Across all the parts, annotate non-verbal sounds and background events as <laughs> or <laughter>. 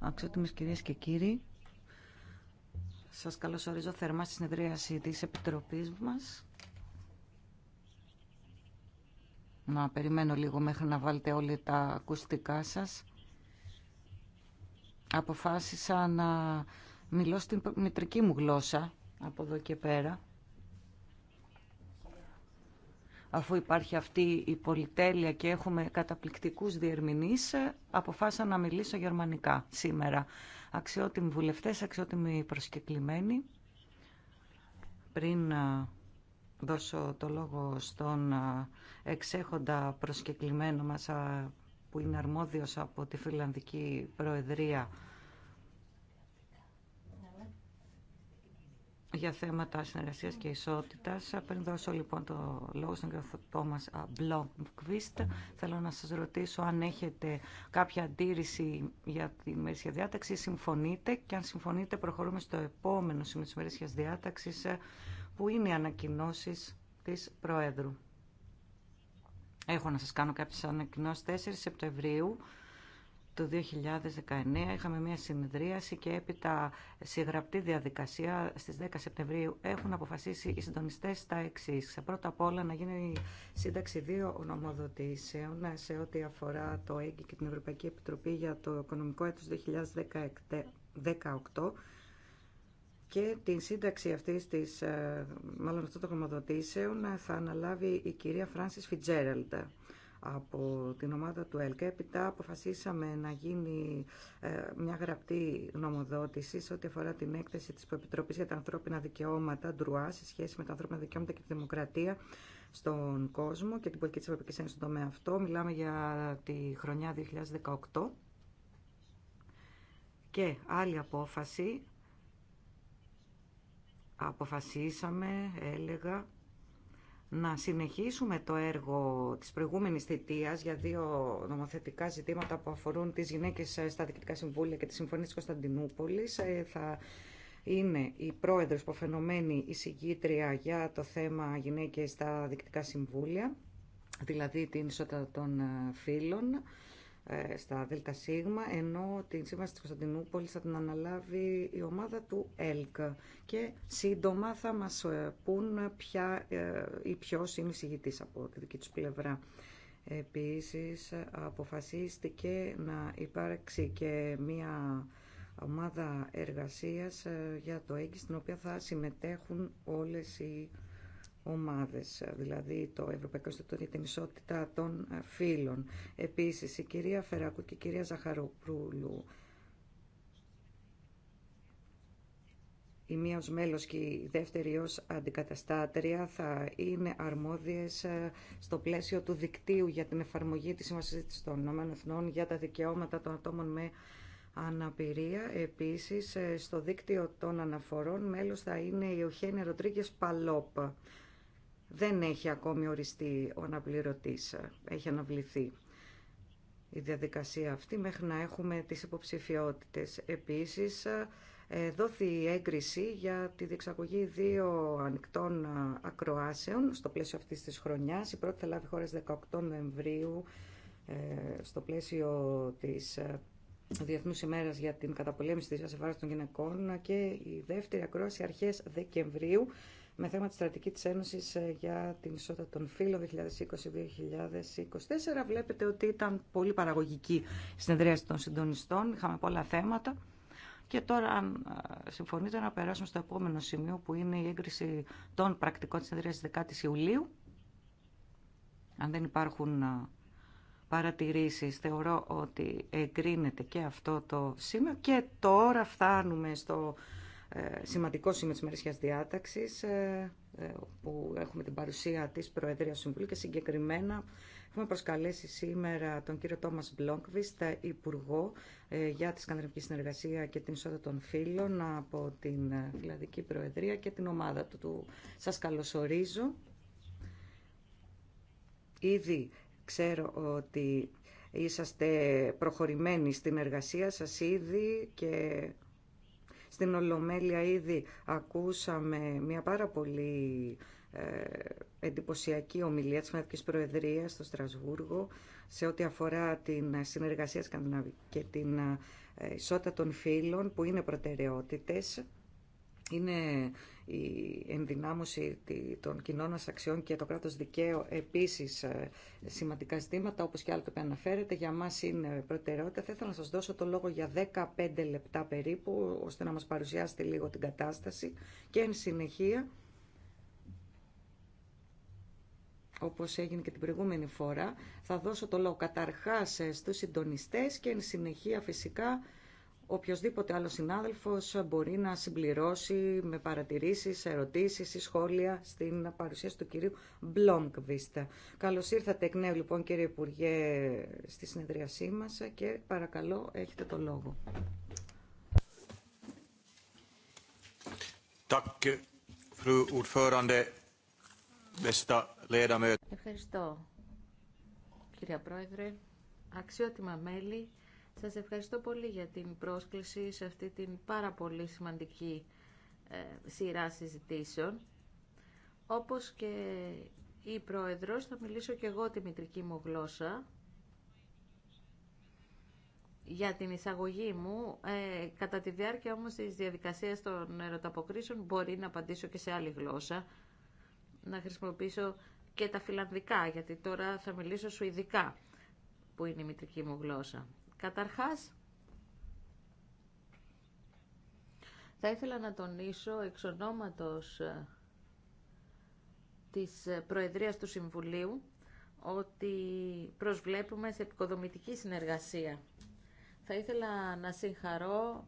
Αξιότιμες κυρίες και κύριοι, σας καλωσορίζω θερμά στη συνεδρίαση της Επιτροπής μας. Να περιμένω λίγο μέχρι να βάλετε όλοι τα ακουστικά σας. Αποφάσισα να μιλώ στην μητρική μου γλώσσα από εδώ και πέρα αφού υπάρχει αυτή η πολυτέλεια και έχουμε καταπληκτικούς διερμηνείς, αποφάσισα να μιλήσω γερμανικά σήμερα. Αξιότιμοι βουλευτές, αξιότιμοι προσκεκλημένοι, πριν δώσω το λόγο στον εξέχοντα προσκεκλημένο μας που είναι αρμόδιος από τη Φιλανδική Προεδρία για θέματα συνεργασία και ισότητα. Πριν δώσω λοιπόν το λόγο στον κ. Τόμα Μπλόμπκβιστ, θέλω να σα ρωτήσω αν έχετε κάποια αντίρρηση για τη μερίσια διάταξη. Συμφωνείτε και αν συμφωνείτε, προχωρούμε στο επόμενο σημείο τη μερίσια διάταξη, που είναι οι ανακοινώσει τη Προέδρου. Έχω να σα κάνω κάποιε ανακοινώσει 4 Σεπτεμβρίου. Το 2019 είχαμε μια συνεδρίαση και έπειτα σε γραπτή διαδικασία στις 10 Σεπτεμβρίου έχουν αποφασίσει οι συντονιστές τα εξή. Πρώτα απ' όλα να γίνει σύνταξη δύο νομοδοτήσεων σε ό,τι αφορά το ΕΚΙ και την Ευρωπαϊκή Επιτροπή για το οικονομικό έτος 2018 και την σύνταξη αυτή τη, ε, μάλλον αυτών των χρηματοδοτήσεων, θα αναλάβει η κυρία Φράνσις Φιτζέραλντα από την ομάδα του ΕΛΚ. Έπειτα αποφασίσαμε να γίνει ε, μια γραπτή νομοδότηση σε ό,τι αφορά την έκθεση της Επιτροπής για τα ανθρώπινα δικαιώματα, ντρουά, σε σχέση με τα ανθρώπινα δικαιώματα και τη δημοκρατία στον κόσμο και την πολιτική της Ευρωπαϊκής Ένωσης στον τομέα αυτό. Μιλάμε για τη χρονιά 2018. Και άλλη απόφαση, αποφασίσαμε, έλεγα, να συνεχίσουμε το έργο της προηγούμενης θητείας για δύο νομοθετικά ζητήματα που αφορούν τις γυναίκες στα Διοικητικά Συμβούλια και τη Συμφωνία της Κωνσταντινούπολης. Ε, θα είναι η πρόεδρος που η εισηγήτρια για το θέμα γυναίκες στα Διοικητικά Συμβούλια, δηλαδή την ισότητα των ε, φύλων. Ε, στα ΔΣ, ενώ την σύμβαση της Κωνσταντινούπολης θα την αναλάβει η ομάδα του ΕΛΚ. Και σύντομα θα μας ε, πούν ποια ή ε, ποιος είναι από τη δική τους πλευρά. Επίσης, αποφασίστηκε να υπάρξει και μία ομάδα εργασίας για το ΕΚΙ, στην οποία θα συμμετέχουν όλες οι ομάδες, δηλαδή το Ευρωπαϊκό το για την Ισότητα των Φύλων. Επίσης, η κυρία Φερακού και η κυρία Ζαχαροπρούλου, η μία ως μέλος και η δεύτερη ως αντικαταστάτρια θα είναι αρμόδιες ε, στο πλαίσιο του δικτύου για την εφαρμογή της Σύμβασης των Εθνών για τα δικαιώματα των ατόμων με αναπηρία. Επίσης, ε, στο δίκτυο των αναφορών μέλος θα είναι η Οχένια Ροτρίγκες Παλόπα δεν έχει ακόμη οριστεί ο αναπληρωτής, ε, έχει αναβληθεί η διαδικασία αυτή μέχρι να έχουμε τις υποψηφιότητες. Επίσης, ε, ε, δόθη έγκριση για τη διεξαγωγή δύο ανοιχτών ακροάσεων στο πλαίσιο αυτής της χρονιάς. Η πρώτη θα λάβει χώρα 18 Νοεμβρίου στο πλαίσιο της Διεθνούς ημέρας για την καταπολέμηση της ασφάλειας των γυναικών και η δεύτερη ακρόαση αρχές Δεκεμβρίου με θέμα τη Στρατική τη Ένωση ε, για την ισότητα των φύλων 2020-2024. Βλέπετε ότι ήταν πολύ παραγωγική η συνεδρίαση των συντονιστών, είχαμε πολλά θέματα. Και τώρα, αν ε, συμφωνείτε, να περάσουμε στο επόμενο σημείο που είναι η έγκριση των πρακτικών της συνεδρίας 10 Ιουλίου. Αν δεν υπάρχουν ε, παρατηρήσεις, θεωρώ ότι εγκρίνεται και αυτό το σημείο. Και τώρα φτάνουμε στο ε, σημαντικό σημείο της μερισιάς διάταξης ε, ε, που έχουμε την παρουσία της Προεδρίας Συμβουλίου και συγκεκριμένα έχουμε προσκαλέσει σήμερα τον κύριο Τόμας Μπλόγκβιστ, Υπουργό για τη Σκανδιναβική Συνεργασία και την Ισότητα των Φίλων από την Φιλανδική Προεδρία και την ομάδα του. του. Σας καλωσορίζω. Ήδη ξέρω ότι είσαστε προχωρημένοι στην εργασία σας ήδη και στην Ολομέλεια ήδη ακούσαμε μια πάρα πολύ ε, εντυπωσιακή ομιλία της Μαθητικής Προεδρίας στο Στρασβούργο σε ό,τι αφορά την συνεργασία και την ε, ισότητα των φύλων που είναι προτεραιότητες. Είναι η ενδυνάμωση των κοινών μας αξιών και το κράτος δικαίου επίσης ε, σημαντικά ζητήματα, όπως και άλλο που αναφέρετε. για μας είναι προτεραιότητα. Θα ήθελα να σας δώσω το λόγο για 15 λεπτά περίπου, ώστε να μας παρουσιάσετε λίγο την κατάσταση και εν συνεχεία, όπως έγινε και την προηγούμενη φορά, θα δώσω το λόγο καταρχάς ε, στους συντονιστές και εν συνεχεία φυσικά οποιοδήποτε άλλο συνάδελφος μπορεί να συμπληρώσει με παρατηρήσεις, ερωτήσεις ή σχόλια στην παρουσίαση του κυρίου Μπλόμκβιστ. Καλώς ήρθατε εκ νέου λοιπόν κύριε Υπουργέ στη συνεδρίασή μας και παρακαλώ έχετε το λόγο. Ευχαριστώ, κυρία Πρόεδρε. Αξιότιμα μέλη σας ευχαριστώ πολύ για την πρόσκληση σε αυτή την πάρα πολύ σημαντική ε, σειρά συζητήσεων. Όπως και η Πρόεδρος, θα μιλήσω και εγώ τη μητρική μου γλώσσα για την εισαγωγή μου. Ε, κατά τη διάρκεια όμως της διαδικασίας των ερωταποκρίσεων μπορεί να απαντήσω και σε άλλη γλώσσα, να χρησιμοποιήσω και τα φιλανδικά, γιατί τώρα θα μιλήσω σουηδικά, που είναι η μητρική μου γλώσσα. Καταρχάς, θα ήθελα να τονίσω εξ ονόματος ε, της ε, Προεδρίας του Συμβουλίου ότι προσβλέπουμε σε επικοδομητική συνεργασία. Θα ήθελα να συγχαρώ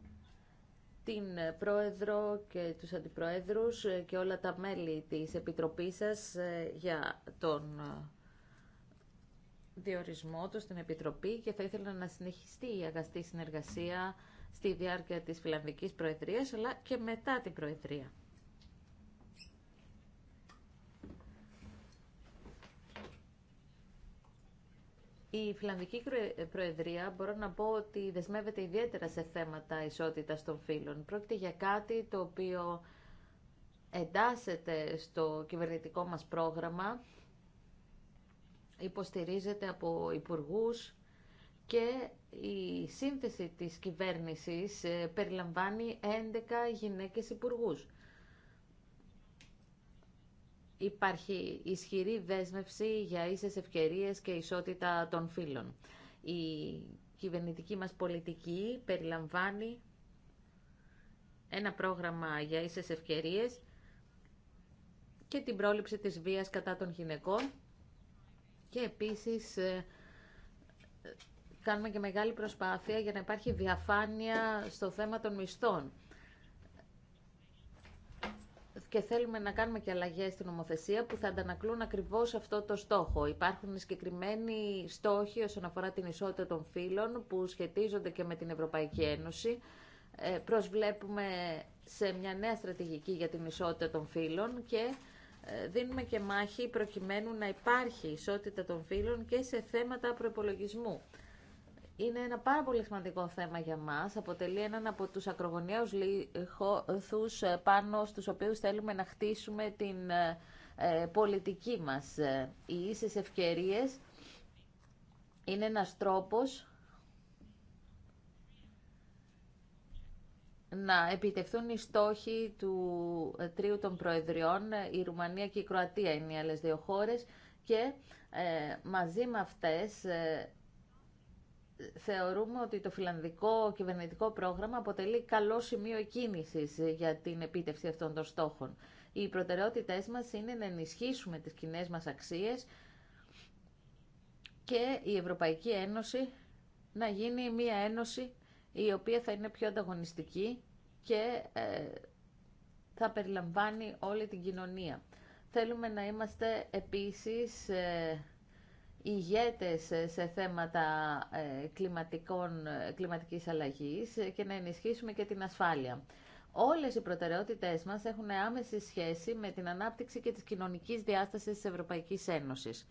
την ε, Πρόεδρο και τους Αντιπροέδρους και όλα τα μέλη της Επιτροπής σας για τον διορισμό του στην Επιτροπή και θα ήθελα να συνεχιστεί η αγαστή συνεργασία στη διάρκεια της Φιλανδικής Προεδρίας αλλά και μετά την Προεδρία. Η Φιλανδική Προεδρία μπορώ να πω ότι δεσμεύεται ιδιαίτερα σε θέματα ισότητας των φύλων. Πρόκειται για κάτι το οποίο εντάσσεται στο κυβερνητικό μας πρόγραμμα υποστηρίζεται από υπουργούς και η σύνθεση της κυβέρνησης ε, περιλαμβάνει 11 γυναίκες υπουργούς. Υπάρχει ισχυρή δέσμευση για ίσες ευκαιρίες και ισότητα των φύλων. Η κυβερνητική μας πολιτική περιλαμβάνει ένα πρόγραμμα για ίσες ευκαιρίες και την πρόληψη της βίας κατά των γυναικών και επίσης ε, κάνουμε και μεγάλη προσπάθεια για να υπάρχει διαφάνεια στο θέμα των μισθών. Και θέλουμε να κάνουμε και αλλαγές στην νομοθεσία που θα αντανακλούν ακριβώς αυτό το στόχο. Υπάρχουν συγκεκριμένοι στόχοι όσον αφορά την ισότητα των φύλων που σχετίζονται και με την Ευρωπαϊκή Ένωση. Ε, προσβλέπουμε σε μια νέα στρατηγική για την ισότητα των φύλων και ε, δίνουμε και μάχη προκειμένου να υπάρχει ισότητα των φύλων και σε θέματα προπολογισμού. Είναι ένα πάρα πολύ σημαντικό θέμα για μας. Αποτελεί έναν από τους ακρογωνιαίους λίχους ε, πάνω στους οποίους θέλουμε να χτίσουμε την ε, πολιτική μας. Οι ίσες ευκαιρίες είναι ένας τρόπος να επιτευχθούν οι στόχοι του ε, τρίου των Προεδριών. Ε, η Ρουμανία και η Κροατία είναι οι άλλες δύο χώρες και ε, μαζί με αυτές θεωρούμε ότι το φιλανδικό κυβερνητικό πρόγραμμα αποτελεί καλό σημείο κίνησης για την επίτευξη αυτών των στόχων. Οι προτεραιότητές μας είναι να ενισχύσουμε τις κοινέ μας αξίες και η Ευρωπαϊκή Ένωση να γίνει μια ένωση η οποία θα είναι πιο ανταγωνιστική και ε, θα περιλαμβάνει όλη την κοινωνία. Θέλουμε να είμαστε επίσης ε, ηγέτες σε θέματα ε, κλιματικών, κλιματικής αλλαγής και να ενισχύσουμε και την ασφάλεια. Όλες οι προτεραιότητές μας έχουν άμεση σχέση με την ανάπτυξη και της κοινωνικής διάστασης της Ευρωπαϊκής Ένωσης.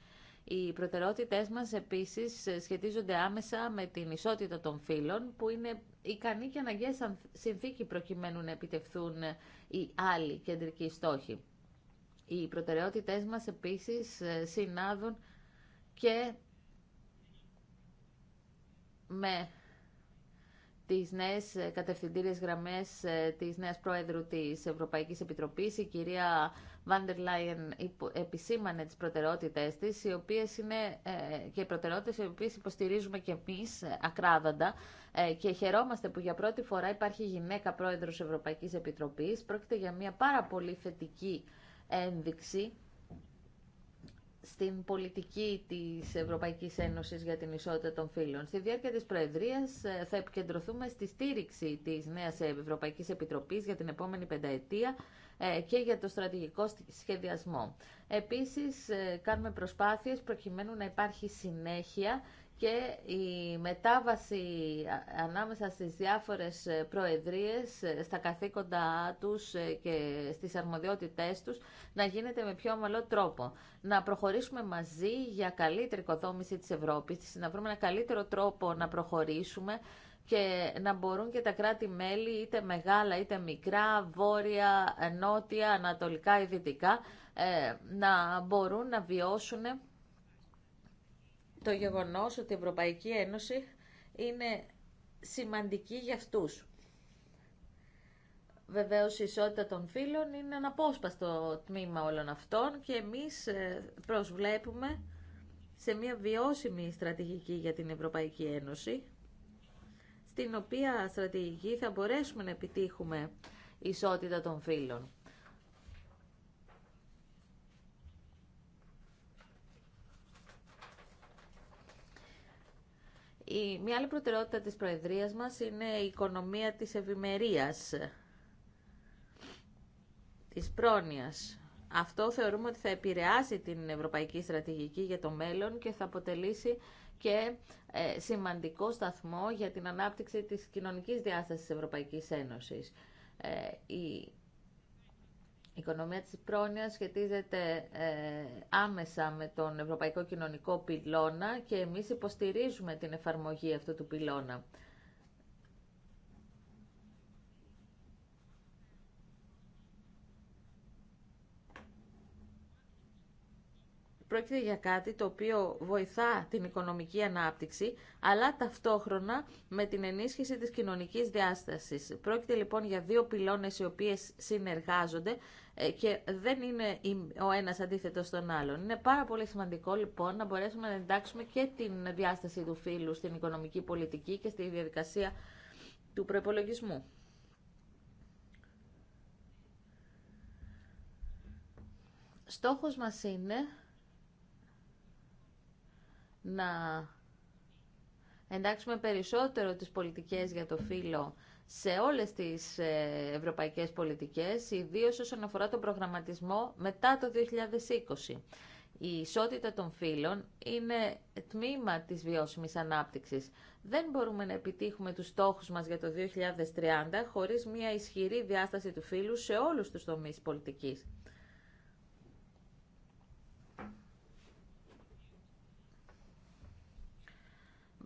Οι προτεραιότητές μας επίσης σχετίζονται άμεσα με την ισότητα των φύλων που είναι ικανή και αναγκαία συνθήκη προκειμένου να επιτευθούν οι άλλοι κεντρικοί στόχοι. Οι προτεραιότητές μας επίσης συνάδουν και με τις νέες ε, κατευθυντήριες γραμμές ε, της νέας πρόεδρου της Ευρωπαϊκής Επιτροπής. Η κυρία Βάντερ Λάιεν επισήμανε τις προτεραιότητες της, οι οποίες είναι ε, και οι προτεραιότητες οι οποίες υποστηρίζουμε και εμείς ακράδαντα και χαιρόμαστε που για πρώτη φορά υπάρχει γυναίκα πρόεδρος Ευρωπαϊκής Επιτροπής. Πρόκειται για μια πάρα πολύ θετική ένδειξη στην πολιτική της Ευρωπαϊκής Ένωσης για την ισότητα των φύλων. Στη διάρκεια της Προεδρίας ε, θα επικεντρωθούμε στη στήριξη της νέας Ευρωπαϊκής Επιτροπής για την επόμενη πενταετία ε, και για το στρατηγικό σχεδιασμό. Επίσης, ε, κάνουμε προσπάθειες προκειμένου να υπάρχει συνέχεια και η μετάβαση ανάμεσα στις διάφορες ε, προεδρίες, ε, στα καθήκοντά τους ε, και στις αρμοδιότητές τους να γίνεται με πιο ομαλό τρόπο. Να προχωρήσουμε μαζί για καλύτερη οικοδόμηση της Ευρώπης, να βρούμε ένα καλύτερο τρόπο να προχωρήσουμε και να μπορούν και τα κράτη-μέλη, είτε μεγάλα είτε μικρά, βόρεια, νότια, ανατολικά ή δυτικά, να μπορούν να βιώσουν το γεγονός ότι η Ευρωπαϊκή Ένωση είναι σημαντική για αυτούς. Βεβαίως η ισότητα των φύλων είναι ένα απόσπαστο τμήμα όλων αυτών και εμείς ε, προσβλέπουμε σε μια βιώσιμη στρατηγική για την Ευρωπαϊκή Ένωση, στην οποία στρατηγική θα μπορέσουμε να επιτύχουμε ισότητα των φύλων. Η, μια άλλη προτεραιότητα της Προεδρίας μας είναι η οικονομία της ευημερία της πρόνοιας. Αυτό θεωρούμε ότι θα επηρεάσει την ευρωπαϊκή στρατηγική για το μέλλον και θα αποτελήσει και ε, σημαντικό σταθμό για την ανάπτυξη της κοινωνικής διάστασης της Ευρωπαϊκής Ένωσης. Ε, η οικονομία της πρόνοιας σχετίζεται ε, άμεσα με τον Ευρωπαϊκό Κοινωνικό Πυλώνα και εμείς υποστηρίζουμε την εφαρμογή αυτού του πυλώνα. Πρόκειται για κάτι το οποίο βοηθά την οικονομική ανάπτυξη, αλλά ταυτόχρονα με την ενίσχυση της κοινωνικής διάστασης. Πρόκειται λοιπόν για δύο πυλώνες οι οποίες συνεργάζονται ε, και δεν είναι ο ένας αντίθετος στον άλλον. Είναι πάρα πολύ σημαντικό λοιπόν να μπορέσουμε να εντάξουμε και την διάσταση του φύλου στην οικονομική πολιτική και στη διαδικασία του προπολογισμού. Στόχος μας είναι να εντάξουμε περισσότερο τις πολιτικές για το φύλλο σε όλες τις ε, ευρωπαϊκές πολιτικές, ιδίως όσον αφορά τον προγραμματισμό μετά το 2020. Η ισότητα των φύλων είναι τμήμα της βιώσιμης ανάπτυξης. Δεν μπορούμε να επιτύχουμε τους στόχους μας για το 2030 χωρίς μια ισχυρή διάσταση του φύλου σε όλους τους τομείς πολιτικής.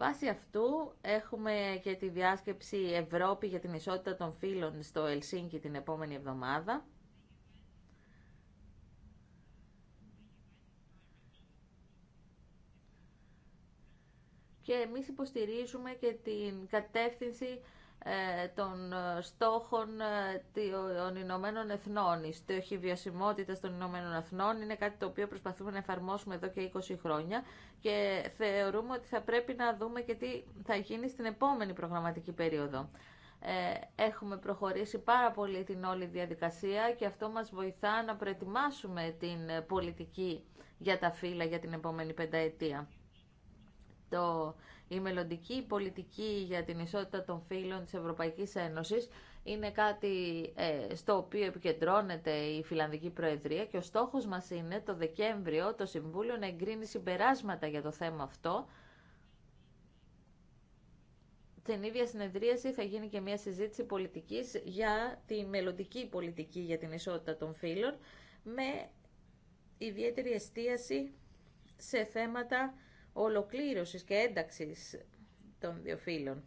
βάση αυτού έχουμε και τη διάσκεψη Ευρώπη για την ισότητα των φύλων στο Ελσίνκι την επόμενη εβδομάδα. Και εμείς υποστηρίζουμε και την κατεύθυνση ε, των ε, στόχων ε, των Ηνωμένων Εθνών. Η στόχη βιωσιμότητα των Ηνωμένων Εθνών είναι κάτι το οποίο προσπαθούμε να εφαρμόσουμε εδώ και 20 χρόνια και θεωρούμε ότι θα πρέπει να δούμε και τι θα γίνει στην επόμενη προγραμματική περίοδο. Έχουμε προχωρήσει πάρα πολύ την όλη διαδικασία και αυτό μας βοηθά να προετοιμάσουμε την πολιτική για τα φύλλα για την επόμενη πενταετία. Το η μελλοντική πολιτική για την ισότητα των φύλων της Ευρωπαϊκής Ένωσης είναι κάτι ε, στο οποίο επικεντρώνεται η Φιλανδική Προεδρία και ο στόχος μας είναι το Δεκέμβριο το Συμβούλιο να εγκρίνει συμπεράσματα για το θέμα αυτό. Στην ίδια συνεδρίαση θα γίνει και μια συζήτηση πολιτικής για τη μελλοντική πολιτική για την ισότητα των φύλων με ιδιαίτερη εστίαση σε θέματα ολοκλήρωσης και ένταξης των δύο φύλων.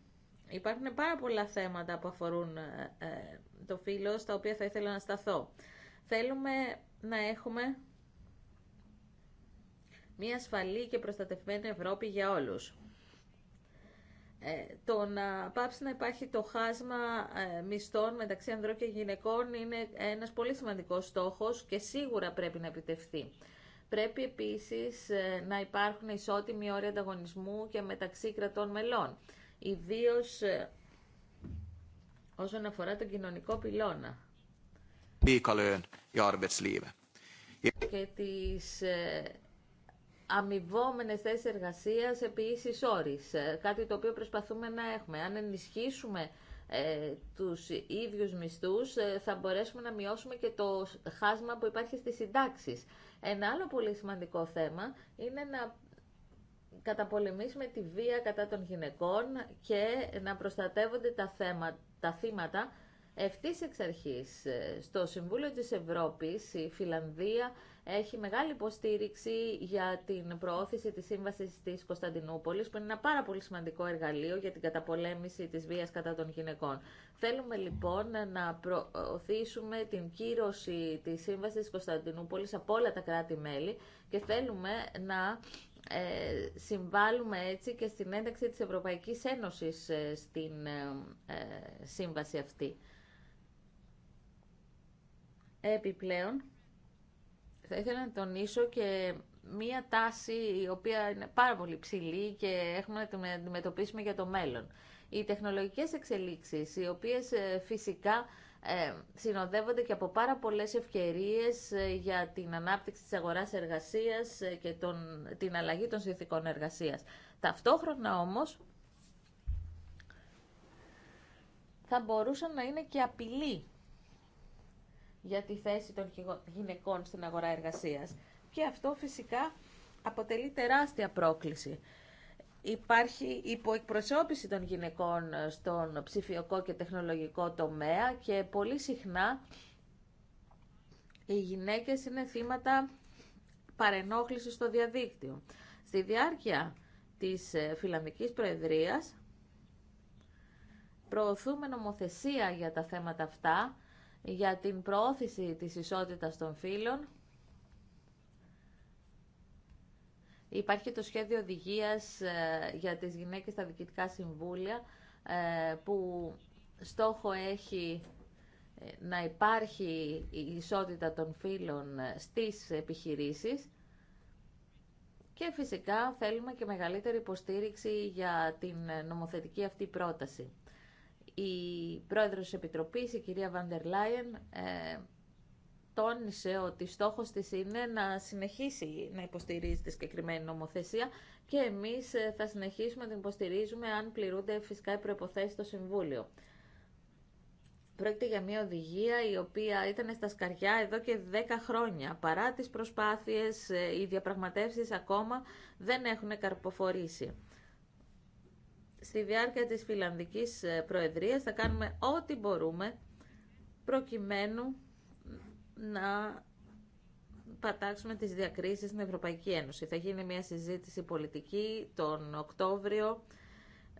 Υπάρχουν πάρα πολλά θέματα που αφορούν ε, ε, το φύλλο, στα οποία θα ήθελα να σταθώ. Θέλουμε να έχουμε μια ασφαλή και προστατευμένη Ευρώπη για όλους. Ε, το να πάψει να υπάρχει το χάσμα ε, μισθών μεταξύ ανδρών και γυναικών είναι ένας πολύ σημαντικός στόχος και σίγουρα πρέπει να επιτευχθεί. Πρέπει επίσης ε, να υπάρχουν ισότιμοι όροι ανταγωνισμού και μεταξύ κρατών μελών, ιδίως ε, όσον αφορά τον κοινωνικό πυλώνα και τις ε, αμοιβόμενες θέσεις εργασίας επί ίσης όρης, κάτι το οποίο προσπαθούμε να έχουμε. Αν ενισχύσουμε τους ίδιους μισθούς, θα μπορέσουμε να μειώσουμε και το χάσμα που υπάρχει στις συντάξεις. Ένα άλλο πολύ σημαντικό θέμα είναι να καταπολεμήσουμε τη βία κατά των γυναικών και να προστατεύονται τα, θέματα, τα θύματα Ευτής εξ αρχή, ε, στο Συμβούλιο της Ευρώπης η Φιλανδία έχει μεγάλη υποστήριξη για την προώθηση της Σύμβασης της Κωνσταντινούπολη, που είναι ένα πάρα πολύ σημαντικό εργαλείο για την καταπολέμηση της βίας κατά των γυναικών. Θέλουμε λοιπόν να προωθήσουμε την κύρωση της Σύμβασης τη Κωνσταντινούπολη από όλα τα κράτη-μέλη και θέλουμε να ε, συμβάλλουμε έτσι και στην ένταξη της Ευρωπαϊκής Ένωσης ε, στην σύμβαση αυτή. Επιπλέον, θα ήθελα να τονίσω και μία τάση η οποία είναι πάρα πολύ ψηλή και έχουμε να την αντιμετωπίσουμε για το μέλλον. Οι τεχνολογικές εξελίξεις, οι οποίες ε, φυσικά ε, συνοδεύονται και από πάρα πολλές ευκαιρίες ε, για την ανάπτυξη της αγοράς εργασίας και τον, την αλλαγή των συνθηκών εργασίας. Ταυτόχρονα όμως θα μπορούσαν να είναι και απειλή για τη θέση των γυναικών στην αγορά εργασίας. Και αυτό φυσικά αποτελεί τεράστια πρόκληση. Υπάρχει υποεκπροσώπηση των γυναικών στον ψηφιακό και τεχνολογικό τομέα και πολύ συχνά οι γυναίκες είναι θύματα παρενόχλησης στο διαδίκτυο. Στη διάρκεια της ε, Φιλανδικής Προεδρίας προωθούμε νομοθεσία για τα θέματα αυτά για την προώθηση της ισότητας των φύλων. Υπάρχει το σχέδιο οδηγίας ε, για τις γυναίκες στα διοικητικά συμβούλια ε, που στόχο έχει ε, να υπάρχει η ισότητα των φύλων στις επιχειρήσεις και φυσικά θέλουμε και μεγαλύτερη υποστήριξη για την νομοθετική αυτή πρόταση η πρόεδρος της Επιτροπής, η κυρία Βαντερ Λάιεν, ε, τόνισε ότι στόχος της είναι να συνεχίσει να υποστηρίζει τη συγκεκριμένη νομοθεσία και εμείς ε, θα συνεχίσουμε να την υποστηρίζουμε αν πληρούνται φυσικά οι προϋποθέσεις στο Συμβούλιο. Πρόκειται για μια οδηγία η οποία ήταν στα σκαριά εδώ και 10 χρόνια. Παρά τις προσπάθειες, ε, οι διαπραγματεύσεις ακόμα δεν έχουν καρποφορήσει στη διάρκεια της Φιλανδικής ε, Προεδρίας θα κάνουμε ό,τι μπορούμε προκειμένου να πατάξουμε τις διακρίσεις στην Ευρωπαϊκή Ένωση. Θα γίνει μια συζήτηση πολιτική τον Οκτώβριο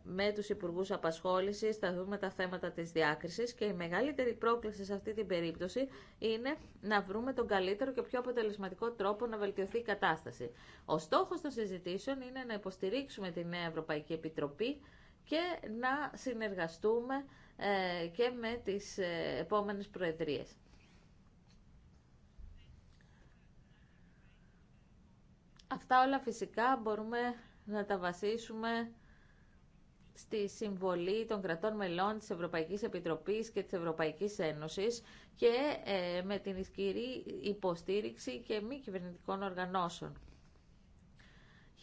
με τους Υπουργούς Απασχόλησης, θα δούμε τα θέματα της διάκρισης και η μεγαλύτερη πρόκληση σε αυτή την περίπτωση είναι να βρούμε τον καλύτερο και πιο αποτελεσματικό τρόπο να βελτιωθεί η κατάσταση. Ο στόχος των συζητήσεων είναι να υποστηρίξουμε τη Νέα Ευρωπαϊκή Επιτροπή και να συνεργαστούμε ε, και με τις ε, επόμενες προεδρίες. Αυτά όλα φυσικά μπορούμε να τα βασίσουμε στη συμβολή των κρατών μελών της Ευρωπαϊκής Επιτροπής και της Ευρωπαϊκής Ένωσης και ε, με την ισχυρή υποστήριξη και μη κυβερνητικών οργανώσεων.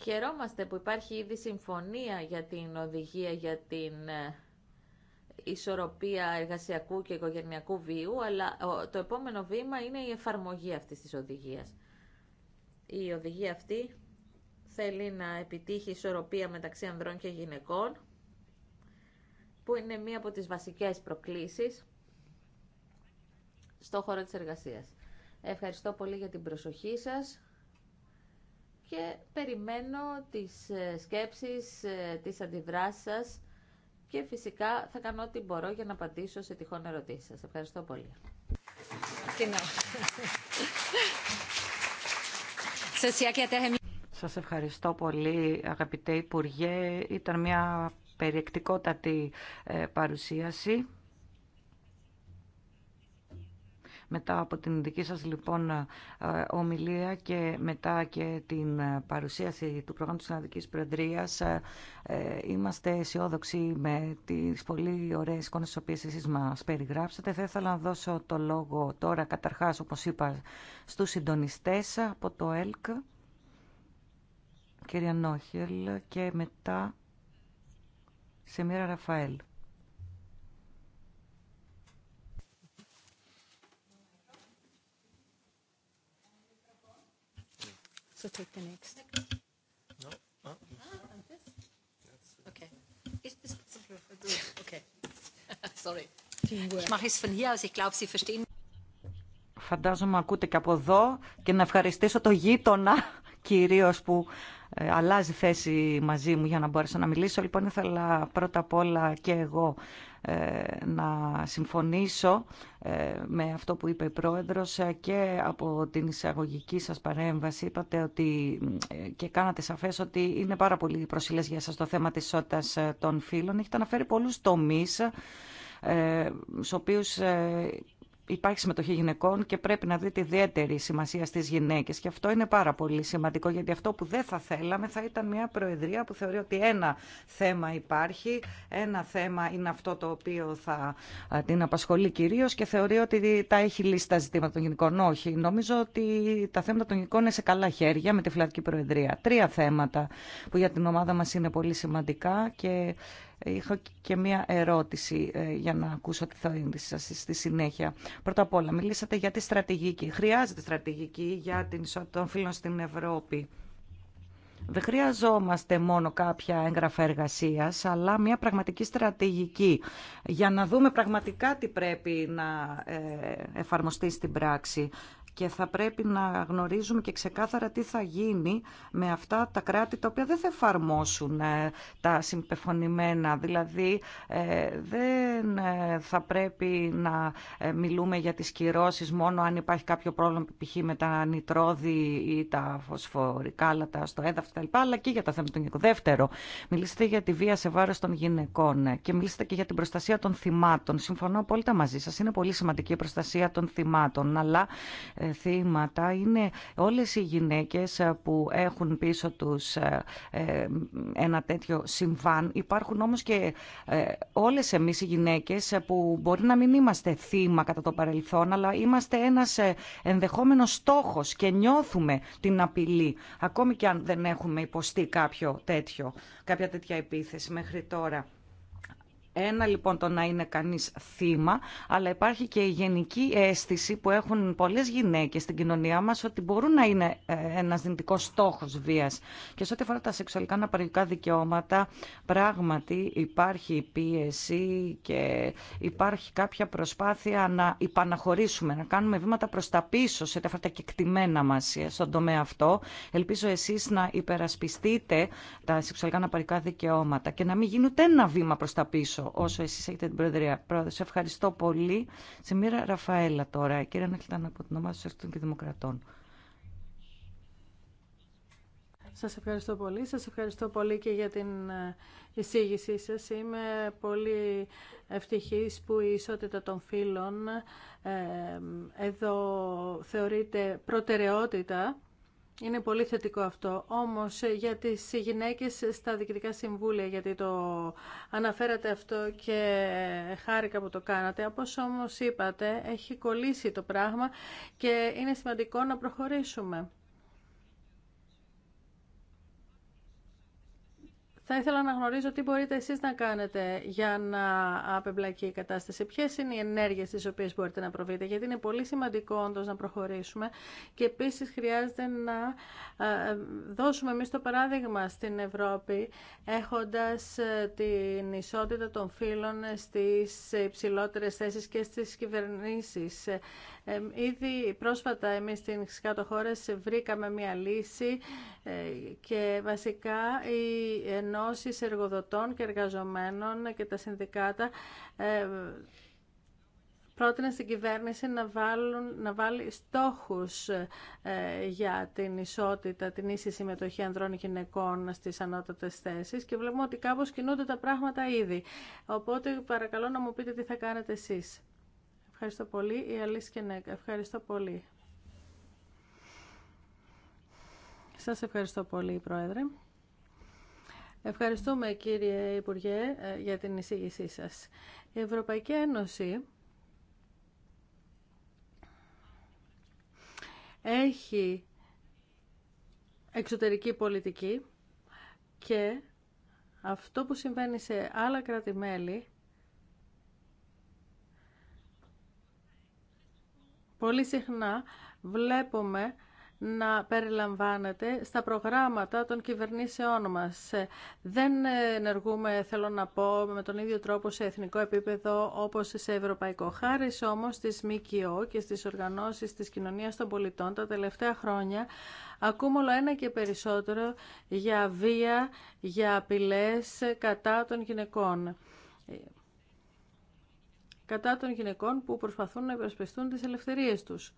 Χαιρόμαστε που υπάρχει ήδη συμφωνία για την οδηγία για την ε, ισορροπία εργασιακού και οικογενειακού βίου, αλλά το επόμενο βήμα είναι η εφαρμογή αυτής της οδηγίας. Η οδηγία αυτή θέλει να επιτύχει ισορροπία μεταξύ ανδρών και γυναικών, που είναι μία από τις βασικές προκλήσεις στο χώρο της εργασίας. Ευχαριστώ πολύ για την προσοχή σας και περιμένω τις ε, σκέψεις, ε, τις αντιδράσεις σας και φυσικά θα κάνω ό,τι μπορώ για να απαντήσω σε τυχόν ερωτήσεις σας. Ευχαριστώ πολύ. Ναι. Σας ευχαριστώ πολύ αγαπητέ Υπουργέ. Ήταν μια περιεκτικότατη ε, παρουσίαση. Μετά από την δική σας λοιπόν ε, ομιλία και μετά και την ε, παρουσίαση του προγράμματος της Αναδικής Προεδρίας ε, είμαστε αισιόδοξοι με τις πολύ ωραίες εικόνες τις οποίες εσείς μας περιγράψατε. Θα ήθελα να δώσω το λόγο τώρα καταρχάς όπως είπα στους συντονιστές από το ΕΛΚ κυρία Νόχελ και μετά σε μοίρα Ραφαέλ. So the next. No. Uh, ah, Φαντάζομαι ακούτε και από εδώ και να ευχαριστήσω το γείτονα <laughs> κυρίως που ε, αλλάζει θέση μαζί μου για να μπορέσω να μιλήσω. Λοιπόν, ήθελα πρώτα απ' όλα και εγώ ε, να συμφωνήσω ε, με αυτό που είπε η Πρόεδρος και από την εισαγωγική σας παρέμβαση είπατε ότι και κάνατε σαφές ότι είναι πάρα πολύ προσιλές για σας το θέμα της ισότητας των φύλων. Έχετε αναφέρει πολλούς τομείς στους οποίους υπάρχει συμμετοχή γυναικών και πρέπει να δείτε ιδιαίτερη σημασία στις γυναίκες και αυτό είναι πάρα πολύ σημαντικό γιατί αυτό που δεν θα θέλαμε θα ήταν μια προεδρία που θεωρεί ότι ένα θέμα υπάρχει, ένα θέμα είναι αυτό το οποίο θα την απασχολεί κυρίω και θεωρεί ότι τα έχει λύσει τα ζητήματα των γυναικών. Όχι, νομίζω ότι τα θέματα των γυναικών είναι σε καλά χέρια με τη Φιλανδική Προεδρία. Τρία θέματα που για την ομάδα μας είναι πολύ σημαντικά και Είχα και μία ερώτηση ε, για να ακούσω τη θέληση σας στη συνέχεια. Πρώτα απ' όλα, μιλήσατε για τη στρατηγική. Χρειάζεται στρατηγική για την ισότητα των φίλων στην Ευρώπη. Δεν χρειαζόμαστε μόνο κάποια έγγραφα εργασία, αλλά μια πραγματική στρατηγική για να δούμε πραγματικά τι πρέπει να ε, εφαρμοστεί στην πράξη και θα πρέπει να γνωρίζουμε και ξεκάθαρα τι θα γίνει με αυτά τα κράτη τα οποία δεν θα εφαρμόσουν ε, τα συμπεφωνημένα. Δηλαδή ε, δεν ε, θα πρέπει να μιλούμε για τις κυρώσεις μόνο αν υπάρχει κάποιο πρόβλημα π.χ. με τα νητρόδη ή τα φωσφορικά στο έδαφος αλλά και για τα θέματα του γυναικών. Δεύτερο, Μιλήσετε για τη βία σε βάρος των γυναικών και μιλήσετε και για την προστασία των θυμάτων. Συμφωνώ απόλυτα μαζί σας. Είναι πολύ σημαντική η προστασία των θυμάτων, αλλά θύματα είναι όλες οι γυναίκες που έχουν πίσω τους ε, ένα τέτοιο συμβάν. Υπάρχουν όμως και ε, όλες εμείς οι γυναίκες που μπορεί να μην είμαστε θύμα κατά το παρελθόν, αλλά είμαστε ένας ε, ενδεχόμενος στόχος και νιώθουμε την απειλή, ακόμη και αν δεν έχουμε υποστεί κάποιο τέτοιο, κάποια τέτοια επίθεση μέχρι τώρα. Ένα λοιπόν το να είναι κανείς θύμα, αλλά υπάρχει και η γενική αίσθηση που έχουν πολλές γυναίκες στην κοινωνία μας ότι μπορούν να είναι ε, ένας δυνητικός στόχος βίας. Και σε ό,τι αφορά τα σεξουαλικά αναπαραγωγικά δικαιώματα, πράγματι υπάρχει πίεση και υπάρχει κάποια προσπάθεια να υπαναχωρήσουμε, να κάνουμε βήματα προς τα πίσω σε αυτά τα κεκτημένα μας ε, στον τομέα αυτό. Ελπίζω εσείς να υπερασπιστείτε τα σεξουαλικά αναπαραγωγικά δικαιώματα και να μην γίνει ούτε ένα βήμα προς τα πίσω όσο, όσο εσείς έχετε την Προεδρία. Πρόεδρε, σε ευχαριστώ πολύ. Σε μοίρα Ραφαέλα τώρα, Κύριε Ναχλητάν από την ομάδα των και Δημοκρατών. Σας ευχαριστώ πολύ. Σας ευχαριστώ πολύ και για την ε, εισήγησή σας. Είμαι πολύ ευτυχής που η ισότητα των φύλων ε, εδώ θεωρείται προτεραιότητα είναι πολύ θετικό αυτό. Όμως ε, για τι γυναίκες στα διοικητικά συμβούλια, γιατί το αναφέρατε αυτό και ε, χάρηκα που το κάνατε. όπω όμως είπατε, έχει κολλήσει το πράγμα και είναι σημαντικό να προχωρήσουμε. Θα ήθελα να γνωρίζω τι μπορείτε εσείς να κάνετε για να απεμπλακεί η κατάσταση. Ποιες είναι οι ενέργειες τις οποίες μπορείτε να προβείτε, γιατί είναι πολύ σημαντικό όντω να προχωρήσουμε και επίσης χρειάζεται να ε, δώσουμε εμείς το παράδειγμα στην Ευρώπη έχοντας ε, την ισότητα των φύλων στις υψηλότερες θέσεις και στις κυβερνήσεις ήδη πρόσφατα εμείς στην κάτω χώρες βρήκαμε μια λύση ε, και βασικά οι ενώσεις εργοδοτών και εργαζομένων και τα συνδικάτα ε, πρότεινε στην κυβέρνηση να, βάλουν, να βάλει στόχους ε, για την ισότητα, την ίση συμμετοχή ανδρών και γυναικών στις ανώτατες θέσεις και βλέπουμε ότι κάπως κινούνται τα πράγματα ήδη. Οπότε παρακαλώ να μου πείτε τι θα κάνετε εσείς. Ευχαριστώ πολύ. Η και και Ευχαριστώ πολύ. Σας ευχαριστώ πολύ, Πρόεδρε. Ευχαριστούμε, κύριε Υπουργέ, ε, για την εισήγησή σας. Η Ευρωπαϊκή Ένωση έχει εξωτερική πολιτική και αυτό που συμβαίνει σε άλλα κράτη-μέλη πολύ συχνά βλέπουμε να περιλαμβάνεται στα προγράμματα των κυβερνήσεών μας. Ε, δεν ενεργούμε, θέλω να πω, με τον ίδιο τρόπο σε εθνικό επίπεδο όπως σε ευρωπαϊκό. Χάρη όμως στις ΜΚΟ και στις οργανώσεις της κοινωνίας των πολιτών τα τελευταία χρόνια ακούμε όλο ένα και περισσότερο για βία, για απειλές κατά των γυναικών. Ε, κατά των γυναικών που προσπαθούν να υπερασπιστούν τις ελευθερίες τους.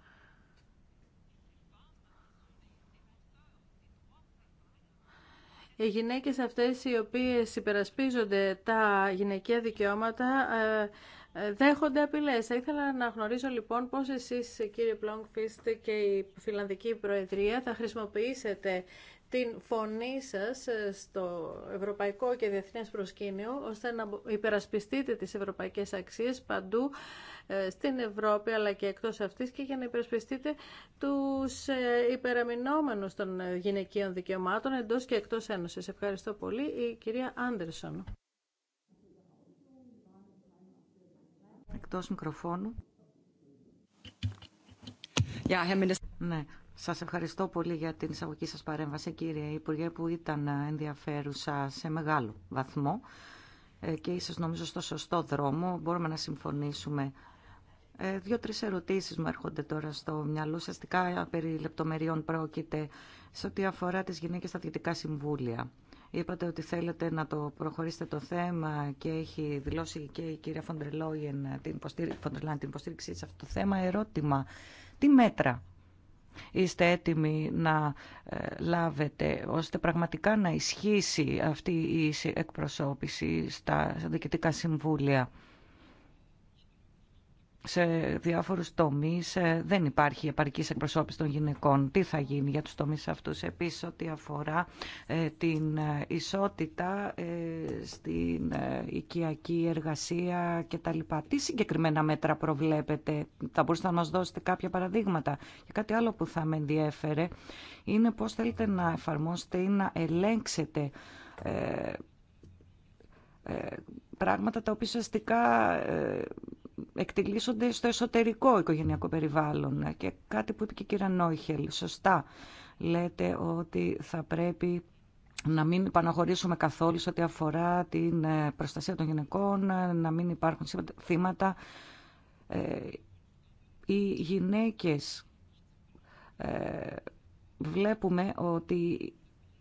Οι γυναίκες αυτές οι οποίες υπερασπίζονται τα γυναικεία δικαιώματα ε, ε, δέχονται απειλές. Θα ήθελα να γνωρίζω λοιπόν πώς εσείς κύριε Πλόγκφιστ και η Φιλανδική Προεδρία θα χρησιμοποιήσετε την φωνή σας ε, στο ευρωπαϊκό και διεθνές προσκήνιο, ώστε να υπερασπιστείτε τις ευρωπαϊκές αξίες παντού ε, στην Ευρώπη αλλά και εκτός αυτής και για να υπερασπιστείτε τους ε, υπεραμεινόμενους των γυναικείων δικαιωμάτων εντός και εκτός Ένωσης. Ευχαριστώ πολύ. Η κυρία Άντερσον. Εκτός μικροφώνου. ναι, Σα ευχαριστώ πολύ για την εισαγωγή σα παρέμβαση, κύριε Υπουργέ, που ήταν ενδιαφέρουσα σε μεγάλο βαθμό ε, και ίσως νομίζω στο σωστό δρόμο μπορούμε να συμφωνήσουμε. Ε, δύο-τρεις ερωτήσεις μου έρχονται τώρα στο μυαλό. Ουσιαστικά περί λεπτομεριών πρόκειται σε ό,τι αφορά τις γυναίκες στα δυτικά συμβούλια. Είπατε ότι θέλετε να το προχωρήσετε το θέμα και έχει δηλώσει και η κυρία Φοντρελόγεν την υποστήριξή σε αυτό το θέμα. Ερώτημα, τι μέτρα είστε έτοιμοι να ε, λάβετε ώστε πραγματικά να ισχύσει αυτή η εκπροσώπηση στα διοικητικά συμβούλια σε διάφορους τομείς ε, δεν υπάρχει επαρκής εκπροσώπηση των γυναικών. Τι θα γίνει για τους τομείς αυτούς. Επίσης, ό,τι αφορά ε, την ε, ισότητα στην οικιακή εργασία κτλ. Τι συγκεκριμένα μέτρα προβλέπετε. Θα μπορούσατε να μας δώσετε κάποια παραδείγματα. Και κάτι άλλο που θα με ενδιέφερε είναι πώς θέλετε να εφαρμόσετε ή να ελέγξετε πράγματα τα οποία ουσιαστικά εκτελήσονται στο εσωτερικό οικογενειακό περιβάλλον. Και κάτι που είπε και η κυρία Νόιχελ, σωστά λέτε ότι θα πρέπει να μην παναχωρήσουμε καθόλου σε ό,τι αφορά την ε, προστασία των γυναικών, να μην υπάρχουν θύματα. Ε, οι γυναίκες ε, βλέπουμε ότι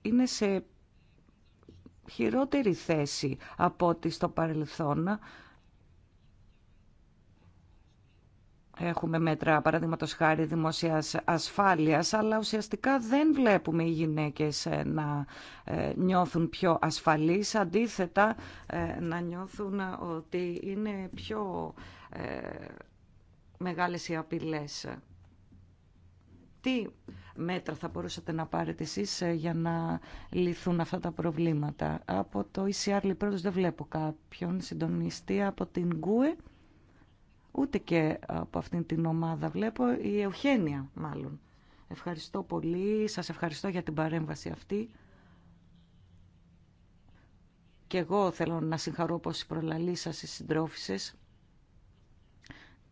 είναι σε χειρότερη θέση από ό,τι στο παρελθόν Έχουμε μέτρα, παραδείγματο χάρη, δημόσια ασφάλεια, αλλά ουσιαστικά δεν βλέπουμε οι γυναίκε ε, ε, ε, να νιώθουν πιο ασφαλεί. Αντίθετα, να νιώθουν ότι είναι πιο μεγάλε οι απειλέ. Τι μέτρα θα μπορούσατε να πάρετε εσείς για να λυθούν αυτά τα προβλήματα. Από το ECR, λοιπόν, δεν βλέπω κάποιον συντονιστή από την ΚΟΕ ούτε και από αυτήν την ομάδα βλέπω, η Ευχένεια μάλλον. Ευχαριστώ πολύ, σας ευχαριστώ για την παρέμβαση αυτή. Και εγώ θέλω να συγχαρώ πως οι στις σας, οι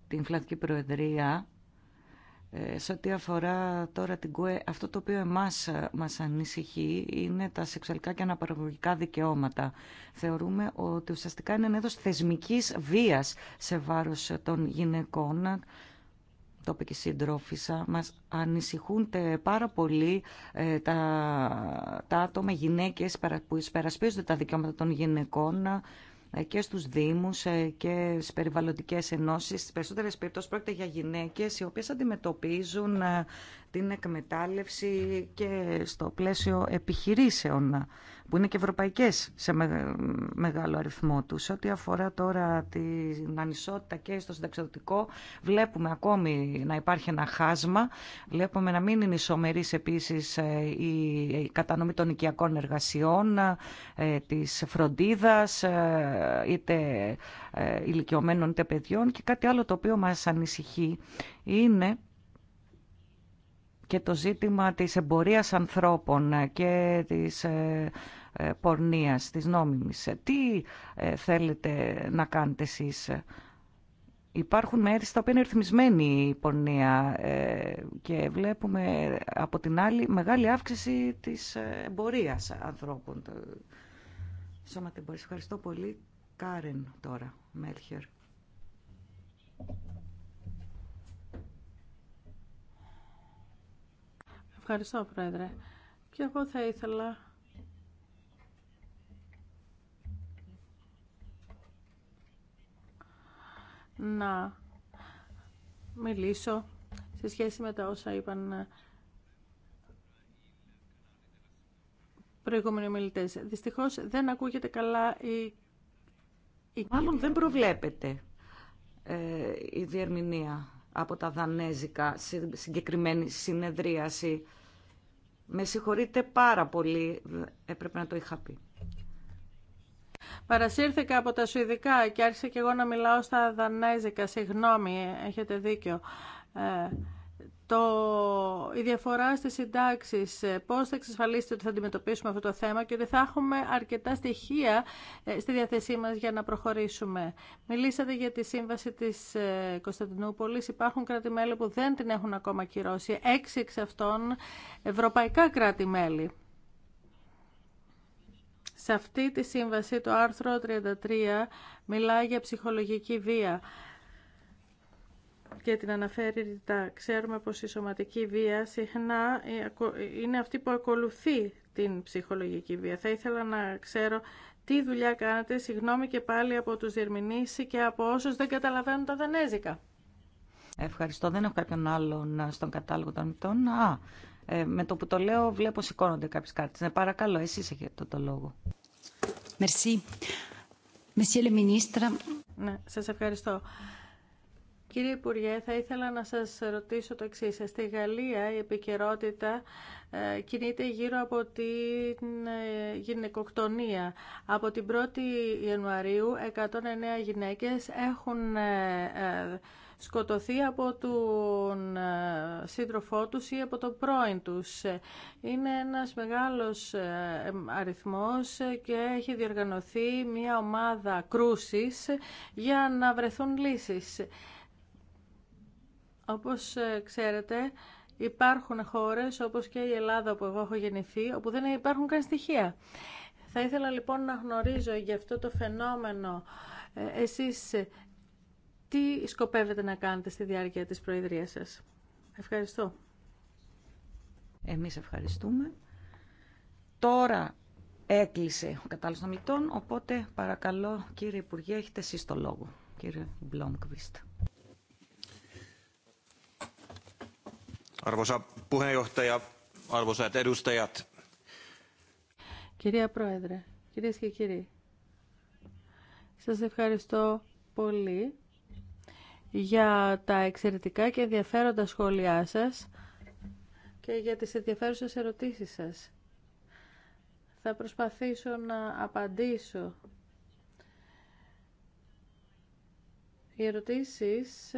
την Φλανδική Προεδρία ε, σε ό,τι αφορά τώρα την ΚΟΕ, αυτό το οποίο εμάς ε, μας ανησυχεί είναι τα σεξουαλικά και αναπαραγωγικά δικαιώματα. Θεωρούμε ότι ουσιαστικά είναι ένα έδος θεσμικής βίας σε βάρος των γυναικών. Το είπε και η συντρόφισσα. Μας ανησυχούν πάρα πολύ ε, τα, τα άτομα, γυναίκες που υπερασπίζονται τα δικαιώματα των γυναικών και στους Δήμους ε, και στις περιβαλλοντικές ενώσεις. Στις περισσότερες περιπτώσεις πρόκειται για γυναίκες οι οποίες αντιμετωπίζουν ε, την εκμετάλλευση και στο πλαίσιο επιχειρήσεων που είναι και ευρωπαϊκές σε μεγάλο αριθμό τους. Ό,τι αφορά τώρα την ανισότητα και στο συνταξιδοτικό, βλέπουμε ακόμη να υπάρχει ένα χάσμα. Βλέπουμε να μην είναι ισομερής επίσης ε, η κατανομή των οικιακών εργασιών, ε, της φροντίδας, ε, είτε ηλικιωμένων είτε παιδιών. Και κάτι άλλο το οποίο μας ανησυχεί είναι και το ζήτημα της εμπορίας ανθρώπων και της ε, ε, πορνείας, της νόμιμης. Τι ε, θέλετε να κάνετε εσείς. Υπάρχουν μέρη στα οποία είναι ρυθμισμένη η πορνεία και βλέπουμε από την άλλη μεγάλη αύξηση της εμπορίας ανθρώπων. Σώμα Ευχαριστώ πολύ. Κάρεν τώρα, Μέλχερ. Ευχαριστώ, Πρόεδρε. Και εγώ θα ήθελα να μιλήσω σε σχέση με τα όσα είπαν ε, προηγούμενοι μιλητές. Δυστυχώς δεν ακούγεται καλά η... η... Μάλλον δεν προβλέπεται ε, η διερμηνία από τα δανέζικα συγκεκριμένη συνεδρίαση. Με συγχωρείτε πάρα πολύ, έπρεπε να το είχα πει. Παρασύρθηκα από τα Σουηδικά και άρχισα και εγώ να μιλάω στα Δανέζικα. Συγγνώμη, έχετε δίκιο. Ε, το, η διαφορά στις συντάξεις, ε, πώς θα εξασφαλίσετε ότι θα αντιμετωπίσουμε αυτό το θέμα και ότι θα έχουμε αρκετά στοιχεία ε, στη διάθεσή μας για να προχωρήσουμε. Μιλήσατε για τη σύμβαση της ε, Κωνσταντινούπολης. Υπάρχουν κράτη-μέλη που δεν την έχουν ακόμα κυρώσει. Έξι εξ αυτών ευρωπαϊκά κράτη-μέλη. Σε αυτή τη σύμβαση το άρθρο 33 μιλάει για ψυχολογική βία και την αναφέρει ρητά. Ξέρουμε πως η σωματική βία συχνά είναι αυτή που ακολουθεί την ψυχολογική βία. Θα ήθελα να ξέρω τι δουλειά κάνετε, συγγνώμη και πάλι από τους διερμηνήσεις και από όσους δεν καταλαβαίνουν τα δανέζικα. Ευχαριστώ. Δεν έχω κάποιον άλλον ε, στον κατάλογο των μητών. Α, ε, με το που το λέω βλέπω σηκώνονται κάποιες κάρτες. Ναι, παρακαλώ, εσείς έχετε το, λόγο. Merci. Monsieur le Ναι, σας ευχαριστώ. Κύριε Υπουργέ, θα ήθελα να σας ρωτήσω το εξής. Στη Γαλλία η επικαιρότητα ε, κινείται γύρω από την ε, γυναικοκτονία. Από την 1η Ιανουαρίου 109 γυναίκες έχουν ε, σκοτωθεί από τον σύντροφό τους ή από τον πρώην τους. Είναι ένας μεγάλος αριθμός και έχει διοργανωθεί μια ομάδα κρούσης για να βρεθούν λύσεις. Όπως ε, ξέρετε, υπάρχουν χώρες όπως και η Ελλάδα που εγώ έχω γεννηθεί, όπου δεν υπάρχουν καν στοιχεία. Θα ήθελα λοιπόν να γνωρίζω για αυτό το φαινόμενο ε, εσείς ε, τι σκοπεύετε να κάνετε στη διάρκεια της Προεδρίας σας. Ευχαριστώ. Εμείς ευχαριστούμε. Τώρα έκλεισε ο κατάλληλος των οπότε παρακαλώ κύριε Υπουργέ έχετε εσείς το λόγο. Κύριε Μπλόμκβιστ. Arvoisa puheenjohtaja, arvoisat edustajat. Κυρία Πρόεδρε, κυρίες και κύριοι, σας ευχαριστώ πολύ για τα εξαιρετικά και ενδιαφέροντα σχόλιά σας και για τις ενδιαφέρουσες ερωτήσεις σας. Θα προσπαθήσω να απαντήσω. Οι ερωτήσεις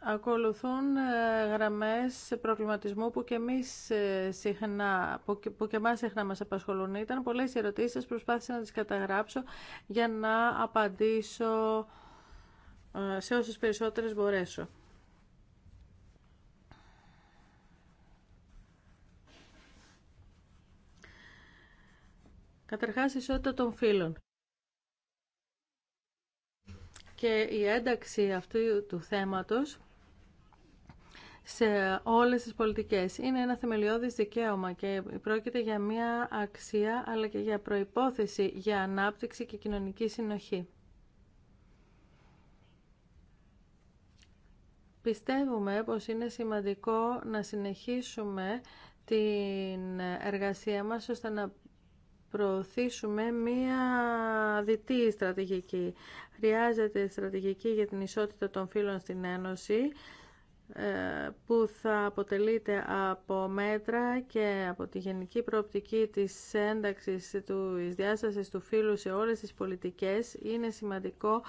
Ακολουθούν ε, γραμμές προβληματισμού που και εμείς ε, συχνά, που και εμάς συχνά μας απασχολούν. Ήταν πολλές ερωτήσεις, προσπάθησα να τις καταγράψω για να απαντήσω ε, σε όσες περισσότερες μπορέσω. Καταρχάς, ισότητα των φύλων. Και η ένταξη αυτού του θέματος σε όλες τις πολιτικές. Είναι ένα θεμελιώδης δικαίωμα και πρόκειται για μια αξία αλλά και για προϋπόθεση για ανάπτυξη και κοινωνική συνοχή. Πιστεύουμε πως είναι σημαντικό να συνεχίσουμε την εργασία μας ώστε να προωθήσουμε μία διτή στρατηγική. Χρειάζεται στρατηγική για την ισότητα των φύλων στην Ένωση ε, που θα αποτελείται από μέτρα και από τη γενική προοπτική της ένταξης του διάστασης του φύλου σε όλες τις πολιτικές είναι σημαντικό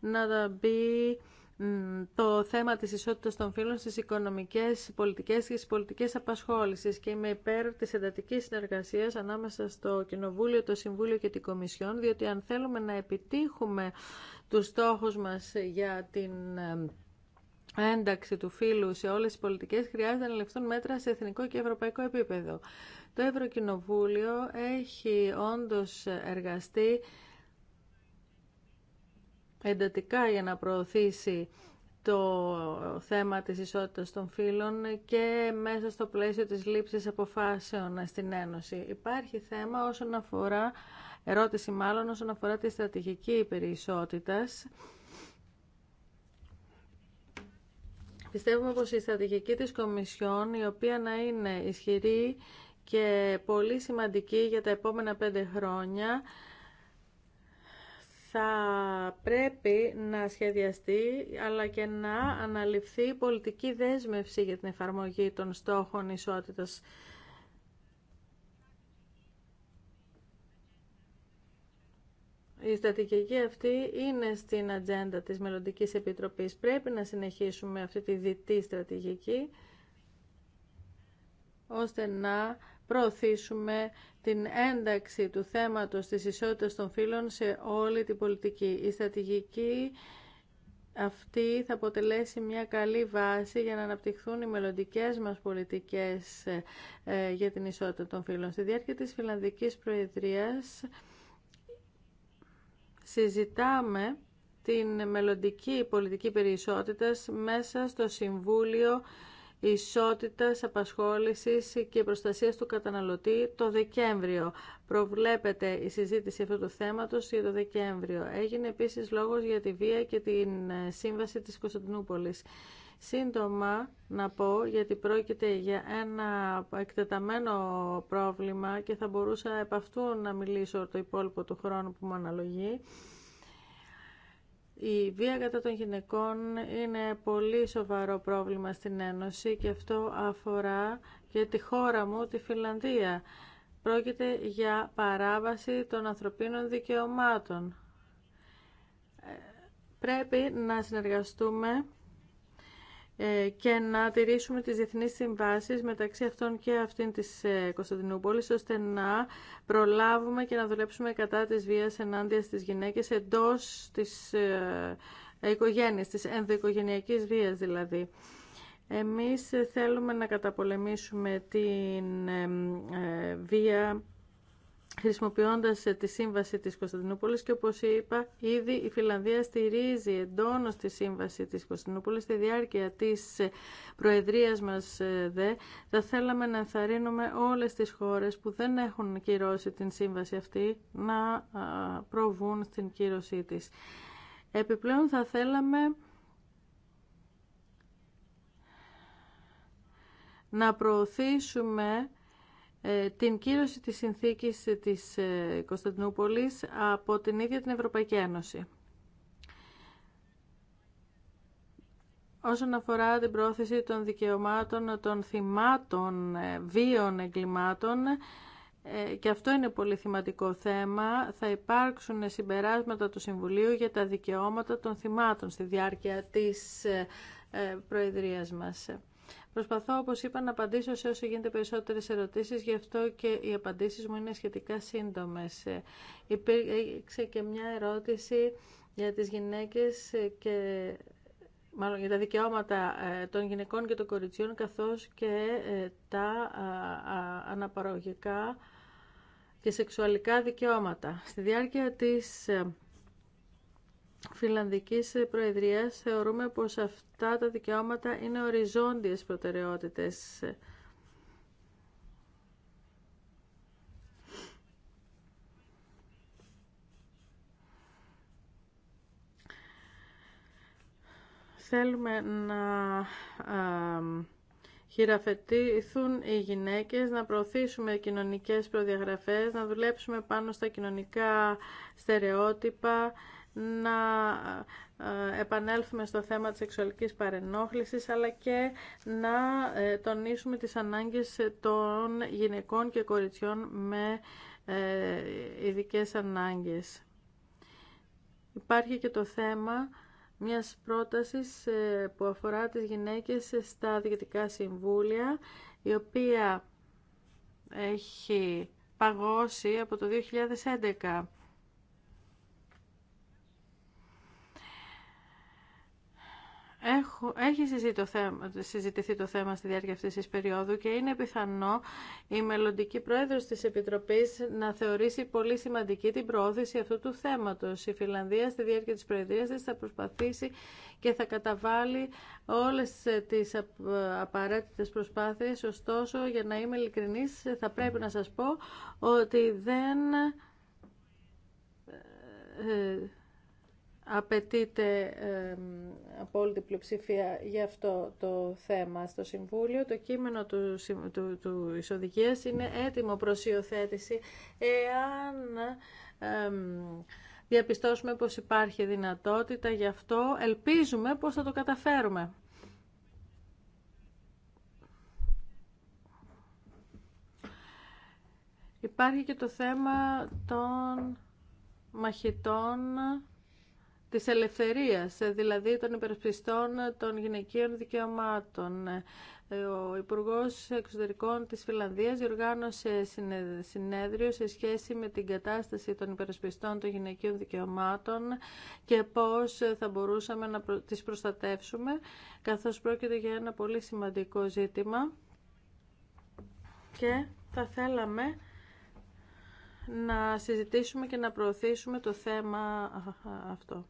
να μπει το θέμα της ισότητας των φύλων στις οικονομικές πολιτικές και στις πολιτικές απασχόλησης και είμαι υπέρ της εντατικής συνεργασίας ανάμεσα στο Κοινοβούλιο, το Συμβούλιο και την Κομισιόν διότι αν θέλουμε να επιτύχουμε τους στόχους μας για την ε, ένταξη του φύλου σε όλες τις πολιτικές χρειάζεται να ληφθούν μέτρα σε εθνικό και ευρωπαϊκό επίπεδο. Το Ευρωκοινοβούλιο έχει όντως εργαστεί εντατικά για να προωθήσει το θέμα της ισότητας των φύλων και μέσα στο πλαίσιο της λήψης αποφάσεων στην Ένωση. Υπάρχει θέμα όσον αφορά, ερώτηση μάλλον όσον αφορά τη στρατηγική υπερη Πιστεύουμε πως η στρατηγική της Κομισιόν, η οποία να είναι ισχυρή και πολύ σημαντική για τα επόμενα πέντε χρόνια, θα πρέπει να σχεδιαστεί αλλά και να αναλυφθεί πολιτική δέσμευση για την εφαρμογή των στόχων ισότητας Η στρατηγική αυτή είναι στην ατζέντα της Μελλοντικής Επιτροπής. Πρέπει να συνεχίσουμε αυτή τη διτή στρατηγική, ώστε να προωθήσουμε την ένταξη του θέματος της ισότητας των φύλων σε όλη την πολιτική. Η στρατηγική αυτή θα αποτελέσει μια καλή βάση για να αναπτυχθούν οι μελλοντικές μας πολιτικές ε, για την ισότητα των φύλων. Στη διάρκεια της Φιλανδικής Προεδρίας, συζητάμε την μελλοντική πολιτική περιισότητας μέσα στο Συμβούλιο Ισότητας, Απασχόλησης και Προστασίας του Καταναλωτή το Δεκέμβριο. Προβλέπεται η συζήτηση αυτού του θέματος για το Δεκέμβριο. Έγινε επίσης λόγος για τη βία και την ε, σύμβαση της Κωνσταντινούπολης. Σύντομα να πω γιατί πρόκειται για ένα εκτεταμένο πρόβλημα και θα μπορούσα επ' αυτού να μιλήσω το υπόλοιπο του χρόνου που μου αναλογεί. Η βία κατά των γυναικών είναι πολύ σοβαρό πρόβλημα στην Ένωση και αυτό αφορά και τη χώρα μου, τη Φιλανδία. Πρόκειται για παράβαση των ανθρωπίνων δικαιωμάτων. Ε, πρέπει να συνεργαστούμε ε, και να τηρήσουμε τις διεθνείς συμβάσεις μεταξύ αυτών και αυτήν της ε, Κωνσταντινούπολης ώστε να προλάβουμε και να δουλέψουμε κατά της βίας ενάντια στις γυναίκες εντός της ε, οικογένειας, της ενδοοικογενειακής βίας δηλαδή. Εμείς θέλουμε να καταπολεμήσουμε την βία χρησιμοποιώντας ε, τη σύμβαση της Κωνσταντινούπολης και όπως είπα ήδη η Φιλανδία στηρίζει εντόνως τη σύμβαση της Κωνσταντινούπολης στη διάρκεια της ε, προεδρίας μας ε, δε θα θέλαμε να ενθαρρύνουμε όλες τις χώρες που δεν έχουν κυρώσει την σύμβαση αυτή να προβούν στην κύρωσή της. Επιπλέον θα θέλαμε να προωθήσουμε ε, την κύρωση της συνθήκης της ε, Κωνσταντινούπολης από την ίδια την Ευρωπαϊκή Ένωση. όσον αφορά την πρόθεση των δικαιωμάτων των θυμάτων ε, βίων εγκλημάτων και αυτό είναι πολύ θυματικό θέμα, θα υπάρξουν συμπεράσματα του Συμβουλίου για τα δικαιώματα των θυμάτων στη διάρκεια της Προεδρίας μας. Προσπαθώ, όπως είπα, να απαντήσω σε όσο γίνεται περισσότερες ερωτήσεις, γι' αυτό και οι απαντήσει μου είναι σχετικά σύντομες. Υπήρξε και μια ερώτηση για τις γυναίκες και μάλλον για τα δικαιώματα ε, των γυναικών και των κοριτσιών, καθώς και ε, τα αναπαραγωγικά και σεξουαλικά δικαιώματα. Στη διάρκεια της ε, Φιλανδικής Προεδρίας θεωρούμε πως αυτά τα δικαιώματα είναι οριζόντιες προτεραιότητες. Θέλουμε να χειραφετήθουν οι γυναίκες, να προωθήσουμε κοινωνικές προδιαγραφές, να δουλέψουμε πάνω στα κοινωνικά στερεότυπα, να ε, επανέλθουμε στο θέμα της σεξουαλικής παρενόχλησης αλλά και να ε, τονίσουμε τις ανάγκες των γυναικών και κοριτσιών με ε, ειδικές ανάγκες. Υπάρχει και το θέμα μιας πρότασης που αφορά τις γυναίκες στα διοικητικά συμβούλια, η οποία έχει παγώσει από το 2011 Έχω, έχει συζητηθεί το, θέμα, στη διάρκεια αυτής της περίοδου και είναι πιθανό η μελλοντική πρόεδρος της Επιτροπής να θεωρήσει πολύ σημαντική την προώθηση αυτού του θέματος. Η Φιλανδία στη διάρκεια της Προεδρίας της θα προσπαθήσει και θα καταβάλει όλες τις απαραίτητες προσπάθειες. Ωστόσο, για να είμαι ειλικρινής, θα πρέπει να σας πω ότι δεν ε, απαιτείται απόλυτη πλειοψηφία για αυτό το θέμα στο Συμβούλιο. Το κείμενο του, του, εισοδικίας είναι έτοιμο προς υιοθέτηση εάν διαπιστώσουμε πως υπάρχει δυνατότητα. Γι' αυτό ελπίζουμε πως θα το καταφέρουμε. Υπάρχει και το θέμα των μαχητών Τη ελευθερία, ε, δηλαδή των υπερασπιστών ε, των γυναικείων δικαιωμάτων. Ε, ο Υπουργό Εξωτερικών της Φιλανδίας διοργάνωσε συνέδριο σε σχέση με την κατάσταση των υπερασπιστών των γυναικείων δικαιωμάτων και πώς θα μπορούσαμε να τι προστατεύσουμε, καθώς πρόκειται για ένα πολύ σημαντικό ζήτημα και θα θέλαμε να συζητήσουμε και να προωθήσουμε το θέμα αυτό.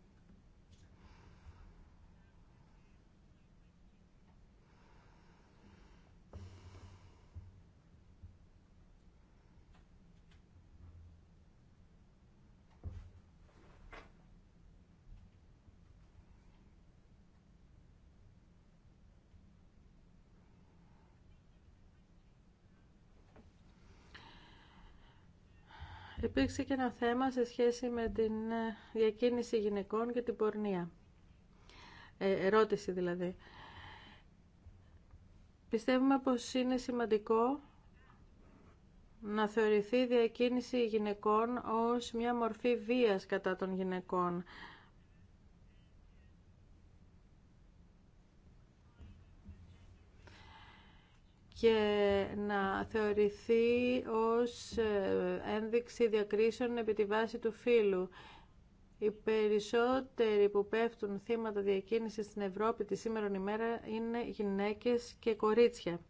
υπήρξε και ένα θέμα σε σχέση με την ε, διακίνηση γυναικών και την πορνεία. Ε, ερώτηση δηλαδή. Πιστεύουμε πως είναι σημαντικό να θεωρηθεί η διακίνηση γυναικών ως μια μορφή βίας κατά των γυναικών. και να θεωρηθεί ως ε, ένδειξη διακρίσεων επί τη βάση του φύλου. Οι περισσότεροι που πέφτουν θύματα διακίνησης στην Ευρώπη τη σήμερα ημέρα είναι γυναίκες και κορίτσια.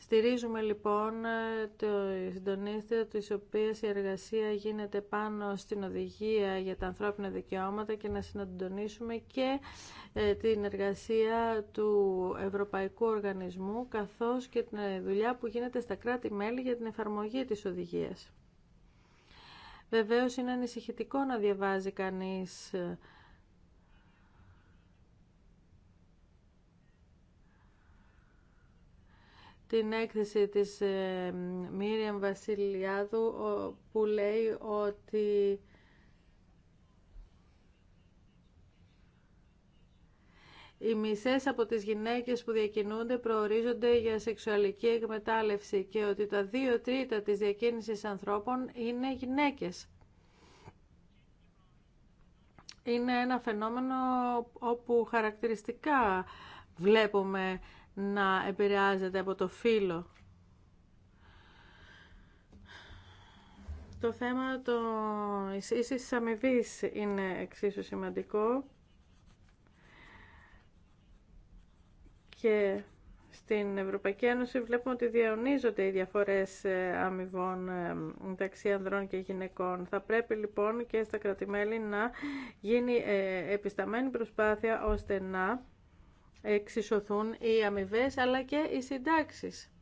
Στηρίζουμε λοιπόν ε, το συντονίστρια τη οποία η εργασία γίνεται πάνω στην οδηγία για τα ανθρώπινα δικαιώματα και να συντονίσουμε και ε, την εργασία του Ευρωπαϊκού Οργανισμού καθώς και την ε, δουλειά που γίνεται στα κράτη-μέλη για την εφαρμογή της οδηγίας. Βεβαίως είναι ανησυχητικό να διαβάζει κανείς την έκθεση της ε, Μίριαμ Βασιλιάδου που λέει ότι Οι μισές από τις γυναίκες που διακινούνται προορίζονται για σεξουαλική εκμετάλλευση και ότι τα δύο τρίτα της διακίνησης ανθρώπων είναι γυναίκες. Είναι ένα φαινόμενο όπου χαρακτηριστικά βλέπουμε να επηρεάζεται από το φύλλο. Το θέμα το ίσης αμοιβή είναι εξίσου σημαντικό και στην Ευρωπαϊκή Ένωση βλέπουμε ότι διαονίζονται οι διαφορές ε, αμοιβών ε, μεταξύ ανδρών και γυναικών. Θα πρέπει λοιπόν και στα κρατημέλη να γίνει ε, επισταμένη προσπάθεια ώστε να εξισωθούν οι αμοιβέ αλλά και οι συντάξεις.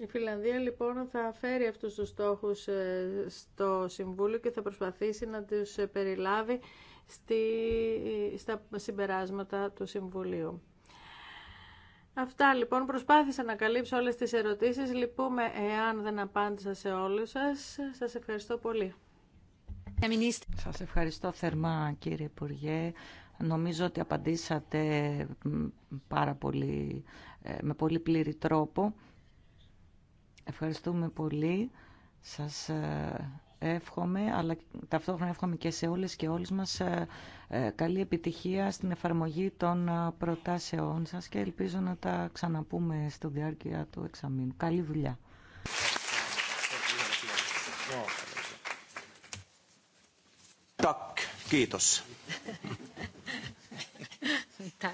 Η Φιλανδία λοιπόν θα φέρει αυτούς τους στόχους ε, στο Συμβούλιο και θα προσπαθήσει να τους περιλάβει στη, στα συμπεράσματα του Συμβουλίου. Αυτά λοιπόν, προσπάθησα να καλύψω όλες τις ερωτήσεις. Λυπούμε εάν δεν απάντησα σε όλους σας. Σας ευχαριστώ πολύ. Σας ευχαριστώ θερμά κύριε Υπουργέ. Νομίζω ότι απαντήσατε πάρα πολύ, ε, με πολύ πλήρη τρόπο. Ευχαριστούμε πολύ. Σας ε, εύχομαι, αλλά ταυτόχρονα εύχομαι και σε όλες και όλες μας ε, ε, καλή επιτυχία στην εφαρμογή των ε, προτάσεών σας και ελπίζω να τα ξαναπούμε στο διάρκεια του εξαμήνου. Καλή δουλειά. Τακ. <laughs>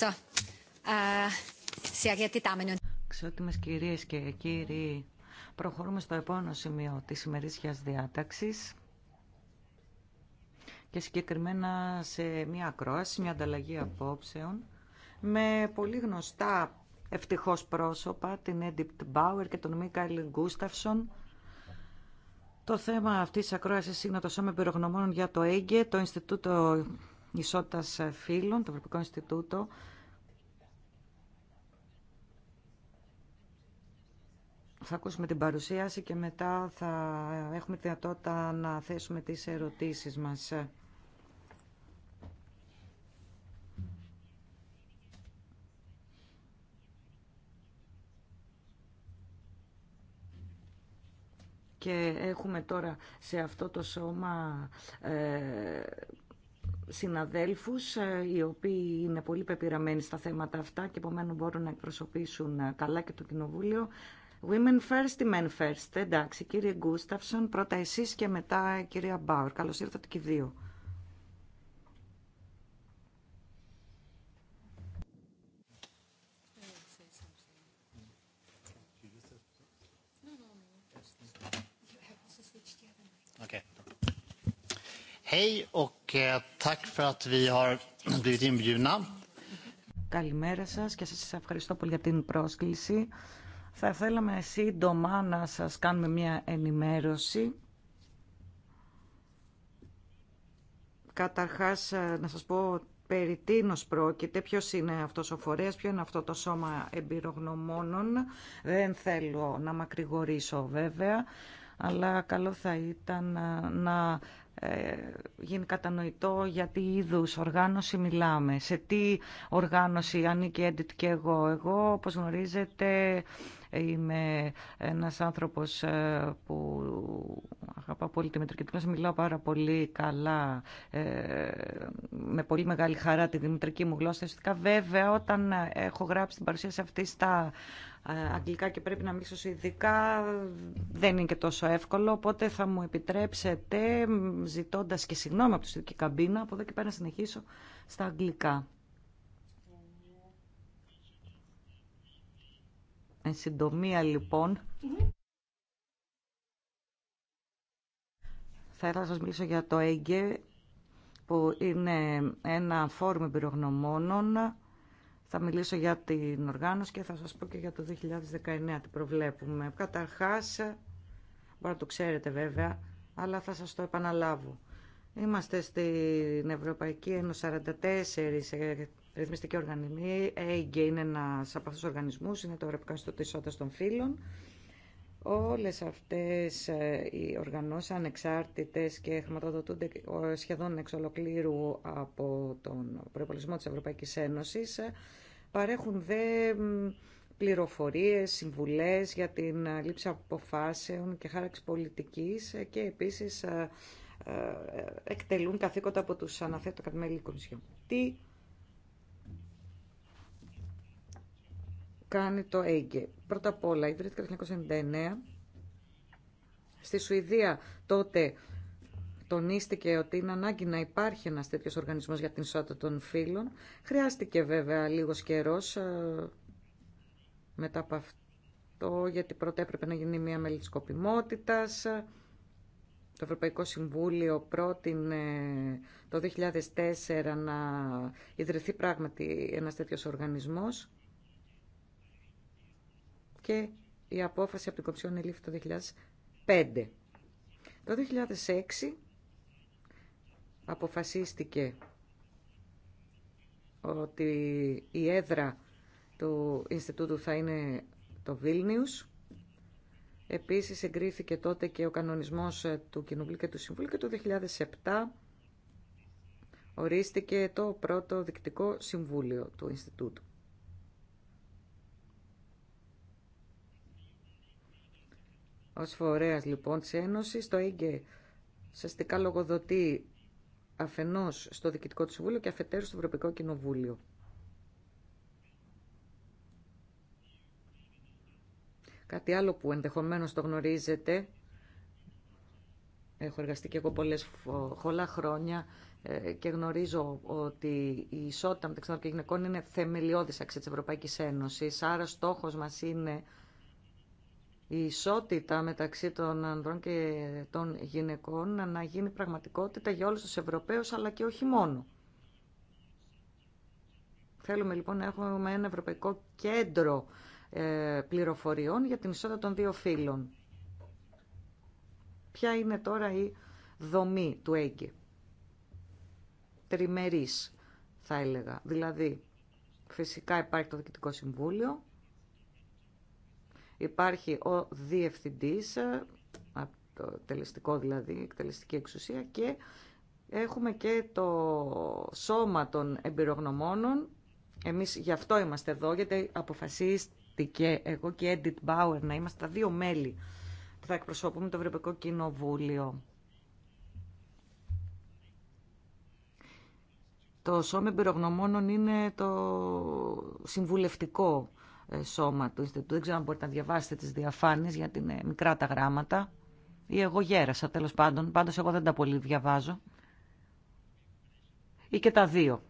So, κυρίε uh, κυρίες και κύριοι, προχωρούμε στο επόμενο σημείο της ημερήσια διάταξης και συγκεκριμένα σε μια ακρόαση, μια ανταλλαγή απόψεων με πολύ γνωστά ευτυχώς πρόσωπα, την Edith Bauer και τον Μίκαλ Γκούσταυσον, το θέμα αυτής της ακρόασης είναι το Σώμα Εμπειρογνωμών για το ΕΓΚΕ, το Ινστιτούτο Ισότητας Φίλων, το Ευρωπαϊκό Ινστιτούτο, θα ακούσουμε την παρουσίαση και μετά θα έχουμε τη δυνατότητα να θέσουμε τις ερωτήσεις μας. Και έχουμε τώρα σε αυτό το σώμα ε, συναδέλφους ε, οι οποίοι είναι πολύ πεπειραμένοι στα θέματα αυτά και επομένως μπορούν να εκπροσωπήσουν ε, καλά και το Κοινοβούλιο. Women first, men first. Εντάξει, κύριε Γκούσταυσον, πρώτα εσείς και μετά κυρία Μπάουρ. Καλώς ήρθατε και δύο. Hej Eh, Καλημέρα σας και σας ευχαριστώ πολύ για την πρόσκληση. Θα θέλαμε σύντομα να σας κάνουμε μια ενημέρωση. Καταρχάς ε, να σας πω περί τίνος πρόκειται, ποιος είναι αυτό ο φορέας, ποιο είναι αυτό το σώμα εμπειρογνωμόνων. Δεν θέλω να μακρηγορήσω βέβαια αλλά καλό θα ήταν ε, να ε, γίνει κατανοητό για τι είδους οργάνωση μιλάμε. Σε τι οργάνωση ανήκει η και εγώ. Εγώ, όπως γνωρίζετε, Είμαι ένας άνθρωπος ε, που αγαπά πολύ τη μητρική γλώσσα. Μιλάω πάρα πολύ καλά, ε, με πολύ μεγάλη χαρά τη δημητρική μου γλώσσα. βέβαια όταν έχω γράψει την παρουσίαση αυτή στα ε, αγγλικά και πρέπει να μιλήσω ειδικά δεν είναι και τόσο εύκολο οπότε θα μου επιτρέψετε ζητώντας και συγγνώμη από τη δική καμπίνα από εδώ και πέρα να συνεχίσω στα αγγλικά. συντομία λοιπόν, θα ήθελα να σας μιλήσω για το ΕΓΚΕ, που είναι ένα φόρουμ εμπειρογνωμόνων. Θα μιλήσω για την οργάνωση και θα σας πω και για το 2019 τι προβλέπουμε. Καταρχάς, μπορεί να το ξέρετε βέβαια, αλλά θα σας το επαναλάβω. Είμαστε στην Ευρωπαϊκή Ένωση 44 Οργανισμή, η ΕΙΓΚΕ είναι ένα από αυτού του οργανισμού, είναι το Ευρωπαϊκό Ινστιτούτο Ισότητα των Φύλων. Όλε αυτέ ε, οι οργανώσει ανεξάρτητε και χρηματοδοτούνται σχεδόν εξ ολοκλήρου από τον προπολογισμό τη Ευρωπαϊκή Ένωση. Ε, παρέχουν δε πληροφορίες, συμβουλές για την ε, λήψη αποφάσεων και χάραξη πολιτικής και επίσης εκτελούν καθήκοντα από τους αναθέτω κατημέλη μέλη Τι κάνει το ΕΙΓΕ. Πρώτα απ' όλα, ιδρύθηκε το 1999. Στη Σουηδία τότε τονίστηκε ότι είναι ανάγκη να υπάρχει ένας τέτοιος οργανισμός για την ισότητα των φύλων. Χρειάστηκε βέβαια λίγος καιρός ε, μετά από αυτό, γιατί πρώτα έπρεπε να γίνει μια μελή της Το Ευρωπαϊκό Συμβούλιο πρότεινε το 2004 να ιδρυθεί πράγματι ένας τέτοιος οργανισμός και η απόφαση από την Κομισιόν ελήφθη το 2005. Το 2006 αποφασίστηκε ότι η έδρα του Ινστιτούτου θα είναι το Βίλνιους. Επίσης εγκρίθηκε τότε και ο κανονισμός του Κοινοβουλίου και του Συμβούλου και το 2007 ορίστηκε το πρώτο δικτικό συμβούλιο του Ινστιτούτου. ως φορέας λοιπόν της Ένωσης, το ΕΓΚΕ ουσιαστικά λογοδοτεί αφενός στο Διοικητικό του Συμβούλιο και αφετέρου στο Ευρωπαϊκό Κοινοβούλιο. Κάτι άλλο που ενδεχομένως το γνωρίζετε, έχω εργαστεί και εγώ πολλές, πολλά χρόνια ε, και γνωρίζω ότι η ισότητα μεταξύ των γυναικών είναι θεμελιώδης αξία της Ευρωπαϊκής Ένωσης, άρα στόχος μας είναι η ισότητα μεταξύ των ανδρών και των γυναικών να γίνει πραγματικότητα για όλους τους Ευρωπαίους αλλά και όχι μόνο. Θέλουμε λοιπόν να έχουμε ένα Ευρωπαϊκό Κέντρο ε, Πληροφοριών για την ισότητα των δύο φύλων. Ποια είναι τώρα η δομή του έγκε? Τριμερής θα έλεγα. Δηλαδή φυσικά υπάρχει το Διοικητικό Συμβούλιο Υπάρχει ο διευθυντής, ε, το τελεστικό δηλαδή, εκτελεστική εξουσία και έχουμε και το σώμα των εμπειρογνωμόνων. Εμείς γι' αυτό είμαστε εδώ, γιατί αποφασίστηκε εγώ και Edith Bauer να είμαστε τα δύο μέλη που θα εκπροσωπούμε το Ευρωπαϊκό Κοινοβούλιο. Το σώμα εμπειρογνωμόνων είναι το συμβουλευτικό ε, σώμα του Ινστιτούτου. Δεν ξέρω αν μπορείτε να διαβάσετε τις διαφάνειε, γιατί είναι μικρά τα γράμματα. Ή εγώ γέρασα τέλος πάντων. Πάντως εγώ δεν τα πολύ διαβάζω. Ή και τα δύο.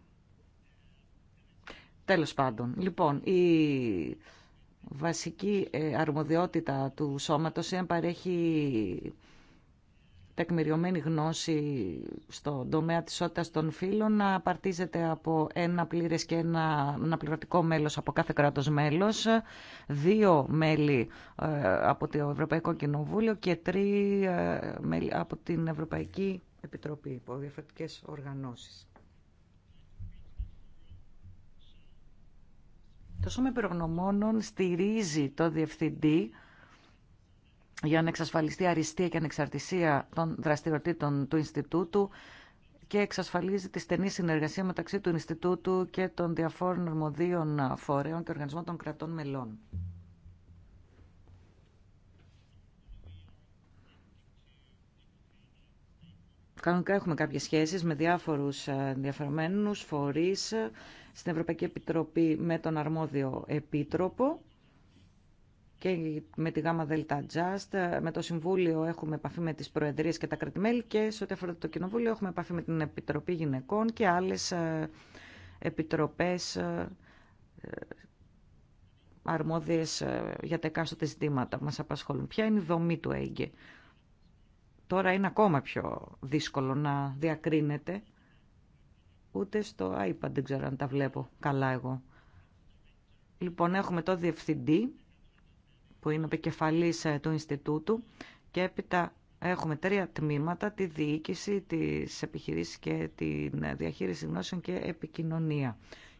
Τέλος πάντων. Λοιπόν, η βασική ε, αρμοδιότητα του σώματος είναι παρέχει τεκμηριωμένη γνώση στον τομέα της ισότητας των φύλων να απαρτίζεται από ένα πλήρες και ένα αναπληρωτικό μέλος από κάθε κράτος μέλος, δύο μέλη ε, από το Ευρωπαϊκό Κοινοβούλιο και τρία ε, μέλη από την Ευρωπαϊκή Επιτροπή, από διαφορετικέ οργανώσεις. Το Σώμα Επιρογνωμόνων στηρίζει το Διευθυντή για να εξασφαλιστεί αριστεία και ανεξαρτησία των δραστηριοτήτων του Ινστιτούτου και εξασφαλίζει τη στενή συνεργασία μεταξύ του Ινστιτούτου και των διαφόρων αρμοδίων φορέων και οργανισμών των κρατών μελών. Κανονικά έχουμε κάποιες σχέσεις με διάφορους ε, ενδιαφερομένους φορείς στην Ευρωπαϊκή Επιτροπή με τον αρμόδιο επίτροπο και με τη ΓΑΜΑ ΔΕΛΤΑ ΤΖΑΣΤ Με το Συμβούλιο έχουμε επαφή με τις Προεδρίες και τα κρατημέλη και σε ό,τι αφορά το Κοινοβούλιο έχουμε επαφή με την Επιτροπή Γυναικών και άλλες ε, επιτροπές ε, ε, αρμόδιες για τα εκάστοτε ζητήματα που μας απασχολούν. Ποια είναι η δομή του ΕΙΓΕ. Τώρα είναι ακόμα πιο δύσκολο να διακρίνεται. Ούτε στο iPad δεν ξέρω αν τα βλέπω καλά εγώ. Λοιπόν, έχουμε το διευθυντή που είναι επικεφαλής ε, του Ινστιτούτου και έπειτα έχουμε τρία τμήματα, τη διοίκηση, τις επιχειρήσεις και τη διαχείριση γνώσεων και επικοινωνία.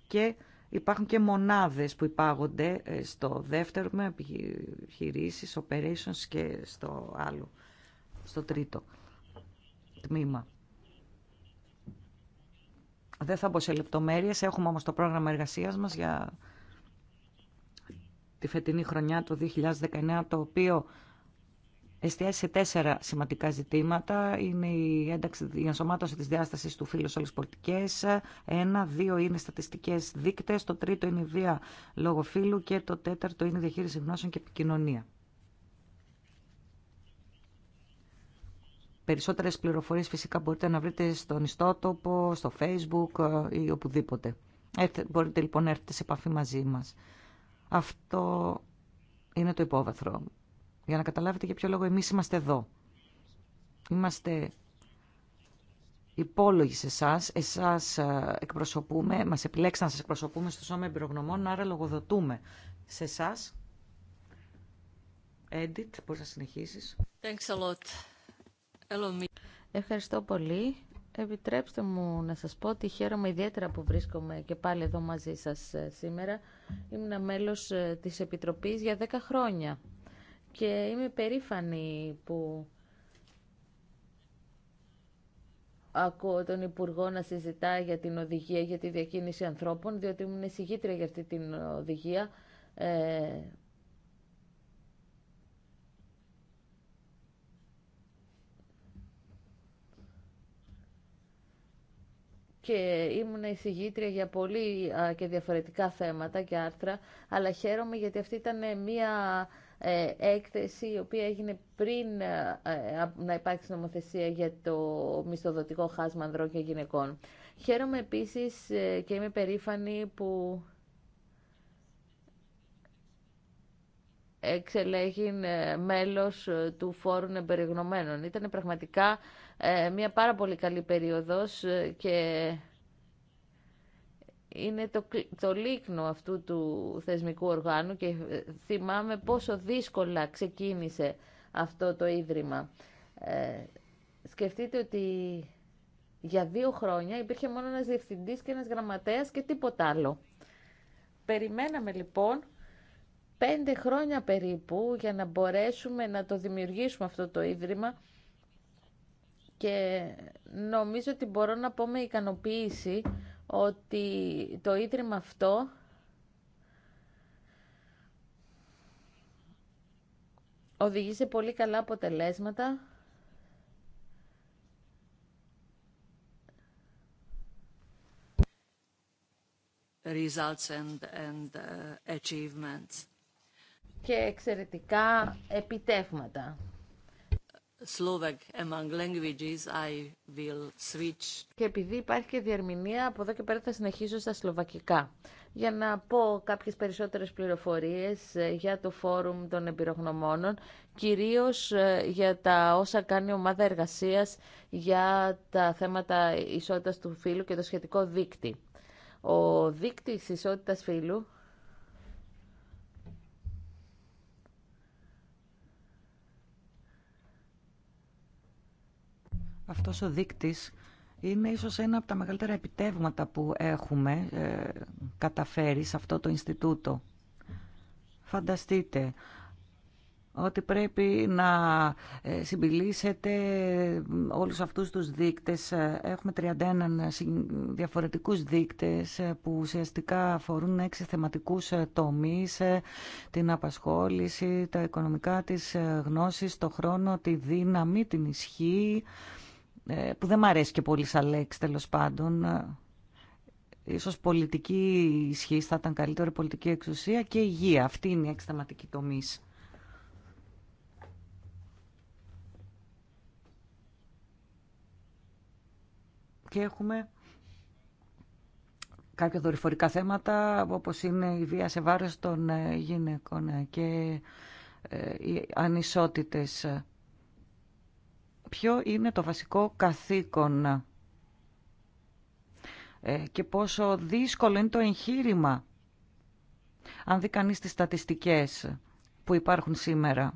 Και υπάρχουν και μονάδες που υπάγονται ε, στο δεύτερο με επιχειρήσεις, operations και στο άλλο, στο τρίτο τμήμα. Δεν θα μπω σε λεπτομέρειες, έχουμε όμως το πρόγραμμα εργασίας μας για τη φετινή χρονιά το 2019, το οποίο εστιάζει σε τέσσερα σημαντικά ζητήματα. Είναι η, ένταξη, η ενσωμάτωση της διάστασης του φίλου σε όλες Ένα, δύο είναι στατιστικές δείκτες. Το τρίτο είναι η βία λόγω φύλου και το τέταρτο είναι η διαχείριση γνώσεων και επικοινωνία. Περισσότερες πληροφορίες φυσικά μπορείτε να βρείτε στον ιστότοπο, στο facebook ε, ή οπουδήποτε. Μπορείτε λοιπόν να έρθετε σε επαφή μαζί μας. Αυτό είναι το υπόβαθρο. Για να καταλάβετε για ποιο λόγο εμείς είμαστε εδώ. Είμαστε υπόλογοι σε εσά. Εσά ε, εκπροσωπούμε, μα επιλέξαν να σα εκπροσωπούμε στο Σώμα Εμπειρογνωμών, άρα λογοδοτούμε σε εσά. Edit, μπορείς να συνεχίσει. Ευχαριστώ πολύ. Επιτρέψτε μου να σας πω ότι χαίρομαι ιδιαίτερα που βρίσκομαι και πάλι εδώ μαζί σας ε, σήμερα. Ήμουν μέλος ε, της Επιτροπής για 10 χρόνια και είμαι περήφανη που ακούω τον Υπουργό να συζητά για την οδηγία για τη διακίνηση ανθρώπων, διότι ήμουν εισηγήτρια για αυτή την οδηγία ε, και ήμουν εισηγήτρια για πολύ και διαφορετικά θέματα και άρθρα, αλλά χαίρομαι γιατί αυτή ήταν μία ε, έκθεση η οποία έγινε πριν ε, ε, να υπάρξει νομοθεσία για το μισθοδοτικό χάσμα ανδρών και γυναικών. Χαίρομαι επίσης και είμαι περήφανη που εξελέγει ε, μέλος ε, του Φόρου Εμπεριγνωμένων. Ήταν πραγματικά ε, μια πάρα πολύ καλή περίοδος και είναι το, το λίκνο αυτού του θεσμικού οργάνου και θυμάμαι πόσο δύσκολα ξεκίνησε αυτό το Ίδρυμα. σκεφτείτε ότι για δύο χρόνια υπήρχε μόνο ένας διευθυντής και ένας γραμματέας και τίποτα άλλο. Περιμέναμε λοιπόν πέντε χρόνια περίπου για να μπορέσουμε να το δημιουργήσουμε αυτό το Ίδρυμα και νομίζω ότι μπορώ να πω με ικανοποίηση ότι το Ίδρυμα αυτό οδηγεί σε πολύ καλά αποτελέσματα results and, and uh, achievements και εξαιρετικά επιτεύγματα. I will Και επειδή υπάρχει και διερμηνία, από εδώ και πέρα θα συνεχίσω στα σλοβακικά. Για να πω κάποιες περισσότερες πληροφορίες ε, για το Φόρουμ των Εμπειρογνωμόνων, κυρίως ε, για τα όσα κάνει η ομάδα εργασίας για τα θέματα ισότητας του φύλου και το σχετικό δίκτυ. Ο δίκτυς ισότητας φύλου Αυτός ο δείκτης είναι ίσως ένα από τα μεγαλύτερα επιτεύγματα που έχουμε ε, καταφέρει σε αυτό το Ινστιτούτο. Φανταστείτε ότι πρέπει να ε, συμπηλήσετε όλους αυτούς τους δείκτες. Ε, έχουμε 31 διαφορετικούς δείκτες που ουσιαστικά αφορούν έξι θεματικούς τομείς, την απασχόληση, τα οικονομικά της γνώσης, το χρόνο, τη δύναμη, την ισχύ, ε, που δεν μ' αρέσει και πολύ σαν λέξη τέλος πάντων, ε, ίσως πολιτική ισχύ θα ήταν καλύτερη, πολιτική εξουσία και υγεία. Αυτή είναι η εξταματική τομή. Και έχουμε κάποια δορυφορικά θέματα, όπως είναι η βία σε βάρος των ε, γυναικών και οι ανισότητες ποιο είναι το βασικό καθήκον ε, και πόσο δύσκολο είναι το εγχείρημα. Αν δει κανείς τις στατιστικές που υπάρχουν σήμερα,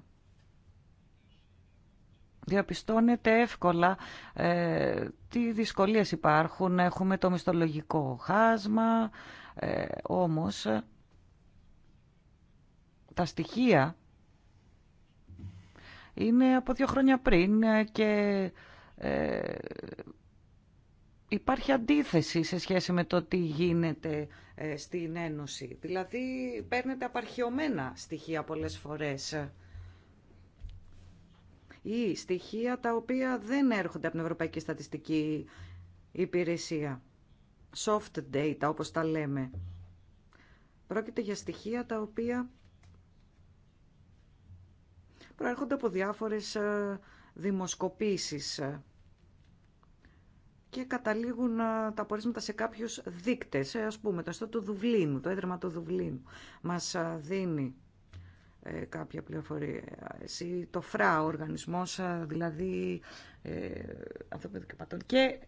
διαπιστώνεται εύκολα ε, τι δυσκολίες υπάρχουν. Έχουμε το μισθολογικό χάσμα, ε, όμως ε, τα στοιχεία είναι από δύο χρόνια πριν ε, και ε, υπάρχει αντίθεση σε σχέση με το τι γίνεται ε, στην Ένωση. Δηλαδή παίρνετε απαρχιωμένα στοιχεία πολλές φορές ή στοιχεία τα οποία δεν έρχονται από την Ευρωπαϊκή Στατιστική Υπηρεσία. Soft data όπως τα λέμε. Πρόκειται για στοιχεία τα οποία προέρχονται από διάφορες ε, δημοσκοπήσεις ε, και καταλήγουν ε, τα απορίσματα σε κάποιους δείκτες. Ας πούμε, το στο του Δουβλίνου, το έδραμα του Δουβλίνου μας δίνει κάποια πληροφορία. Εσύ, το ΦΡΑ, ο οργανισμός δηλαδή ε, και Και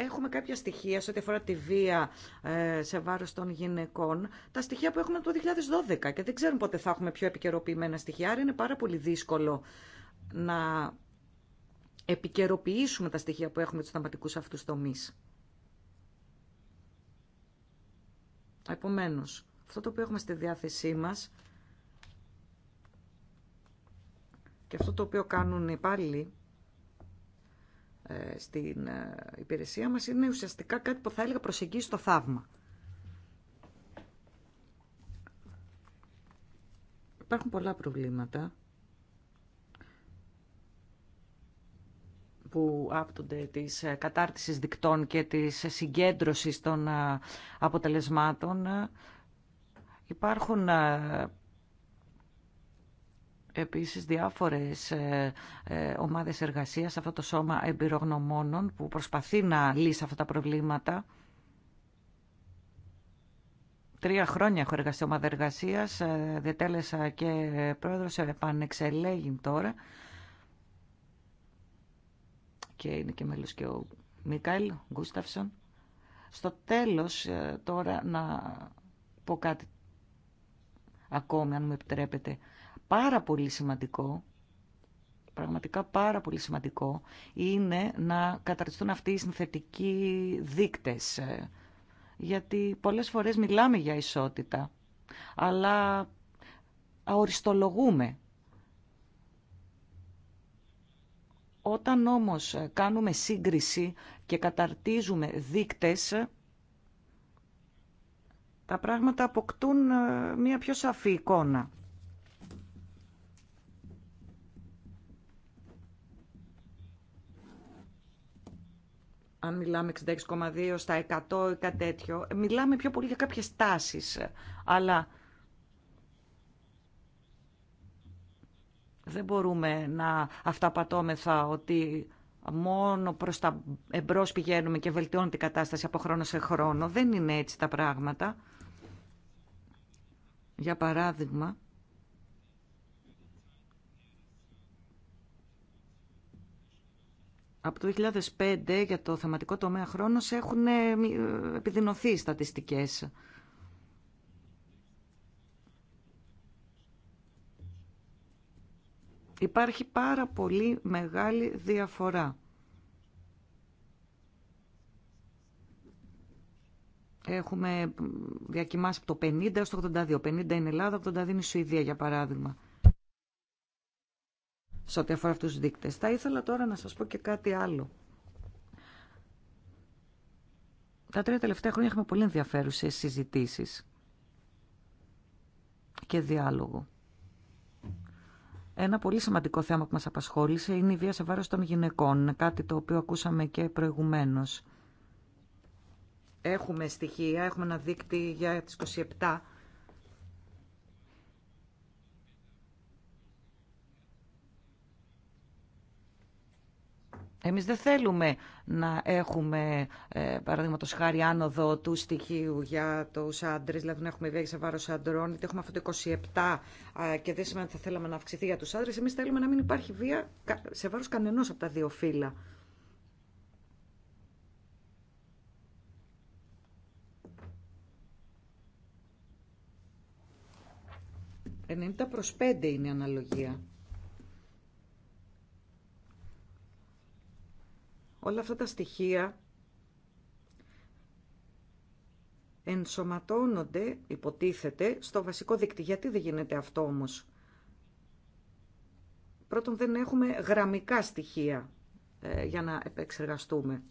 Έχουμε κάποια στοιχεία σε ό,τι αφορά τη βία ε, σε βάρος των γυναικών. Τα στοιχεία που έχουμε το 2012 και δεν ξέρουμε πότε θα έχουμε πιο επικαιροποιημένα στοιχεία, άρα είναι πάρα πολύ δύσκολο να επικαιροποιήσουμε τα στοιχεία που έχουμε του θεματικούς αυτούς τομείς. Επομένως, αυτό το οποίο έχουμε στη διάθεσή μας και αυτό το οποίο κάνουν οι υπάλληλοι ε, στην ε, υπηρεσία μας είναι ουσιαστικά κάτι που θα έλεγα προσεγγίσει στο θαύμα. Υπάρχουν πολλά προβλήματα που άπτονται της ε, κατάρτισης δικτών και της συγκέντρωσης των αποτελεσμάτων. Υπάρχουν επίσης διάφορες ε, ε, ομάδες εργασίας, αυτό το σώμα εμπειρογνωμόνων που προσπαθεί να λύσει αυτά τα προβλήματα. Τρία χρόνια έχω εργαστεί ομάδα εργασία, ε, διατέλεσα και πρόεδρος, επανεξελέγει τώρα και είναι και μέλος και ο Μίκαλ Γκούσταυσον. Στο τέλος τώρα να πω κάτι ακόμη αν μου επιτρέπετε πάρα πολύ σημαντικό πραγματικά πάρα πολύ σημαντικό είναι να καταρτιστούν αυτοί οι συνθετικοί δείκτες. Ε, γιατί πολλές φορές μιλάμε για ισότητα, αλλά αοριστολογούμε. Όταν όμως κάνουμε σύγκριση και καταρτίζουμε δείκτες, τα πράγματα αποκτούν ε, μια πιο σαφή εικόνα. αν μιλάμε 66,2 στα 100 ή κάτι τέτοιο, μιλάμε πιο πολύ για κάποιες τάσεις, αλλά δεν μπορούμε να αυταπατώμεθα ότι μόνο προς τα εμπρός πηγαίνουμε και βελτιώνουμε την κατάσταση από χρόνο σε χρόνο. Δεν είναι έτσι τα πράγματα. Για παράδειγμα, από το 2005 για το θεματικό τομέα χρόνος έχουν ε, ε, επιδεινωθεί οι στατιστικές. Υπάρχει πάρα πολύ μεγάλη διαφορά. Έχουμε διακοιμάσει από το 50 έως το 82. 50 είναι Ελλάδα, 82 είναι η Σουηδία για παράδειγμα σε ό,τι αφορά αυτούς τους δείκτες. Θα ήθελα τώρα να σας πω και κάτι άλλο. Τα τρία τελευταία χρόνια έχουμε πολύ ενδιαφέρουσες συζητήσεις και διάλογο. Ένα πολύ σημαντικό θέμα που μας απασχόλησε είναι η βία σε βάρος των γυναικών, κάτι το οποίο ακούσαμε και προηγουμένως. Έχουμε στοιχεία, έχουμε ένα δείκτη για τις 27 Εμείς δεν θέλουμε να έχουμε, ε, παραδείγματο χάρη, άνοδο του στοιχείου για του άντρε. δηλαδή να έχουμε βία σε βάρο αντρών, είτε έχουμε αυτό το 27 και δεν σημαίνει ότι θα θέλαμε να αυξηθεί για του άντρε. Εμείς θέλουμε να μην υπάρχει βία σε βάρο κανενός από τα δύο φύλλα. «90 προς 5 είναι η αναλογία. Όλα αυτά τα στοιχεία ενσωματώνονται, υποτίθεται, στο βασικό δίκτυο. Γιατί δεν γίνεται αυτό όμως. Πρώτον δεν έχουμε γραμμικά στοιχεία ε, για να επεξεργαστούμε.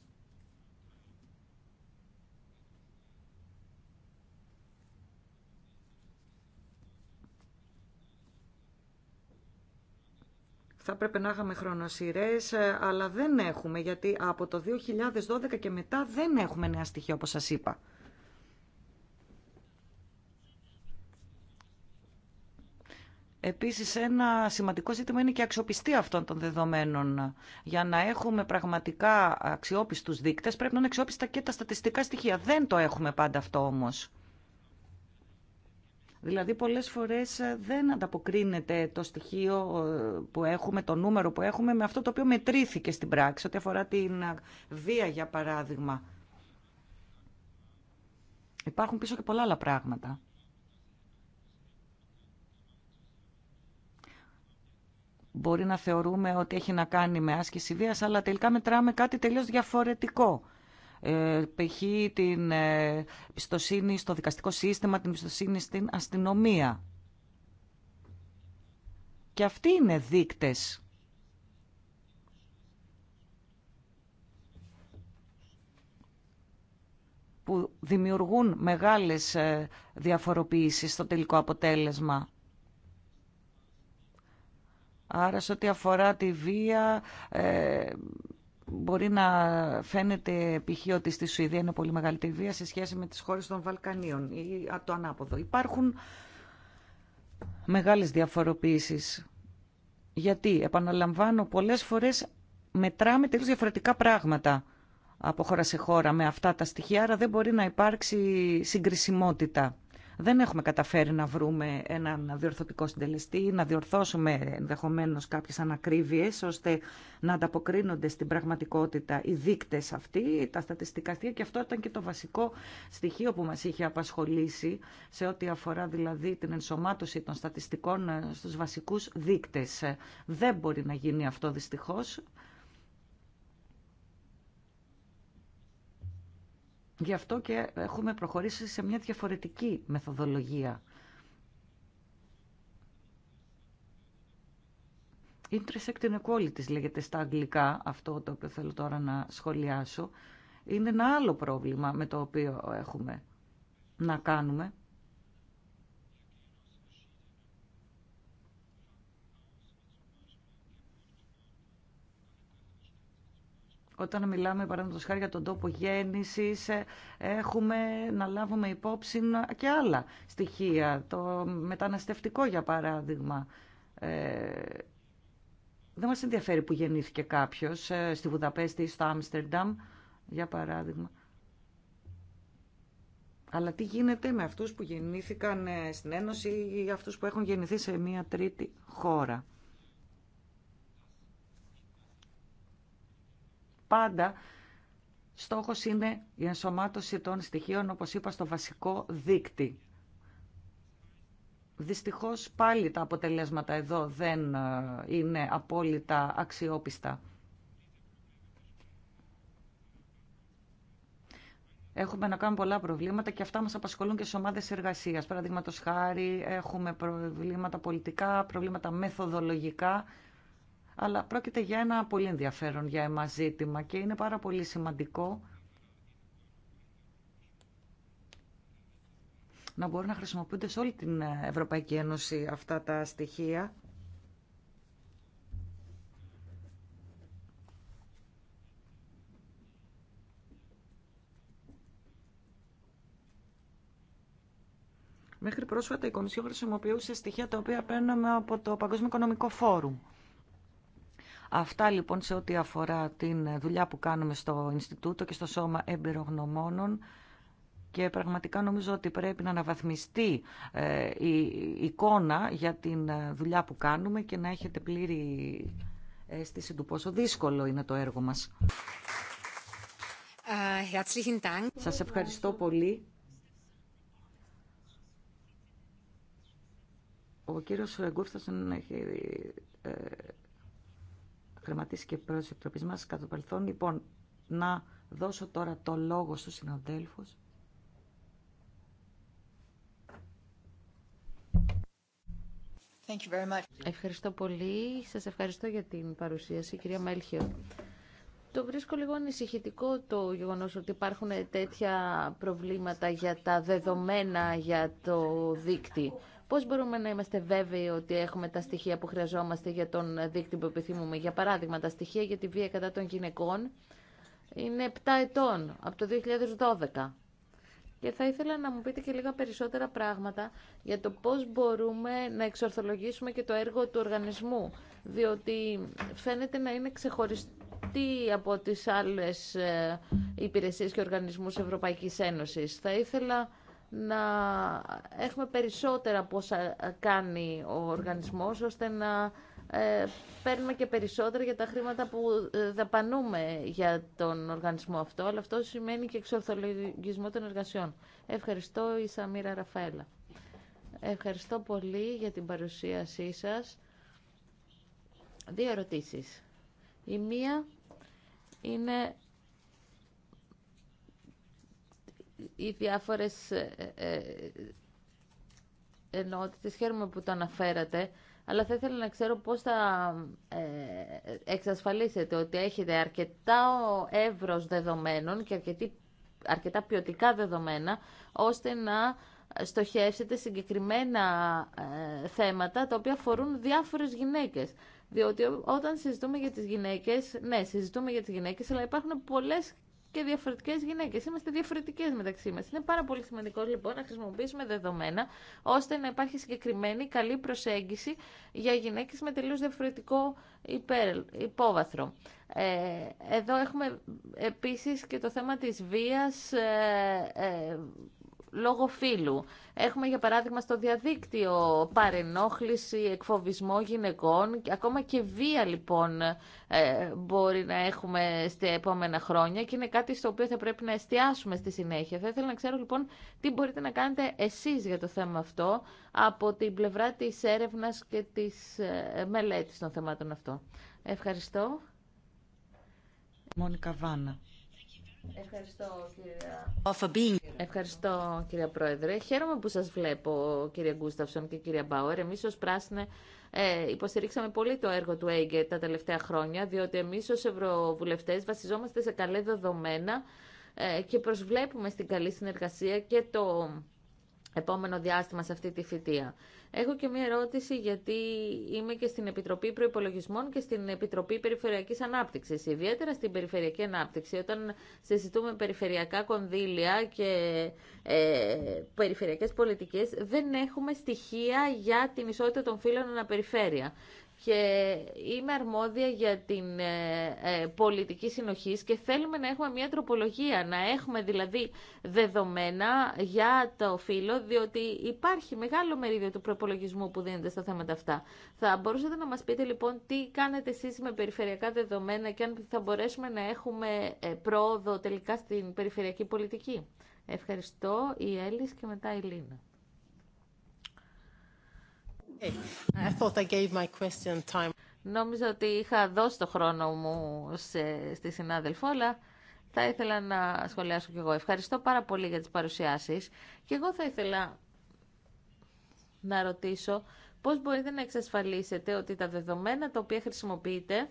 θα πρέπει να είχαμε χρονοσυρές, ε, αλλά δεν έχουμε, γιατί από το 2012 και μετά δεν έχουμε νέα στοιχεία, όπως σας είπα. Επίσης ένα σημαντικό ζήτημα είναι και η αξιοπιστία αυτών των δεδομένων. Για να έχουμε πραγματικά αξιόπιστους δείκτες πρέπει να είναι αξιόπιστα και τα στατιστικά στοιχεία. Δεν το έχουμε πάντα αυτό όμως. Δηλαδή πολλές φορές ε, δεν ανταποκρίνεται το στοιχείο ε, που έχουμε, το νούμερο που έχουμε με αυτό το οποίο μετρήθηκε στην πράξη, ό,τι αφορά την ε, βία για παράδειγμα. Υπάρχουν πίσω και πολλά άλλα πράγματα. Μπορεί να θεωρούμε ότι έχει να κάνει με άσκηση βίας, αλλά τελικά μετράμε κάτι τελείως διαφορετικό π.χ. την ε, πιστοσύνη στο δικαστικό σύστημα, την πιστοσύνη στην αστυνομία. Και αυτοί είναι δείκτες. που δημιουργούν μεγάλες ε, διαφοροποιήσεις στο τελικό αποτέλεσμα. Άρα, σε ό,τι αφορά τη βία, ε, Μπορεί να φαίνεται π.χ. ότι στη Σουηδία είναι πολύ τη βία σε σχέση με τις χώρες των Βαλκανίων ή το ανάποδο. Υπάρχουν μεγάλες διαφοροποίησεις. Γιατί, επαναλαμβάνω, πολλές φορές μετράμε τελείως διαφορετικά πράγματα από χώρα σε χώρα με αυτά τα στοιχεία, άρα δεν μπορεί να υπάρξει συγκρισιμότητα δεν έχουμε καταφέρει να βρούμε έναν διορθωτικό συντελεστή, να διορθώσουμε ενδεχομένως κάποιες ανακρίβειες ώστε να ανταποκρίνονται στην πραγματικότητα οι δείκτες αυτοί, τα στατιστικά αυτοί, Και αυτό ήταν και το βασικό στοιχείο που μας είχε απασχολήσει, σε ό,τι αφορά δηλαδή την ενσωμάτωση των στατιστικών ε, στους βασικούς δείκτες. Ε, δεν μπορεί να γίνει αυτό δυστυχώ. Γι' αυτό και έχουμε προχωρήσει σε μια διαφορετική μεθοδολογία. Intersect inequalities λέγεται στα αγγλικά, αυτό το οποίο θέλω τώρα να σχολιάσω. Είναι ένα άλλο πρόβλημα με το οποίο έχουμε να κάνουμε. Όταν μιλάμε, παραδείγματο χάρη, για τον τόπο γέννηση, ε, έχουμε να λάβουμε υπόψη και άλλα στοιχεία. Το μεταναστευτικό, για παράδειγμα. Ε, δεν μας ενδιαφέρει που γεννήθηκε κάποιος ε, στη Βουδαπέστη ή στο Άμστερνταμ, για παράδειγμα. Αλλά τι γίνεται με αυτούς που γεννήθηκαν στην Ένωση ή αυτούς που έχουν γεννηθεί σε μια τρίτη χώρα. πάντα στόχος είναι η ενσωμάτωση των στοιχείων, όπως είπα, στο βασικό δίκτυ. Δυστυχώς πάλι τα αποτελέσματα εδώ δεν ε, είναι απόλυτα αξιόπιστα. Έχουμε να κάνουμε πολλά προβλήματα και αυτά μας απασχολούν και σε ομάδες εργασίας. Παραδείγματος χάρη έχουμε προβλήματα πολιτικά, προβλήματα μεθοδολογικά αλλά πρόκειται για ένα πολύ ενδιαφέρον για εμάς ζήτημα και είναι πάρα πολύ σημαντικό να μπορούν να χρησιμοποιούνται σε όλη την Ευρωπαϊκή Ένωση αυτά τα στοιχεία. Μέχρι πρόσφατα η Κομισιόν χρησιμοποιούσε στοιχεία τα οποία παίρναμε από το Παγκόσμιο Οικονομικό Φόρουμ. Αυτά λοιπόν σε ό,τι αφορά την δουλειά που κάνουμε στο Ινστιτούτο και στο Σώμα Εμπειρογνωμόνων και πραγματικά νομίζω ότι πρέπει να αναβαθμιστεί ε, η εικόνα για την ε, δουλειά που κάνουμε και να έχετε πλήρη αίσθηση του πόσο δύσκολο είναι το έργο μας. Ε, Σας ευχαριστώ πολύ. Ο κύριος Γκούρστασον έχει κρεματίσει και πρόεδρο τη μας κατά το Λοιπόν, να δώσω τώρα το λόγο στου συναδέλφου. Ευχαριστώ πολύ. Σας ευχαριστώ για την παρουσίαση, κυρία Μέλχιο. Το βρίσκω λίγο ανησυχητικό το γεγονός ότι υπάρχουν τέτοια προβλήματα για τα δεδομένα για το δίκτυο. Πώς μπορούμε να είμαστε βέβαιοι ότι έχουμε τα στοιχεία που χρειαζόμαστε για τον δίκτυο που επιθυμούμε. Για παράδειγμα, τα στοιχεία για τη βία κατά των γυναικών είναι 7 ετών, από το 2012. Και θα ήθελα να μου πείτε και λίγα περισσότερα πράγματα για το πώς μπορούμε να εξορθολογήσουμε και το έργο του οργανισμού. Διότι φαίνεται να είναι ξεχωριστή από τις άλλες ε, υπηρεσίες και οργανισμούς Ευρωπαϊκής Ένωσης. Θα ήθελα να έχουμε περισσότερα από όσα κάνει ο οργανισμός, ώστε να ε, παίρνουμε και περισσότερα για τα χρήματα που ε, δαπανούμε για τον οργανισμό αυτό, αλλά αυτό σημαίνει και εξορθολογισμό των εργασιών. Ευχαριστώ η Σαμίρα Ραφαέλα. Ευχαριστώ πολύ για την παρουσίασή σας. Δύο ερωτήσεις. Η μία είναι οι διάφορες ε, ε, ενότητες. Χαίρομαι που το αναφέρατε, αλλά θα ήθελα να ξέρω πώς θα ε, εξασφαλίσετε ότι έχετε αρκετά εύρος δεδομένων και αρκετή, αρκετά ποιοτικά δεδομένα, ώστε να στοχεύσετε συγκεκριμένα θέματα τα οποία αφορούν διάφορες γυναίκες. Διότι όταν συζητούμε για τις γυναίκες, ναι, συζητούμε για τις γυναίκες, αλλά υπάρχουν πολλές και διαφορετικέ γυναίκε. Είμαστε διαφορετικέ μεταξύ μα. Είναι πάρα πολύ σημαντικό λοιπόν να χρησιμοποιήσουμε δεδομένα ώστε να υπάρχει συγκεκριμένη καλή προσέγγιση για γυναίκε με τελείω διαφορετικό υπόβαθρο. Ε, εδώ έχουμε επίσης και το θέμα της βίας ε, ε, λόγω φύλου. Έχουμε για παράδειγμα στο διαδίκτυο παρενόχληση, εκφοβισμό γυναικών, ακόμα και βία λοιπόν ε, μπορεί να έχουμε στα επόμενα χρόνια και είναι κάτι στο οποίο θα πρέπει να εστιάσουμε στη συνέχεια. Θα ήθελα να ξέρω λοιπόν τι μπορείτε να κάνετε εσείς για το θέμα αυτό από την πλευρά της έρευνας και της ε, μελέτης των θεμάτων αυτών. Ευχαριστώ. Μόνικα Βάνα. Ευχαριστώ κυρία. Ευχαριστώ κυρία Πρόεδρε. Χαίρομαι που σας βλέπω κυρία Γκούσταυσον και κυρία Μπάουερ. Εμείς ως πράσινε ε, υποστηρίξαμε πολύ το έργο του ΕΙΓΕ τα τελευταία χρόνια, διότι εμείς ως ευρωβουλευτές βασιζόμαστε σε καλέ δεδομένα ε, και προσβλέπουμε στην καλή συνεργασία και το επόμενο διάστημα σε αυτή τη φοιτεία. Έχω και μία ερώτηση γιατί είμαι και στην Επιτροπή Προπολογισμών και στην Επιτροπή Περιφερειακή Ανάπτυξη. Ιδιαίτερα στην Περιφερειακή Ανάπτυξη, όταν συζητούμε περιφερειακά κονδύλια και ε, περιφερειακέ πολιτικέ, δεν έχουμε στοιχεία για την ισότητα των φύλων αναπεριφέρεια και είμαι αρμόδια για την ε, ε, πολιτική συνοχή και θέλουμε να έχουμε μια τροπολογία, να έχουμε δηλαδή δεδομένα για το φύλλο, διότι υπάρχει μεγάλο μερίδιο του προπολογισμού που δίνεται στα θέματα αυτά. Θα μπορούσατε να μας πείτε λοιπόν τι κάνετε εσείς με περιφερειακά δεδομένα και αν θα μπορέσουμε να έχουμε ε, πρόοδο τελικά στην περιφερειακή πολιτική. Ευχαριστώ η Έλλης και μετά η Λίνα. Νομίζω ότι είχα δώσει το χρόνο μου στη συνάδελφο, αλλά θα ήθελα να σχολιάσω κι εγώ. Ευχαριστώ πάρα πολύ για τις παρουσιάσεις και εγώ θα ήθελα να ρωτήσω πώς μπορείτε να εξασφαλίσετε ότι τα δεδομένα τα οποία χρησιμοποιείτε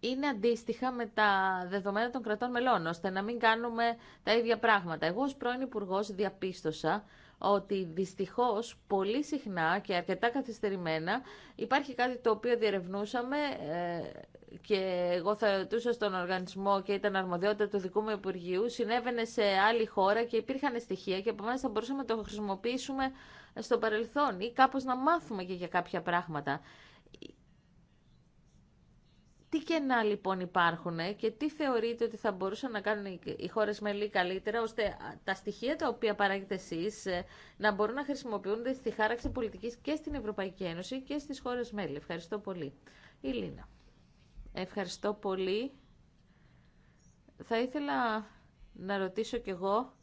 είναι αντίστοιχα με τα δεδομένα των κρατών μελών, ώστε να μην κάνουμε τα ίδια πράγματα. Εγώ ως πρώην Υπουργός διαπίστωσα ότι δυστυχώς πολύ συχνά και αρκετά καθυστερημένα υπάρχει κάτι το οποίο διερευνούσαμε ε, και εγώ θα ρωτούσα στον οργανισμό και ήταν αρμοδιότητα του δικού μου Υπουργείου, συνέβαινε σε άλλη χώρα και υπήρχαν στοιχεία και επομένως θα μπορούσαμε να το χρησιμοποιήσουμε στο παρελθόν ή κάπως να μάθουμε και για κάποια πράγματα. Τι κενά λοιπόν υπάρχουν και τι θεωρείτε ότι θα μπορούσαν να κάνουν οι χώρε μελή καλύτερα, ώστε τα στοιχεία τα οποία παράγετε εσεί ε, να μπορούν να χρησιμοποιούνται στη χάραξη πολιτική και στην Ευρωπαϊκή Ένωση και στι χώρε μέλη. Ευχαριστώ πολύ. Η Λίνα. Ευχαριστώ πολύ. Θα ήθελα να ρωτήσω κι εγώ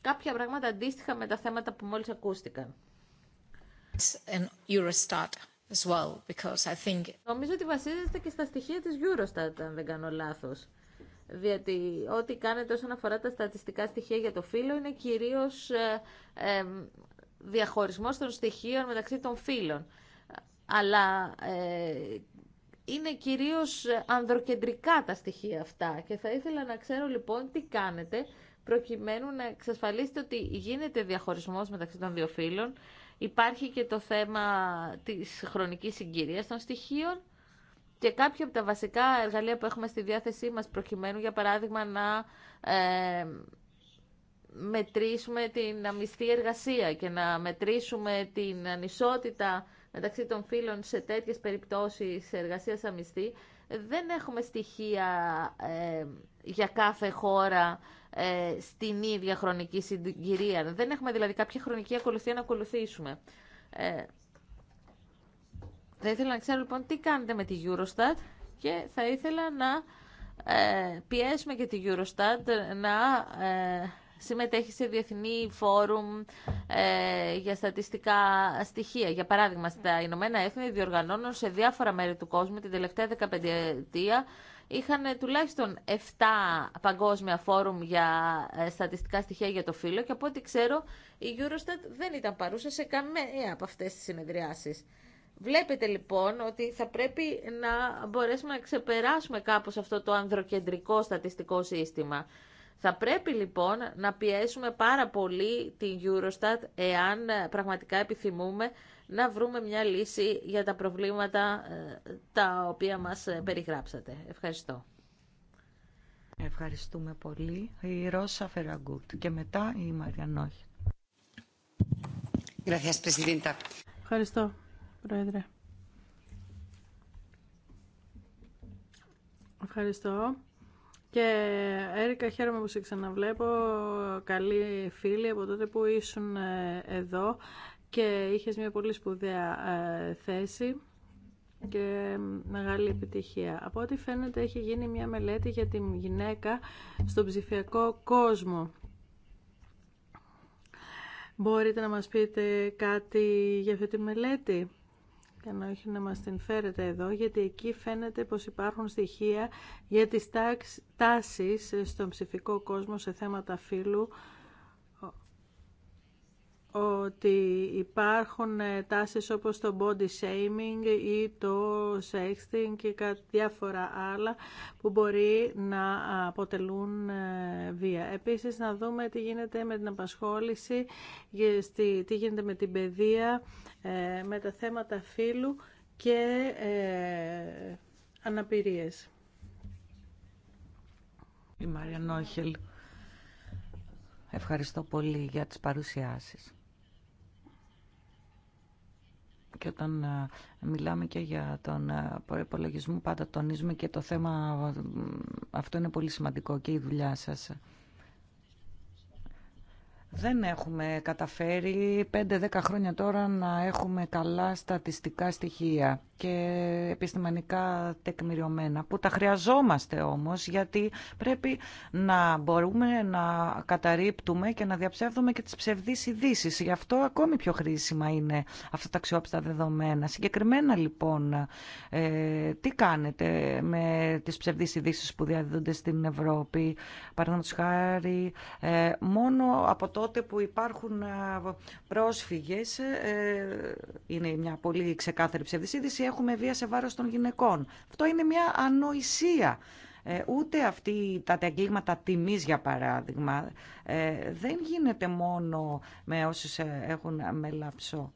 κάποια πράγματα αντίστοιχα με τα θέματα που μόλις ακούστηκαν and Eurostat as well, because I think... Νομίζω ότι βασίζεστε και στα στοιχεία της Eurostat, αν δεν κάνω λάθος. Διότι ό,τι κάνετε όσον αφορά τα στατιστικά στοιχεία για το φύλλο είναι κυρίως ε, ε, διαχωρισμός των στοιχείων μεταξύ των φύλων. Αλλά ε, είναι κυρίως ανδροκεντρικά τα στοιχεία αυτά και θα ήθελα να ξέρω λοιπόν τι κάνετε προκειμένου να εξασφαλίσετε ότι γίνεται διαχωρισμός μεταξύ των δύο φύλων Υπάρχει και το θέμα της χρονικής συγκυρίας των στοιχείων και κάποια από τα βασικά εργαλεία που έχουμε στη διάθεσή μας προκειμένου, για παράδειγμα, να ε, μετρήσουμε την αμυστή εργασία και να μετρήσουμε την ανισότητα μεταξύ των φύλων σε τέτοιες περιπτώσεις εργασίας αμυστή, δεν έχουμε στοιχεία ε, για κάθε χώρα ε, στην ίδια χρονική συγκυρία. Δεν έχουμε δηλαδή κάποια χρονική ακολουθία να ακολουθήσουμε. Ε, θα ήθελα να ξέρω λοιπόν τι κάνετε με τη Eurostat και θα ήθελα να ε, πιέσουμε και τη Eurostat να ε, συμμετέχει σε διεθνή φόρουμ ε, για στατιστικά στοιχεία. Για παράδειγμα, στα Ηνωμένα Έθνη διοργανώνουν σε διάφορα μέρη του κόσμου την τελευταία 15 είχαν τουλάχιστον 7 παγκόσμια φόρουμ για ε, στατιστικά στοιχεία για το φύλλο και από ό,τι ξέρω η Eurostat δεν ήταν παρούσα σε καμία από αυτές τις συνεδριάσεις. Βλέπετε λοιπόν ότι θα πρέπει να μπορέσουμε να ξεπεράσουμε κάπως αυτό το ανδροκεντρικό στατιστικό σύστημα. Θα πρέπει λοιπόν να πιέσουμε πάρα πολύ την Eurostat εάν πραγματικά επιθυμούμε να βρούμε μια λύση για τα προβλήματα ε, τα οποία μας ε, περιγράψατε. Ευχαριστώ. Ευχαριστούμε πολύ. Η Ρώσα Φεραγκούτ και μετά η Μαριανόχη. Ευχαριστώ, Πρόεδρε. Ευχαριστώ. Και Έρικα, χαίρομαι που σε ξαναβλέπω. Καλή φίλη από τότε που ήσουν ε, εδώ και είχες μια πολύ σπουδαία ε, θέση και μεγάλη επιτυχία. Από ό,τι φαίνεται έχει γίνει μια μελέτη για τη γυναίκα στον ψηφιακό κόσμο. Μπορείτε να μας πείτε κάτι για αυτή τη μελέτη και να όχι να μας την φέρετε εδώ, γιατί εκεί φαίνεται πως υπάρχουν στοιχεία για τις τάσεις στον ψηφικό κόσμο σε θέματα φύλου ότι υπάρχουν ε, τάσεις όπως το body shaming ή το sexting και διάφορα άλλα που μπορεί να αποτελούν ε, βία. Επίσης να δούμε τι γίνεται με την απασχόληση, ε, τι γίνεται με την παιδεία, με τα θέματα φύλου και αναπηρίες. Η Μαρία Ευχαριστώ πολύ για τις παρουσιάσεις και όταν ε, μιλάμε και για τον ε, προπολογισμό πάντα τονίζουμε και το θέμα ε, αυτό είναι πολύ σημαντικό και η δουλειά σας. Δεν έχουμε καταφέρει 5-10 χρόνια τώρα να έχουμε καλά στατιστικά στοιχεία και επιστημονικά τεκμηριωμένα που τα χρειαζόμαστε όμως γιατί πρέπει να μπορούμε να καταρρύπτουμε και να διαψεύδουμε και τις ψευδείς ειδήσει. Γι' αυτό ακόμη πιο χρήσιμα είναι αυτά τα αξιόπιστα δεδομένα. Συγκεκριμένα λοιπόν, ε, τι κάνετε με τις ψευδείς ειδήσει που διαδίδονται στην Ευρώπη. Παραδείγματος χάρη, ε, μόνο από το τότε που υπάρχουν πρόσφυγες, ε, είναι μια πολύ ξεκάθαρη ψευδισίδηση, έχουμε βία σε βάρος των γυναικών. Αυτό είναι μια ανοησία. Ε, ούτε αυτή τα εγκλήματα τιμής, για παράδειγμα, ε, δεν γίνεται μόνο με όσους έχουν με λαψό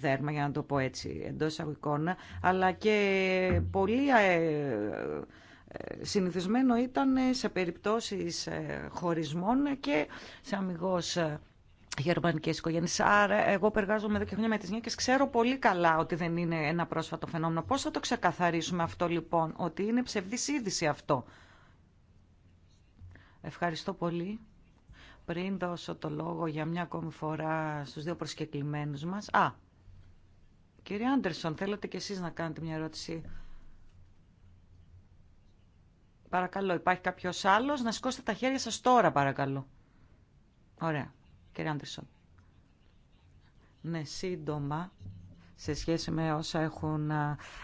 δέρμα, για να το πω έτσι, εντός εικόνα, αλλά και πολλοί συνηθισμένο ήταν σε περιπτώσεις ε, χωρισμών και σε αμυγός ε, γερμανικέ οικογένειε. Άρα, εγώ εργάζομαι εδώ και χρόνια με τι γυναίκε. Ξέρω πολύ καλά ότι δεν είναι ένα πρόσφατο φαινόμενο. Πώ θα το ξεκαθαρίσουμε αυτό, λοιπόν, ότι είναι ψευδή είδηση αυτό. Ευχαριστώ πολύ. Πριν δώσω το λόγο για μια ακόμη φορά στους δύο προσκεκλημένους μας. Α, κύριε Άντερσον, θέλετε κι εσείς να κάνετε μια ερώτηση. Παρακαλώ, υπάρχει κάποιο άλλο. Να σηκώσετε τα χέρια σας τώρα, παρακαλώ. Ωραία, κύριε Άντρισον. Ναι, σύντομα σε σχέση με όσα έχουν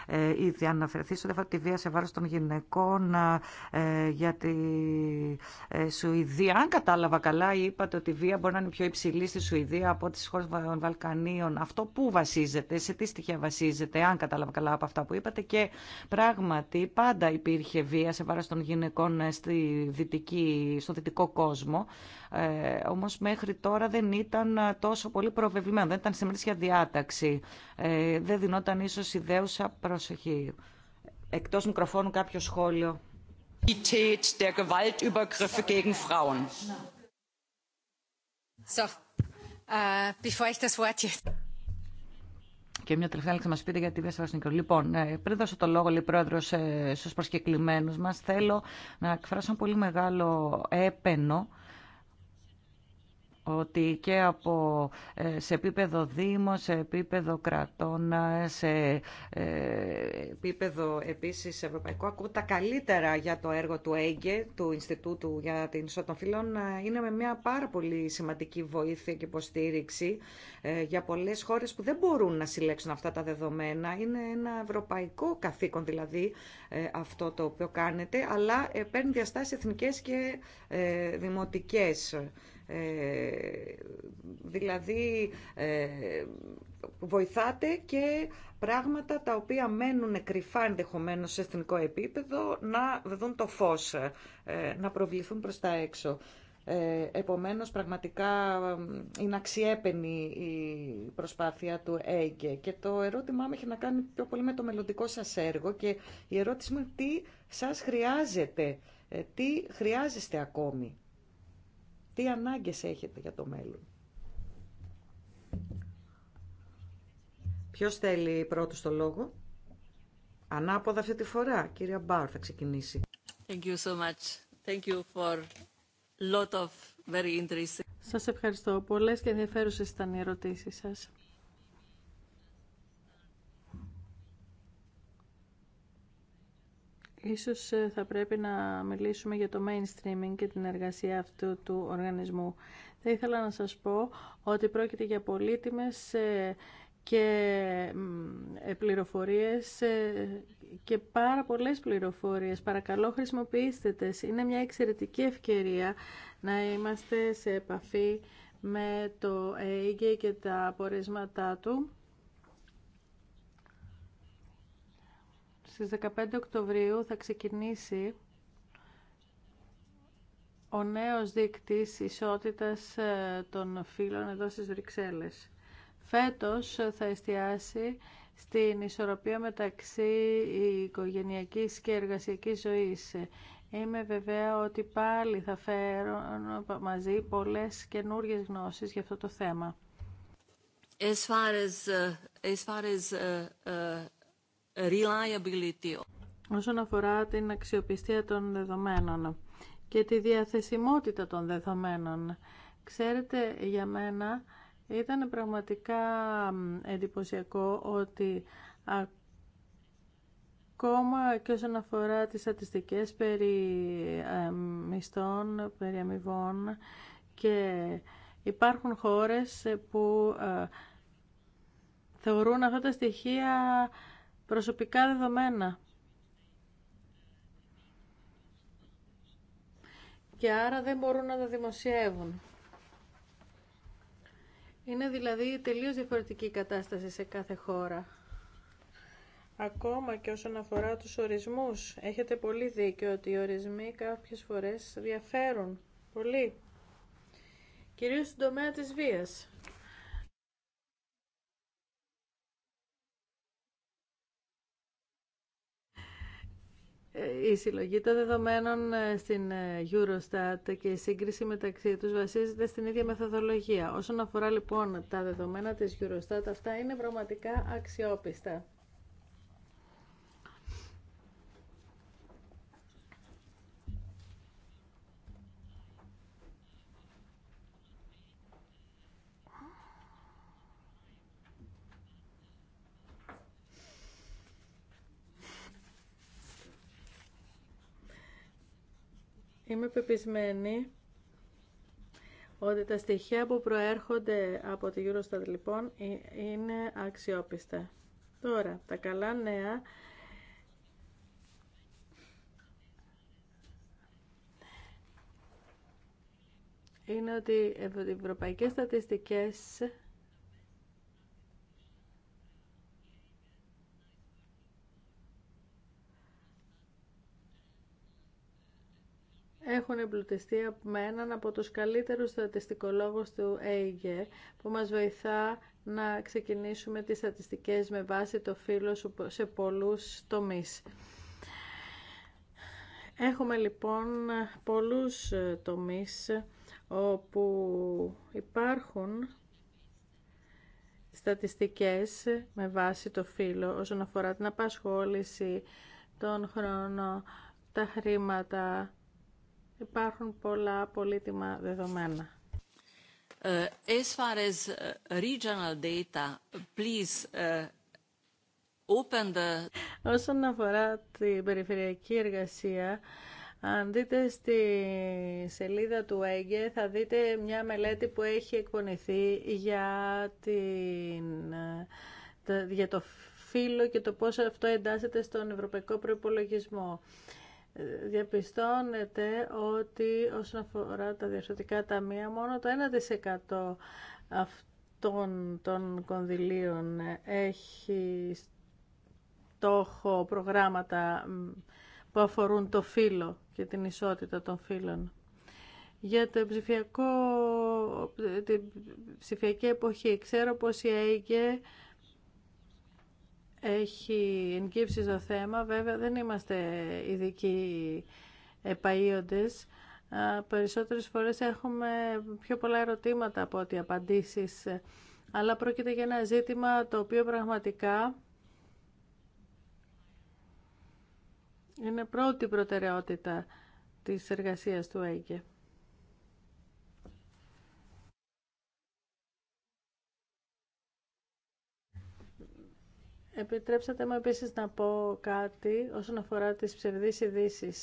ε, ήδη αναφερθεί στο δεύτερο τη βία σε βάρος των γυναικών ε, για τη ε, Σουηδία. Αν κατάλαβα καλά, είπατε ότι η βία μπορεί να είναι πιο υψηλή στη Σουηδία από τις χώρες των Βαλκανίων. Αυτό που βασίζεται, σε τι στοιχεία βασίζεται, αν κατάλαβα καλά από αυτά που είπατε και πράγματι πάντα υπήρχε βία σε βάρος των γυναικών στη στο δυτικό κόσμο. Ε, όμως μέχρι τώρα δεν ήταν ε, τόσο πολύ προβεβλημένο, δεν ήταν σημαντική διάταξη. Ε, δεν δινόταν ίσως ιδέουσα προσοχή. Εκτός μικροφώνου κάποιο σχόλιο. Και μια τελευταία λέξη να μα πείτε για τη βία στο Λοιπόν, ε, πριν δώσω το λόγο, λέει πρόεδρο, ε, στου προσκεκλημένου μα, θέλω να εκφράσω ένα πολύ μεγάλο έπαινο ότι και από, ε, σε επίπεδο Δήμων, σε επίπεδο κρατών, ε, σε ε, επίπεδο επίσης ευρωπαϊκό, ακούω τα καλύτερα για το έργο του ΕΓΚΕ, του Ινστιτούτου για την Ισότητα των είναι με μια πάρα πολύ σημαντική βοήθεια και υποστήριξη για πολλές χώρες που δεν μπορούν να συλλέξουν αυτά τα δεδομένα. Είναι ένα ευρωπαϊκό καθήκον δηλαδή αυτό το οποίο κάνετε, αλλά παίρνει διαστάσεις εθνικές και δημοτικές ε, δηλαδή ε, βοηθάτε και πράγματα τα οποία μένουν κρυφά ενδεχομένως σε εθνικό επίπεδο να δουν το φως, ε, να προβληθούν προς τα έξω. Επομένως, πραγματικά είναι αξιέπαινη η προσπάθεια του ΕΙΚΕ. Και το ερώτημά μου έχει να κάνει πιο πολύ με το μελλοντικό σας έργο και η ερώτηση μου είναι τι σας χρειάζεται, τι χρειάζεστε ακόμη. Τι ανάγκες έχετε για το μέλλον. Ποιος θέλει πρώτος το λόγο. Ανάποδα αυτή τη φορά. Κυρία Μπάρ θα ξεκινήσει. Thank you so much. Thank you for lot of very interesting. Σας ευχαριστώ. Πολλές και ενδιαφέρουσες ήταν οι ερωτήσεις σας. Ίσως ε, θα πρέπει να μιλήσουμε για το mainstreaming και την εργασία αυτού του οργανισμού. Θα ήθελα να σας πω ότι πρόκειται για πολύτιμες ε, και ε, πληροφορίες και πάρα πολλές πληροφορίες. Παρακαλώ χρησιμοποιήστε τες. Είναι μια εξαιρετική ευκαιρία να είμαστε σε επαφή με το ΕΙΓΕ και τα απορίσματά του. Στις 15 Οκτωβρίου θα ξεκινήσει ο νέος δείκτης ισότητας ε, των φύλων εδώ στις Βρυξέλλες. Φέτος ε, θα εστιάσει στην ισορροπία μεταξύ οικογενειακής και εργασιακής ζωής. Είμαι βεβαία ότι πάλι θα φέρω μαζί πολλές καινούργιες γνώσεις για αυτό το θέμα. Ε, reliability. Όσον αφορά την αξιοπιστία των δεδομένων και τη διαθεσιμότητα των δεδομένων, ξέρετε για μένα ήταν πραγματικά εντυπωσιακό ότι ακόμα και όσον αφορά τις στατιστικές περί ε, μισθών, περί αμοιβών και υπάρχουν χώρες που ε, θεωρούν αυτά τα στοιχεία προσωπικά δεδομένα. Και άρα δεν μπορούν να τα δημοσιεύουν. Είναι δηλαδή τελείως διαφορετική κατάσταση σε κάθε χώρα. Ακόμα και όσον αφορά τους ορισμούς, έχετε πολύ δίκιο ότι οι ορισμοί κάποιες φορές διαφέρουν πολύ. Κυρίως στον τομέα της βίας. Ε, η συλλογή των δεδομένων ε, στην ε, Eurostat και η σύγκριση μεταξύ τους βασίζεται στην ίδια μεθοδολογία. Όσον αφορά λοιπόν τα δεδομένα της Eurostat, αυτά είναι πραγματικά αξιόπιστα. Είμαι πεπισμένη ότι τα στοιχεία που προέρχονται από τη Eurostat λοιπόν ε, είναι αξιόπιστα. Τώρα, τα καλά νέα είναι ότι οι ευρωπαϊκές στατιστικές έχουν εμπλουτιστεί με έναν από τους καλύτερους στατιστικολόγους του ΑΕΓΕ που μας βοηθά να ξεκινήσουμε τις στατιστικές με βάση το φύλλο σε πολλούς τομείς. Έχουμε λοιπόν πολλούς ε, τομείς όπου υπάρχουν στατιστικές με βάση το φύλλο όσον αφορά την απασχόληση, τον χρόνο, τα χρήματα, Υπάρχουν πολλά πολύτιμα δεδομένα. Ε, as far as ε, regional data, please ε, open the... Όσον αφορά την περιφερειακή εργασία, αν δείτε στη σελίδα του ΕΓΕ θα δείτε μια μελέτη που έχει εκπονηθεί για, για το φύλλο και το πώς αυτό εντάσσεται στον ευρωπαϊκό προϋπολογισμό διαπιστώνεται ότι όσον αφορά τα διευθυντικά ταμεία μόνο το 1% αυτών των κονδυλίων έχει στόχο προγράμματα που αφορούν το φύλλο και την ισότητα των φύλων. Για το ψηφιακό, ε, την ψηφιακή εποχή, ξέρω πως η ΑΕΚΕ έχει εγκύψει το θέμα. Βέβαια δεν είμαστε ειδικοί επαΐοντες. Περισσότερες φορές έχουμε πιο πολλά ερωτήματα από ό,τι απαντήσεις. Αλλά πρόκειται για ένα ζήτημα το οποίο πραγματικά είναι πρώτη προτεραιότητα της εργασίας του ΑΕΚΕ. Επιτρέψατε μου επίσης να πω κάτι όσον αφορά τις ψευδείς ειδήσει.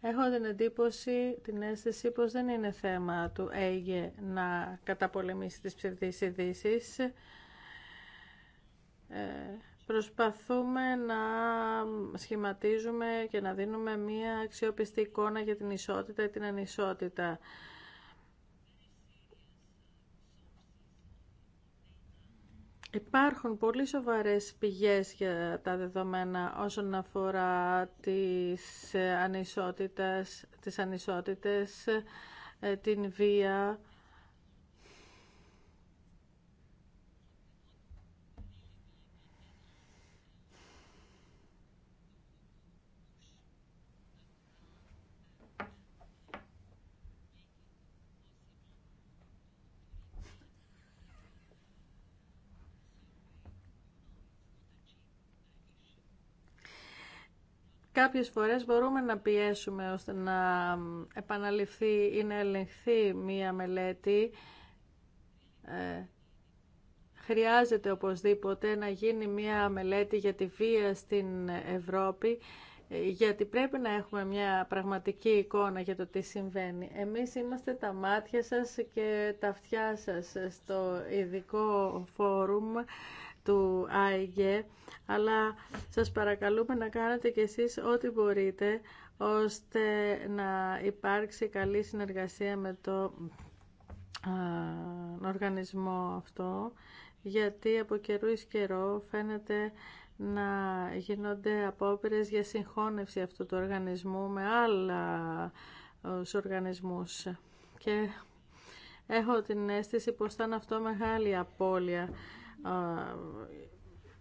Έχω την εντύπωση, την αίσθηση πως δεν είναι θέμα του ΕΙΓΕ να καταπολεμήσει τις ψευδείς ειδήσει. Ε, προσπαθούμε να σχηματίζουμε και να δίνουμε μία αξιόπιστη εικόνα για την ισότητα ή την ανισότητα. Υπάρχουν πολύ σοβαρές πηγές για τα δεδομένα όσον αφορά τις ε, ανισότητες, τις ανισότητες ε, την βία Κάποιες φορές μπορούμε να πιέσουμε ώστε να επαναληφθεί ή να ελεγχθεί μία μελέτη. Ε, χρειάζεται οπωσδήποτε να γίνει μία μελέτη για τη βία στην Ευρώπη, ε, γιατί πρέπει να έχουμε μια πραγματική εικόνα για το τι συμβαίνει. Εμείς είμαστε τα μάτια σας και τα αυτιά σας στο ειδικό φόρουμ του ΑΕΓΕ, αλλά σας παρακαλούμε να κάνετε κι εσείς ό,τι μπορείτε, ώστε να υπάρξει καλή συνεργασία με το οργανισμό αυτό, γιατί από καιρού εις καιρό φαίνεται να γίνονται απόπειρες για συγχώνευση αυτού του οργανισμού με άλλα οργανισμούς. Και έχω την αίσθηση πως ήταν αυτό μεγάλη απώλεια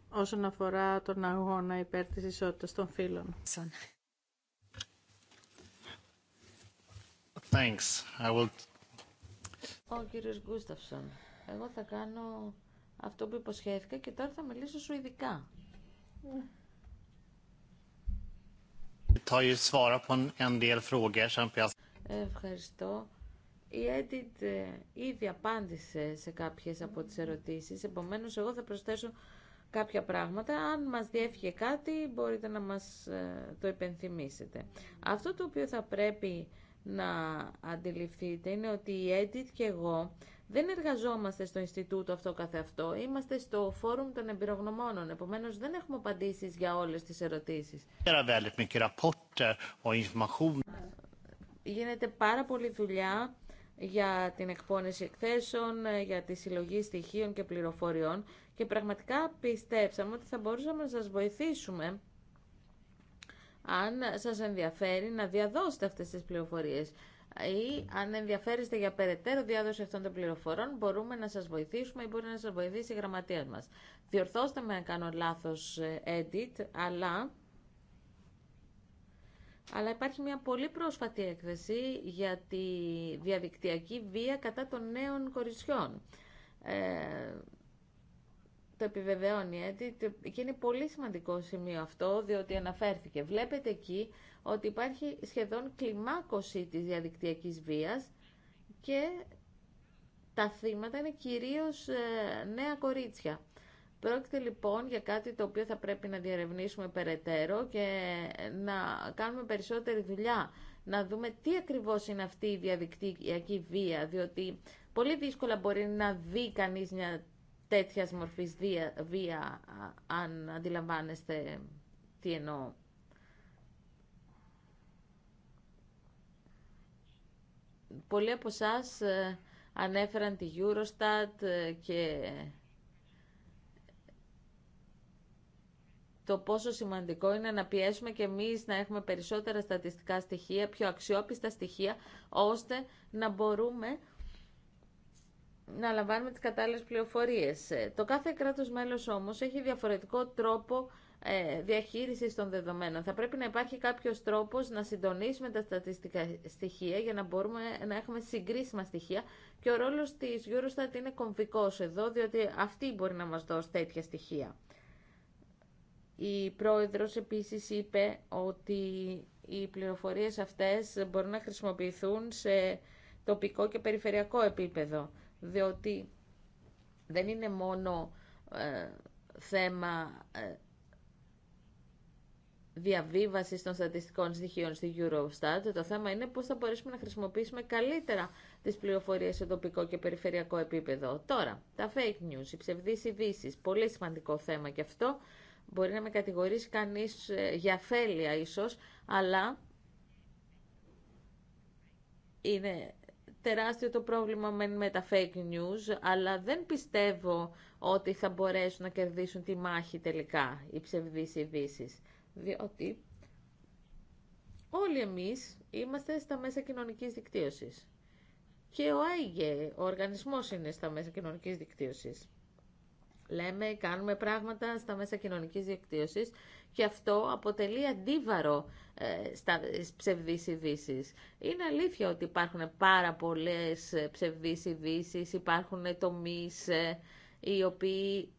όσον αφορά τον αγώνα υπέρ της ισότητας των φύλων. Thanks. I will... Ο κύριος Γκούσταυσον, εγώ θα κάνω αυτό που υποσχέθηκα και τώρα θα μιλήσω σου ειδικά. Mm. Ευχαριστώ. Η Edit ε, ήδη απάντησε σε κάποιες από τις ερωτήσεις, επομένως εγώ θα προσθέσω κάποια πράγματα. Αν μας διέφυγε κάτι μπορείτε να μας ε, το υπενθυμίσετε. Αυτό το οποίο θα πρέπει να αντιληφθείτε είναι ότι η Edit και εγώ δεν εργαζόμαστε στο Ινστιτούτο αυτό αυτό. είμαστε στο Φόρουμ των Εμπειρογνωμόνων, επομένως δεν έχουμε απαντήσει για όλες τις ερωτήσεις. Γίνεται πάρα πολλή δουλειά για την εκπόνηση εκθέσεων, για τη συλλογή στοιχείων και πληροφοριών και πραγματικά πιστέψαμε ότι θα μπορούσαμε να σας βοηθήσουμε αν σας ενδιαφέρει να διαδώσετε αυτές τις πληροφορίες ή αν ενδιαφέρεστε για περαιτέρω διάδοση αυτών των πληροφορών μπορούμε να σας βοηθήσουμε ή μπορεί να σας βοηθήσει η γραμματεία μας. Διορθώστε με αν κάνω λάθος ε, edit, αλλά αλλά υπάρχει μια πολύ πρόσφατη έκθεση για τη διαδικτυακή βία κατά των νέων κοριτσιών. Ε, το επιβεβαιώνει έτσι και είναι πολύ σημαντικό σημείο αυτό διότι αναφέρθηκε. Βλέπετε εκεί ότι υπάρχει σχεδόν κλιμάκωση της διαδικτυακής βίας και τα θύματα είναι κυρίως ε, νέα κορίτσια. Πρόκειται λοιπόν για κάτι το οποίο θα πρέπει να διαρευνήσουμε περαιτέρω και να κάνουμε περισσότερη δουλειά. Να δούμε τι ακριβώς είναι αυτή η διαδικτυακή βία, διότι πολύ δύσκολα μπορεί να δει κανείς μια τέτοια μορφή βία, αν αντιλαμβάνεστε τι εννοώ. Πολλοί από εσά ε, ανέφεραν τη Eurostat ε, και το πόσο σημαντικό είναι να πιέσουμε και εμείς να έχουμε περισσότερα στατιστικά στοιχεία, πιο αξιόπιστα στοιχεία, ώστε να μπορούμε να λαμβάνουμε τις κατάλληλες πληροφορίες. Ε, το κάθε κράτος μέλος όμως έχει διαφορετικό τρόπο ε, διαχείρισης των δεδομένων. Θα πρέπει να υπάρχει κάποιος τρόπος να συντονίσουμε τα στατιστικά στοιχεία για να μπορούμε να έχουμε συγκρίσιμα στοιχεία και ο ρόλος της Eurostat είναι κομβικός εδώ, διότι αυτή μπορεί να μας δώσει τέτοια στοιχεία. Η πρόεδρος επίσης είπε ότι οι πληροφορίες αυτές μπορούν να χρησιμοποιηθούν σε τοπικό και περιφερειακό επίπεδο, διότι δεν είναι μόνο ε, θέμα ε, διαβίβασης των στατιστικών στοιχείων στη Eurostat. Το θέμα είναι πώς θα μπορέσουμε να χρησιμοποιήσουμε καλύτερα τις πληροφορίες σε τοπικό και περιφερειακό επίπεδο. Τώρα, τα fake news, οι ψευδείς ειδήσει, πολύ σημαντικό θέμα και αυτό. Μπορεί να με κατηγορήσει κανείς ε, για αφέλεια ίσως, αλλά είναι τεράστιο το πρόβλημα με τα fake news, αλλά δεν πιστεύω ότι θα μπορέσουν να κερδίσουν τη μάχη τελικά οι ψευδείς ειδήσει. Διότι όλοι εμείς είμαστε στα μέσα κοινωνικής δικτύωσης. Και ο ΑΕΓΕ, ο οργανισμός είναι στα μέσα κοινωνικής δικτύωσης λέμε, κάνουμε πράγματα στα μέσα κοινωνικής δικτύωσης και αυτό αποτελεί αντίβαρο ε, στα ψευδείς ειδήσει. Είναι αλήθεια ότι υπάρχουν πάρα πολλές ψευδείς ειδήσει, υπάρχουν τομείς ε, οι οποίοι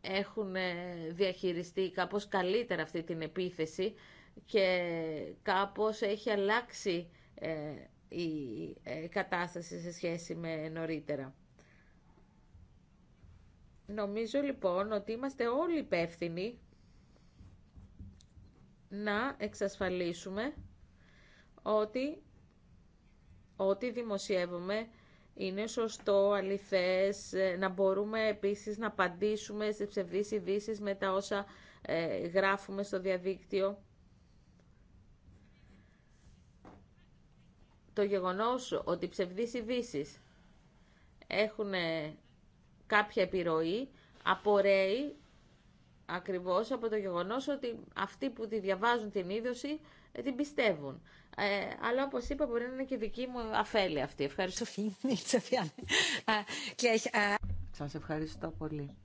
έχουν ε, διαχειριστεί κάπως καλύτερα αυτή την επίθεση και κάπως έχει αλλάξει ε, η κατάσταση σε σχέση με νωρίτερα. Νομίζω λοιπόν ότι είμαστε όλοι υπεύθυνοι να εξασφαλίσουμε ότι ό,τι δημοσιεύουμε είναι σωστό, αληθές, ε, να μπορούμε επίσης να απαντήσουμε σε ψευδείς ειδήσει με τα όσα ε, γράφουμε στο διαδίκτυο. Το γεγονός ότι οι ψευδείς ειδήσει έχουν κάποια επιρροή απορρέει ακριβώς από το γεγονός ότι αυτοί που τη διαβάζουν την είδωση ε, την πιστεύουν. Ε, αλλά όπως είπα μπορεί να είναι και δική μου αφέλεια αυτή. Ευχαριστώ. <laughs> Ναι. Σα ευχαριστώ πολύ.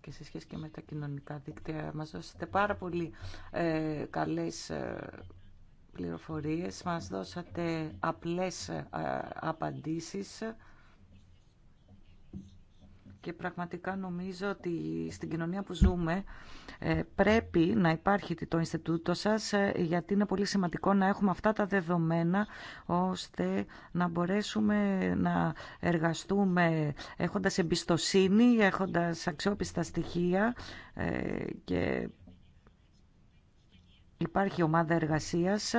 Και σε σχέση και με τα κοινωνικά δίκτυα μας δώσατε πάρα πολύ ε, καλές ε, πληροφορίες, μας δώσατε απλές ε, απαντήσεις και πραγματικά νομίζω ότι στην κοινωνία που ζούμε ε, πρέπει να υπάρχει το Ινστιτούτο σας ε, γιατί είναι πολύ σημαντικό να έχουμε αυτά τα δεδομένα ώστε να μπορέσουμε να εργαστούμε έχοντας εμπιστοσύνη, έχοντας αξιόπιστα στοιχεία και Υπάρχει ομάδα εργασίας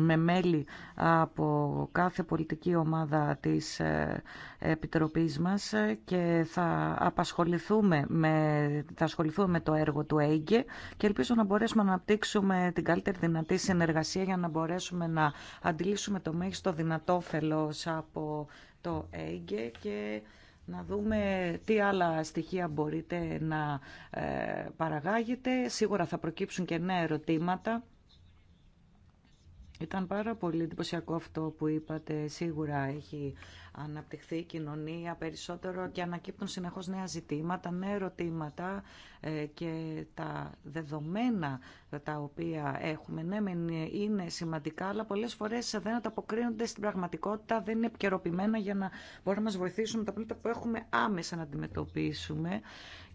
με μέλη από κάθε πολιτική ομάδα της ε, Επιτροπής μας και θα απασχοληθούμε με, θα ασχοληθούμε με το έργο του ΕΙΓΕ και ελπίζω να μπορέσουμε να αναπτύξουμε την καλύτερη δυνατή συνεργασία για να μπορέσουμε να αντιλήσουμε το μέγιστο δυνατόφελος από το Ε.Γ.Ε. και να δούμε τι άλλα στοιχεία μπορείτε να ε, παραγάγετε. Σίγουρα θα προκύψουν και νέα ερωτήματα. Ήταν πάρα πολύ εντυπωσιακό αυτό που είπατε. Σίγουρα έχει αναπτυχθεί η κοινωνία περισσότερο και ανακύπτουν συνεχώς νέα ζητήματα, νέα ερωτήματα ε, και τα δεδομένα τα οποία έχουμε, ναι, είναι σημαντικά, αλλά πολλές φορές δεν αποκρίνονται στην πραγματικότητα, δεν είναι επικαιροποιημένα για να μπορούν να μας βοηθήσουν τα πλούτα που έχουμε άμεσα να αντιμετωπίσουμε.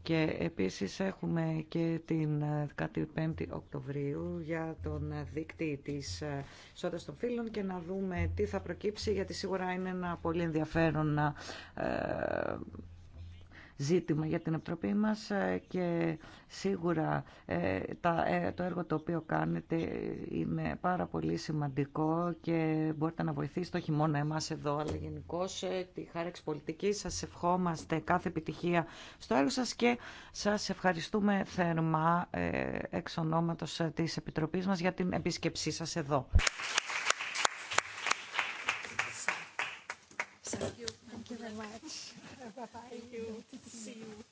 Και επίσης έχουμε και την 15η ε, Οκτωβρίου για τον ε, δίκτυ της ε, ισότητας των Φίλων και να δούμε τι θα προκύψει γιατί σίγουρα είναι ένα πολύ ενδιαφέρον ζήτημα για την Επιτροπή μας ε, και σίγουρα ε, ε, το έργο το οποίο κάνετε είναι πάρα πολύ σημαντικό και μπορείτε να βοηθήσετε όχι μόνο εμάς εδώ αλλά γενικώ τη χάρη πολιτική. Σας ευχόμαστε κάθε επιτυχία στο έργο σας και σας ευχαριστούμε θερμά εξ ονόματο της Επιτροπής μας για την επίσκεψή σας εδώ. Bye bye. Thank you. See you.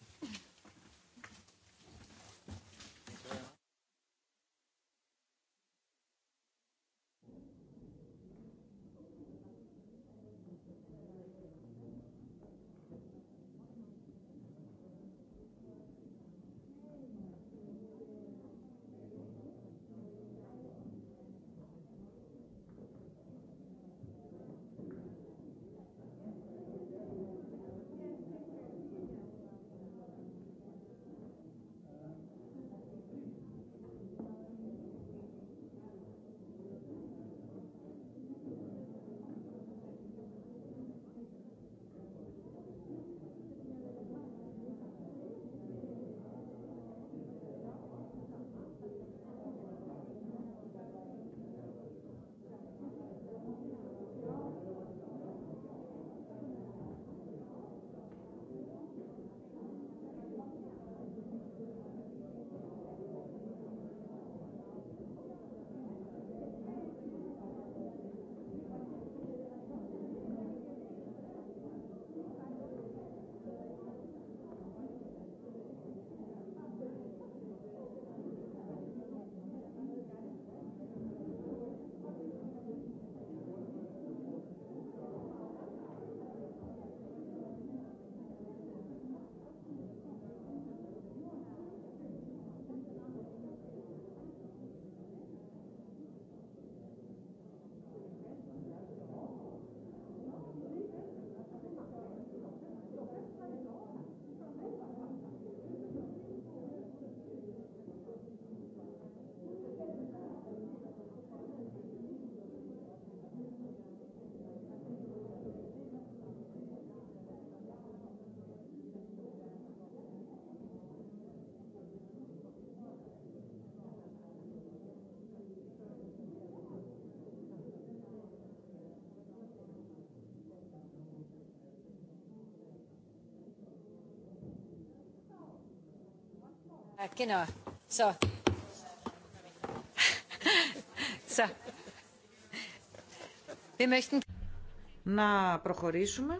Να προχωρήσουμε.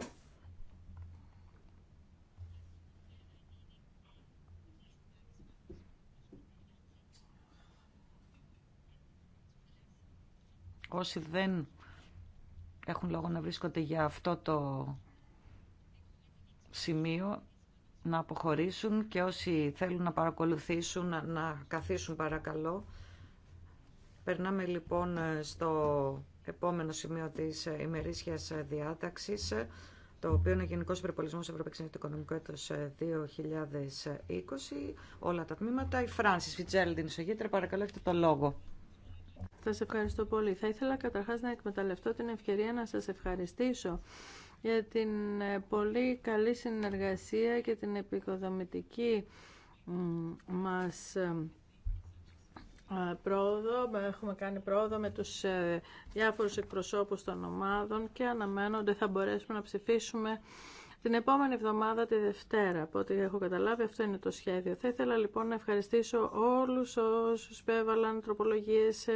Όσοι δεν έχουν λόγο να βρίσκονται για αυτό το σημείο να αποχωρήσουν και όσοι θέλουν να παρακολουθήσουν να καθίσουν παρακαλώ. Περνάμε λοιπόν ε, στο επόμενο σημείο της ε, ημερήσιας ε, διάταξης το οποίο είναι Γενικός Υπερπολισμός Ευρωπαϊκής το Οικονομικού έτος 2020, όλα τα τμήματα. Η Φράνσις Φιτζέλντιν Σογήτρα, παρακαλώ έχετε το λόγο. Σας ευχαριστώ πολύ. Θα ήθελα καταρχάς να εκμεταλλευτώ την ευκαιρία να σας ευχαριστήσω για την ε, πολύ καλή συνεργασία και την επικοδομητική μας ε, ε, πρόοδο. Έχουμε κάνει πρόοδο με τους διάφορους εκπροσώπους των ομάδων και αναμένονται θα μπορέσουμε να ψηφίσουμε την επόμενη εβδομάδα τη Δευτέρα. Από ό,τι έχω καταλάβει αυτό είναι το σχέδιο. Θα ήθελα λοιπόν να ευχαριστήσω όλους όσους πέβαλαν τροπολογίες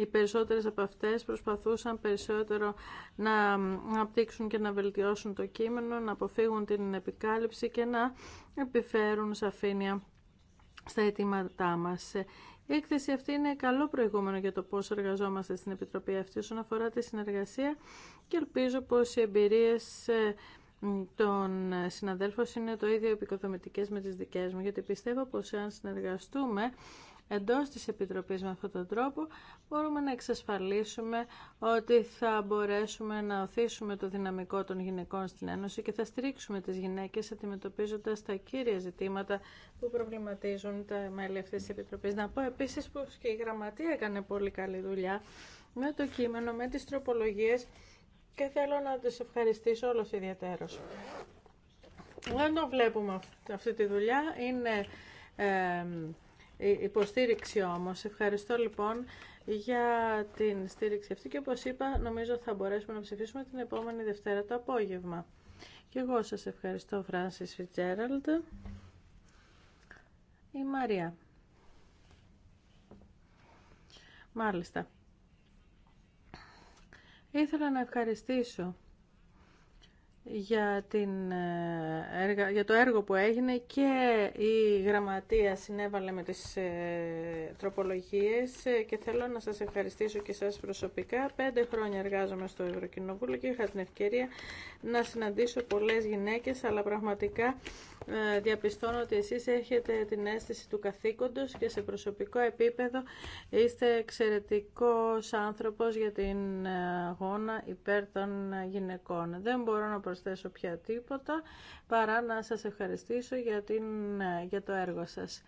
οι περισσότερες από αυτές προσπαθούσαν περισσότερο να απτύξουν και να βελτιώσουν το κείμενο, να αποφύγουν την επικάλυψη και να επιφέρουν σαφήνεια στα αιτήματά μας. Η έκθεση αυτή είναι καλό προηγούμενο για το πώς εργαζόμαστε στην Επιτροπή αυτή όσον αφορά τη συνεργασία και ελπίζω πως οι εμπειρίες ε, των συναδέλφων είναι το ίδιο επικοδομητικές με τις δικές μου, γιατί πιστεύω πως αν συνεργαστούμε εντός της Επιτροπής με αυτόν τον τρόπο μπορούμε να εξασφαλίσουμε ότι θα μπορέσουμε να οθήσουμε το δυναμικό των γυναικών στην Ένωση και θα στρίξουμε τις γυναίκες αντιμετωπίζοντας τα κύρια ζητήματα που προβληματίζουν τα μέλη αυτής της Επιτροπής. Να πω επίσης πως και η Γραμματεία έκανε πολύ καλή δουλειά με το κείμενο, με τις τροπολογίες και θέλω να τους ευχαριστήσω όλους ιδιαίτερος. Δεν το βλέπουμε αυτή τη δουλειά. Είναι ε, ε, υποστήριξη όμως. Ευχαριστώ λοιπόν για την στήριξη αυτή και όπως είπα νομίζω θα μπορέσουμε να ψηφίσουμε την επόμενη Δευτέρα το απόγευμα. Και εγώ σας ευχαριστώ Φράνσις Φιτζέραλντ. Η Μαρία. Μάλιστα. Ήθελα να ευχαριστήσω για, την, ε, για το έργο που έγινε και η γραμματεία συνέβαλε με τις ε, τροπολογίες ε, και θέλω να σας ευχαριστήσω και σας προσωπικά. Πέντε χρόνια εργάζομαι στο Ευρωκοινοβούλιο και είχα την ευκαιρία να συναντήσω πολλές γυναίκες, αλλά πραγματικά ε, διαπιστώνω ότι εσείς έχετε την αίσθηση του καθήκοντος και σε προσωπικό επίπεδο είστε εξαιρετικός άνθρωπος για την ε, αγώνα υπέρ των γυναικών. Δεν μπορώ να προσθέσω πια τίποτα παρά να σας ευχαριστήσω για, ε, για το έργο σας.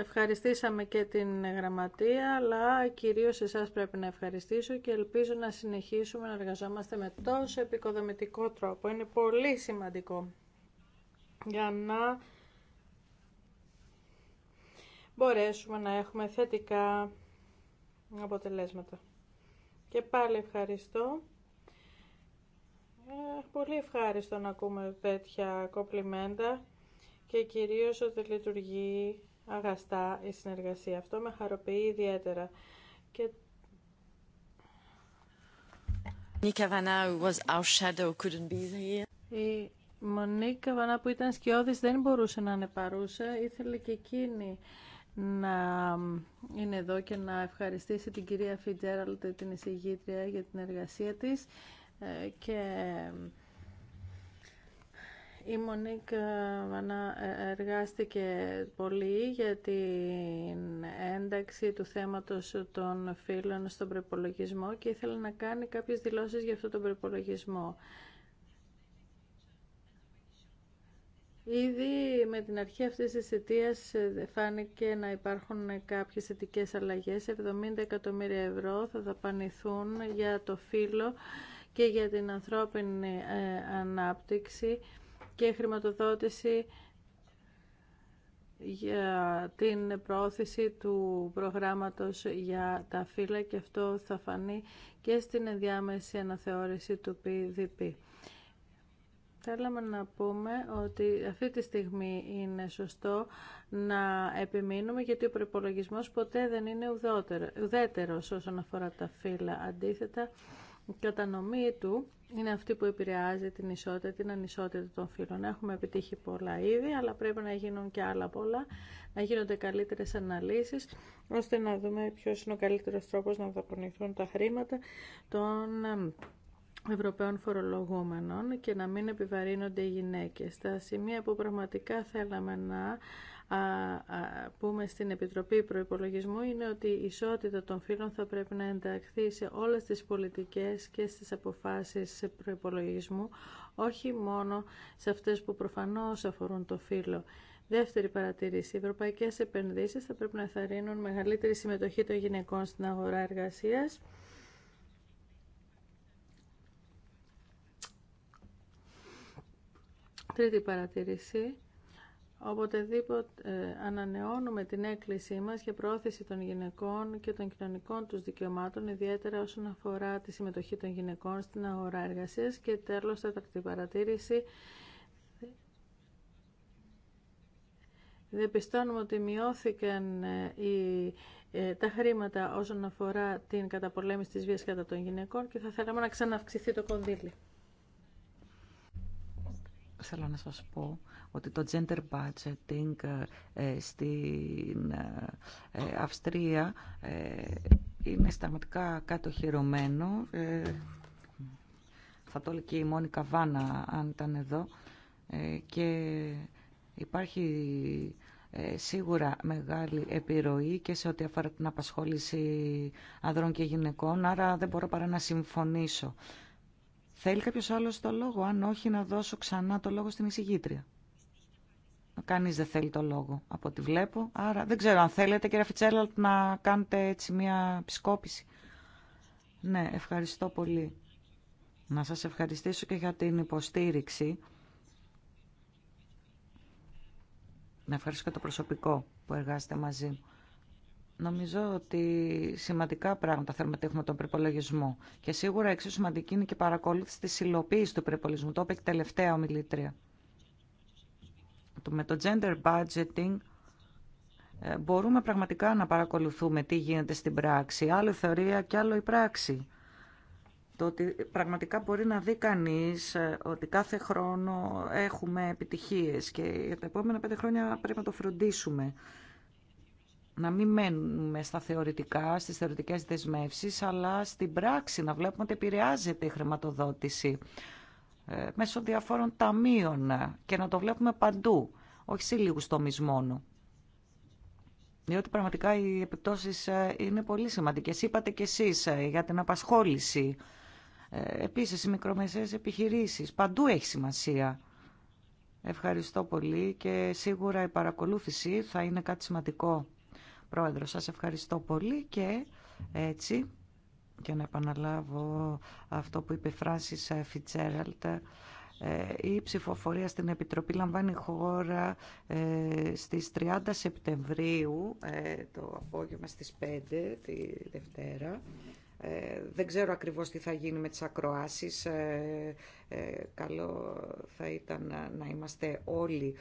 Ευχαριστήσαμε και την γραμματεία, αλλά κυρίως εσάς πρέπει να ευχαριστήσω και ελπίζω να συνεχίσουμε να εργαζόμαστε με τόσο επικοδομητικό τρόπο. Είναι πολύ σημαντικό για να μπορέσουμε να έχουμε θετικά αποτελέσματα. Και πάλι ευχαριστώ. Ε, πολύ ευχάριστο να ακούμε τέτοια κοπλιμέντα και κυρίως ότι λειτουργεί αγαστά η συνεργασία. Αυτό με χαροποιεί ιδιαίτερα. Και... was our shadow, couldn't Μονίκα Βανά που ήταν σκιώδης δεν μπορούσε να είναι παρούσα. Ήθελε και εκείνη να είναι εδώ και να ευχαριστήσει την κυρία Φιτζέραλτ, την εισηγήτρια, για την εργασία της. Ε, και η Μονίκ Βανά ε, εργάστηκε πολύ για την ένταξη του θέματος των φίλων στον προπολογισμό και ήθελε να κάνει κάποιες δηλώσεις για αυτό τον προπολογισμό. Ήδη με την αρχή αυτής της αιτίας ε, φάνηκε να υπάρχουν κάποιες θετικές αλλαγές. 70 εκατομμύρια ευρώ θα δαπανηθούν για το φύλλο και για την ανθρώπινη ε, ανάπτυξη και χρηματοδότηση για την προώθηση του προγράμματος για τα φύλλα και αυτό θα φανεί και στην ενδιάμεση αναθεώρηση του PDP. Θέλαμε να πούμε ότι αυτή τη στιγμή είναι σωστό να επιμείνουμε γιατί ο προπολογισμό ποτέ δεν είναι ουδέτερος όσον αφορά τα φύλλα. Αντίθετα, η κατανομή του είναι αυτή που επηρεάζει την ισότητα, την ανισότητα των φύλων. Έχουμε επιτύχει πολλά ήδη, αλλά πρέπει να γίνουν και άλλα πολλά, να γίνονται καλύτερες αναλύσεις, ώστε να δούμε ποιος είναι ο καλύτερος τρόπος να δαπονηθούν τα χρήματα των Ευρωπαίων φορολογούμενων και να μην επιβαρύνονται οι γυναίκες. Τα σημεία που πραγματικά θέλαμε να πούμε στην Επιτροπή Προϋπολογισμού είναι ότι η ισότητα των φύλων θα πρέπει να ενταχθεί σε όλες τις πολιτικές και στις αποφάσεις προϋπολογισμού, όχι μόνο σε αυτές που προφανώς αφορούν το φύλο. Δεύτερη παρατήρηση. Οι ευρωπαϊκές επενδύσεις θα πρέπει να θαρρύνουν μεγαλύτερη συμμετοχή των γυναικών στην αγορά εργασίας. Τρίτη παρατήρηση. Οποτεδήποτε ε, ανανεώνουμε την έκκλησή μας για προώθηση των γυναικών και των κοινωνικών τους δικαιωμάτων, ιδιαίτερα όσον αφορά τη συμμετοχή των γυναικών στην αγορά εργασίας. Και τέλος, τέταρτη παρατήρηση. πιστώνουμε ότι μειώθηκαν ε, ε, τα χρήματα όσον αφορά την καταπολέμηση της βίας κατά των γυναικών και θα θέλαμε να ξαναυξηθεί το κονδύλι θέλω να σας πω ότι το gender budgeting ε, ε, στην ε, Αυστρία είναι σταματικά κατοχυρωμένο. Θα το έλεγε και η Μόνικα Βάνα αν ήταν εδώ. Και υπάρχει σίγουρα μεγάλη επιρροή και σε ό,τι αφορά την απασχόληση ανδρών και γυναικών, άρα δεν μπορώ παρά να συμφωνήσω Θέλει κάποιος άλλος το λόγο, αν όχι να δώσω ξανά το λόγο στην εισηγήτρια. Κανείς δεν θέλει το λόγο από ό,τι βλέπω. Άρα δεν ξέρω αν θέλετε κύριε Φιτσέλαλτ να κάνετε έτσι μια επισκόπηση. Ναι, ευχαριστώ πολύ. Να σας ευχαριστήσω και για την υποστήριξη. Να ευχαριστήσω και το προσωπικό που εργάζεται μαζί μου. Νομίζω ότι σημαντικά πράγματα θέλουμε να έχουμε τον προπολογισμό. Και σίγουρα εξίσου σημαντική είναι και η παρακολούθηση τη υλοποίηση του προπολογισμού. Το είπε και τελευταία ομιλήτρια. Με το gender budgeting ε, μπορούμε πραγματικά να παρακολουθούμε τι γίνεται στην πράξη. Άλλο η θεωρία και άλλο η πράξη. Το ότι πραγματικά μπορεί να δει κανεί ε, ότι κάθε χρόνο έχουμε επιτυχίες και για τα επόμενα πέντε χρόνια πρέπει να το φροντίσουμε να μην μένουμε στα θεωρητικά, στις θεωρητικές δεσμεύσεις, αλλά στην πράξη να βλέπουμε ότι επηρεάζεται η χρηματοδότηση ε, μέσω διαφόρων ταμείων και να το βλέπουμε παντού, όχι σε λίγους τομείς μόνο. Διότι πραγματικά οι επιπτώσεις ε, είναι πολύ σημαντικές. Είπατε κι εσείς ε, για την απασχόληση. Επίσης, οι μικρομεσαίες επιχειρήσεις. Παντού έχει σημασία. Ευχαριστώ πολύ και σίγουρα η παρακολούθηση θα είναι κάτι σημαντικό Πρόεδρο, σας ευχαριστώ πολύ και έτσι, για να επαναλάβω αυτό που είπε η Φράνσις ε, η ψηφοφορία στην Επιτροπή λαμβάνει χώρα ε, στις 30 Σεπτεμβρίου, ε, το απόγευμα στις 5 τη Δευτέρα. Ε, δεν ξέρω ακριβώς τι θα γίνει με τις ακροάσεις. Ε, ε, καλό θα ήταν να είμαστε όλοι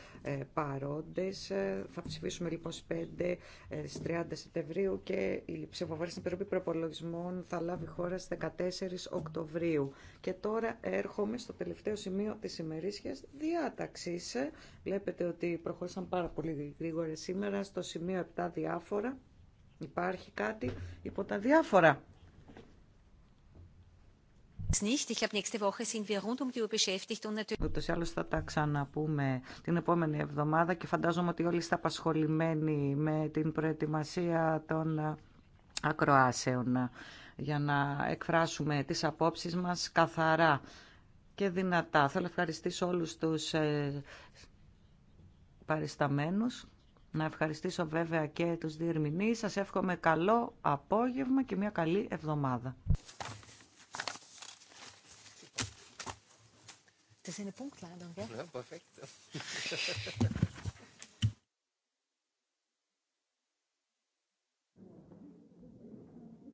παρόντες. θα ψηφίσουμε λοιπόν στις 5 στις 30 Σεπτεμβρίου και η ψηφοφορία στην Επιτροπή Προπολογισμών θα λάβει χώρα στις 14 Οκτωβρίου. Και τώρα έρχομαι στο τελευταίο σημείο της ημερήσιας διάταξης. Βλέπετε ότι προχώρησαν πάρα πολύ γρήγορα σήμερα στο σημείο 7 διάφορα. Υπάρχει κάτι υπό τα διάφορα. Ούτως ή άλλως θα τα ξαναπούμε την επόμενη εβδομάδα και φαντάζομαι ότι όλοι είστε απασχολημένοι με την προετοιμασία των ακροάσεων για να εκφράσουμε τις απόψεις μας καθαρά και δυνατά. Θέλω να ευχαριστήσω όλους τους ε, παρισταμένους. Να ευχαριστήσω βέβαια και τους διερμηνείς. Σας εύχομαι καλό απόγευμα και μια καλή εβδομάδα. sind eine Punktlandung, gell? Ja, perfekt.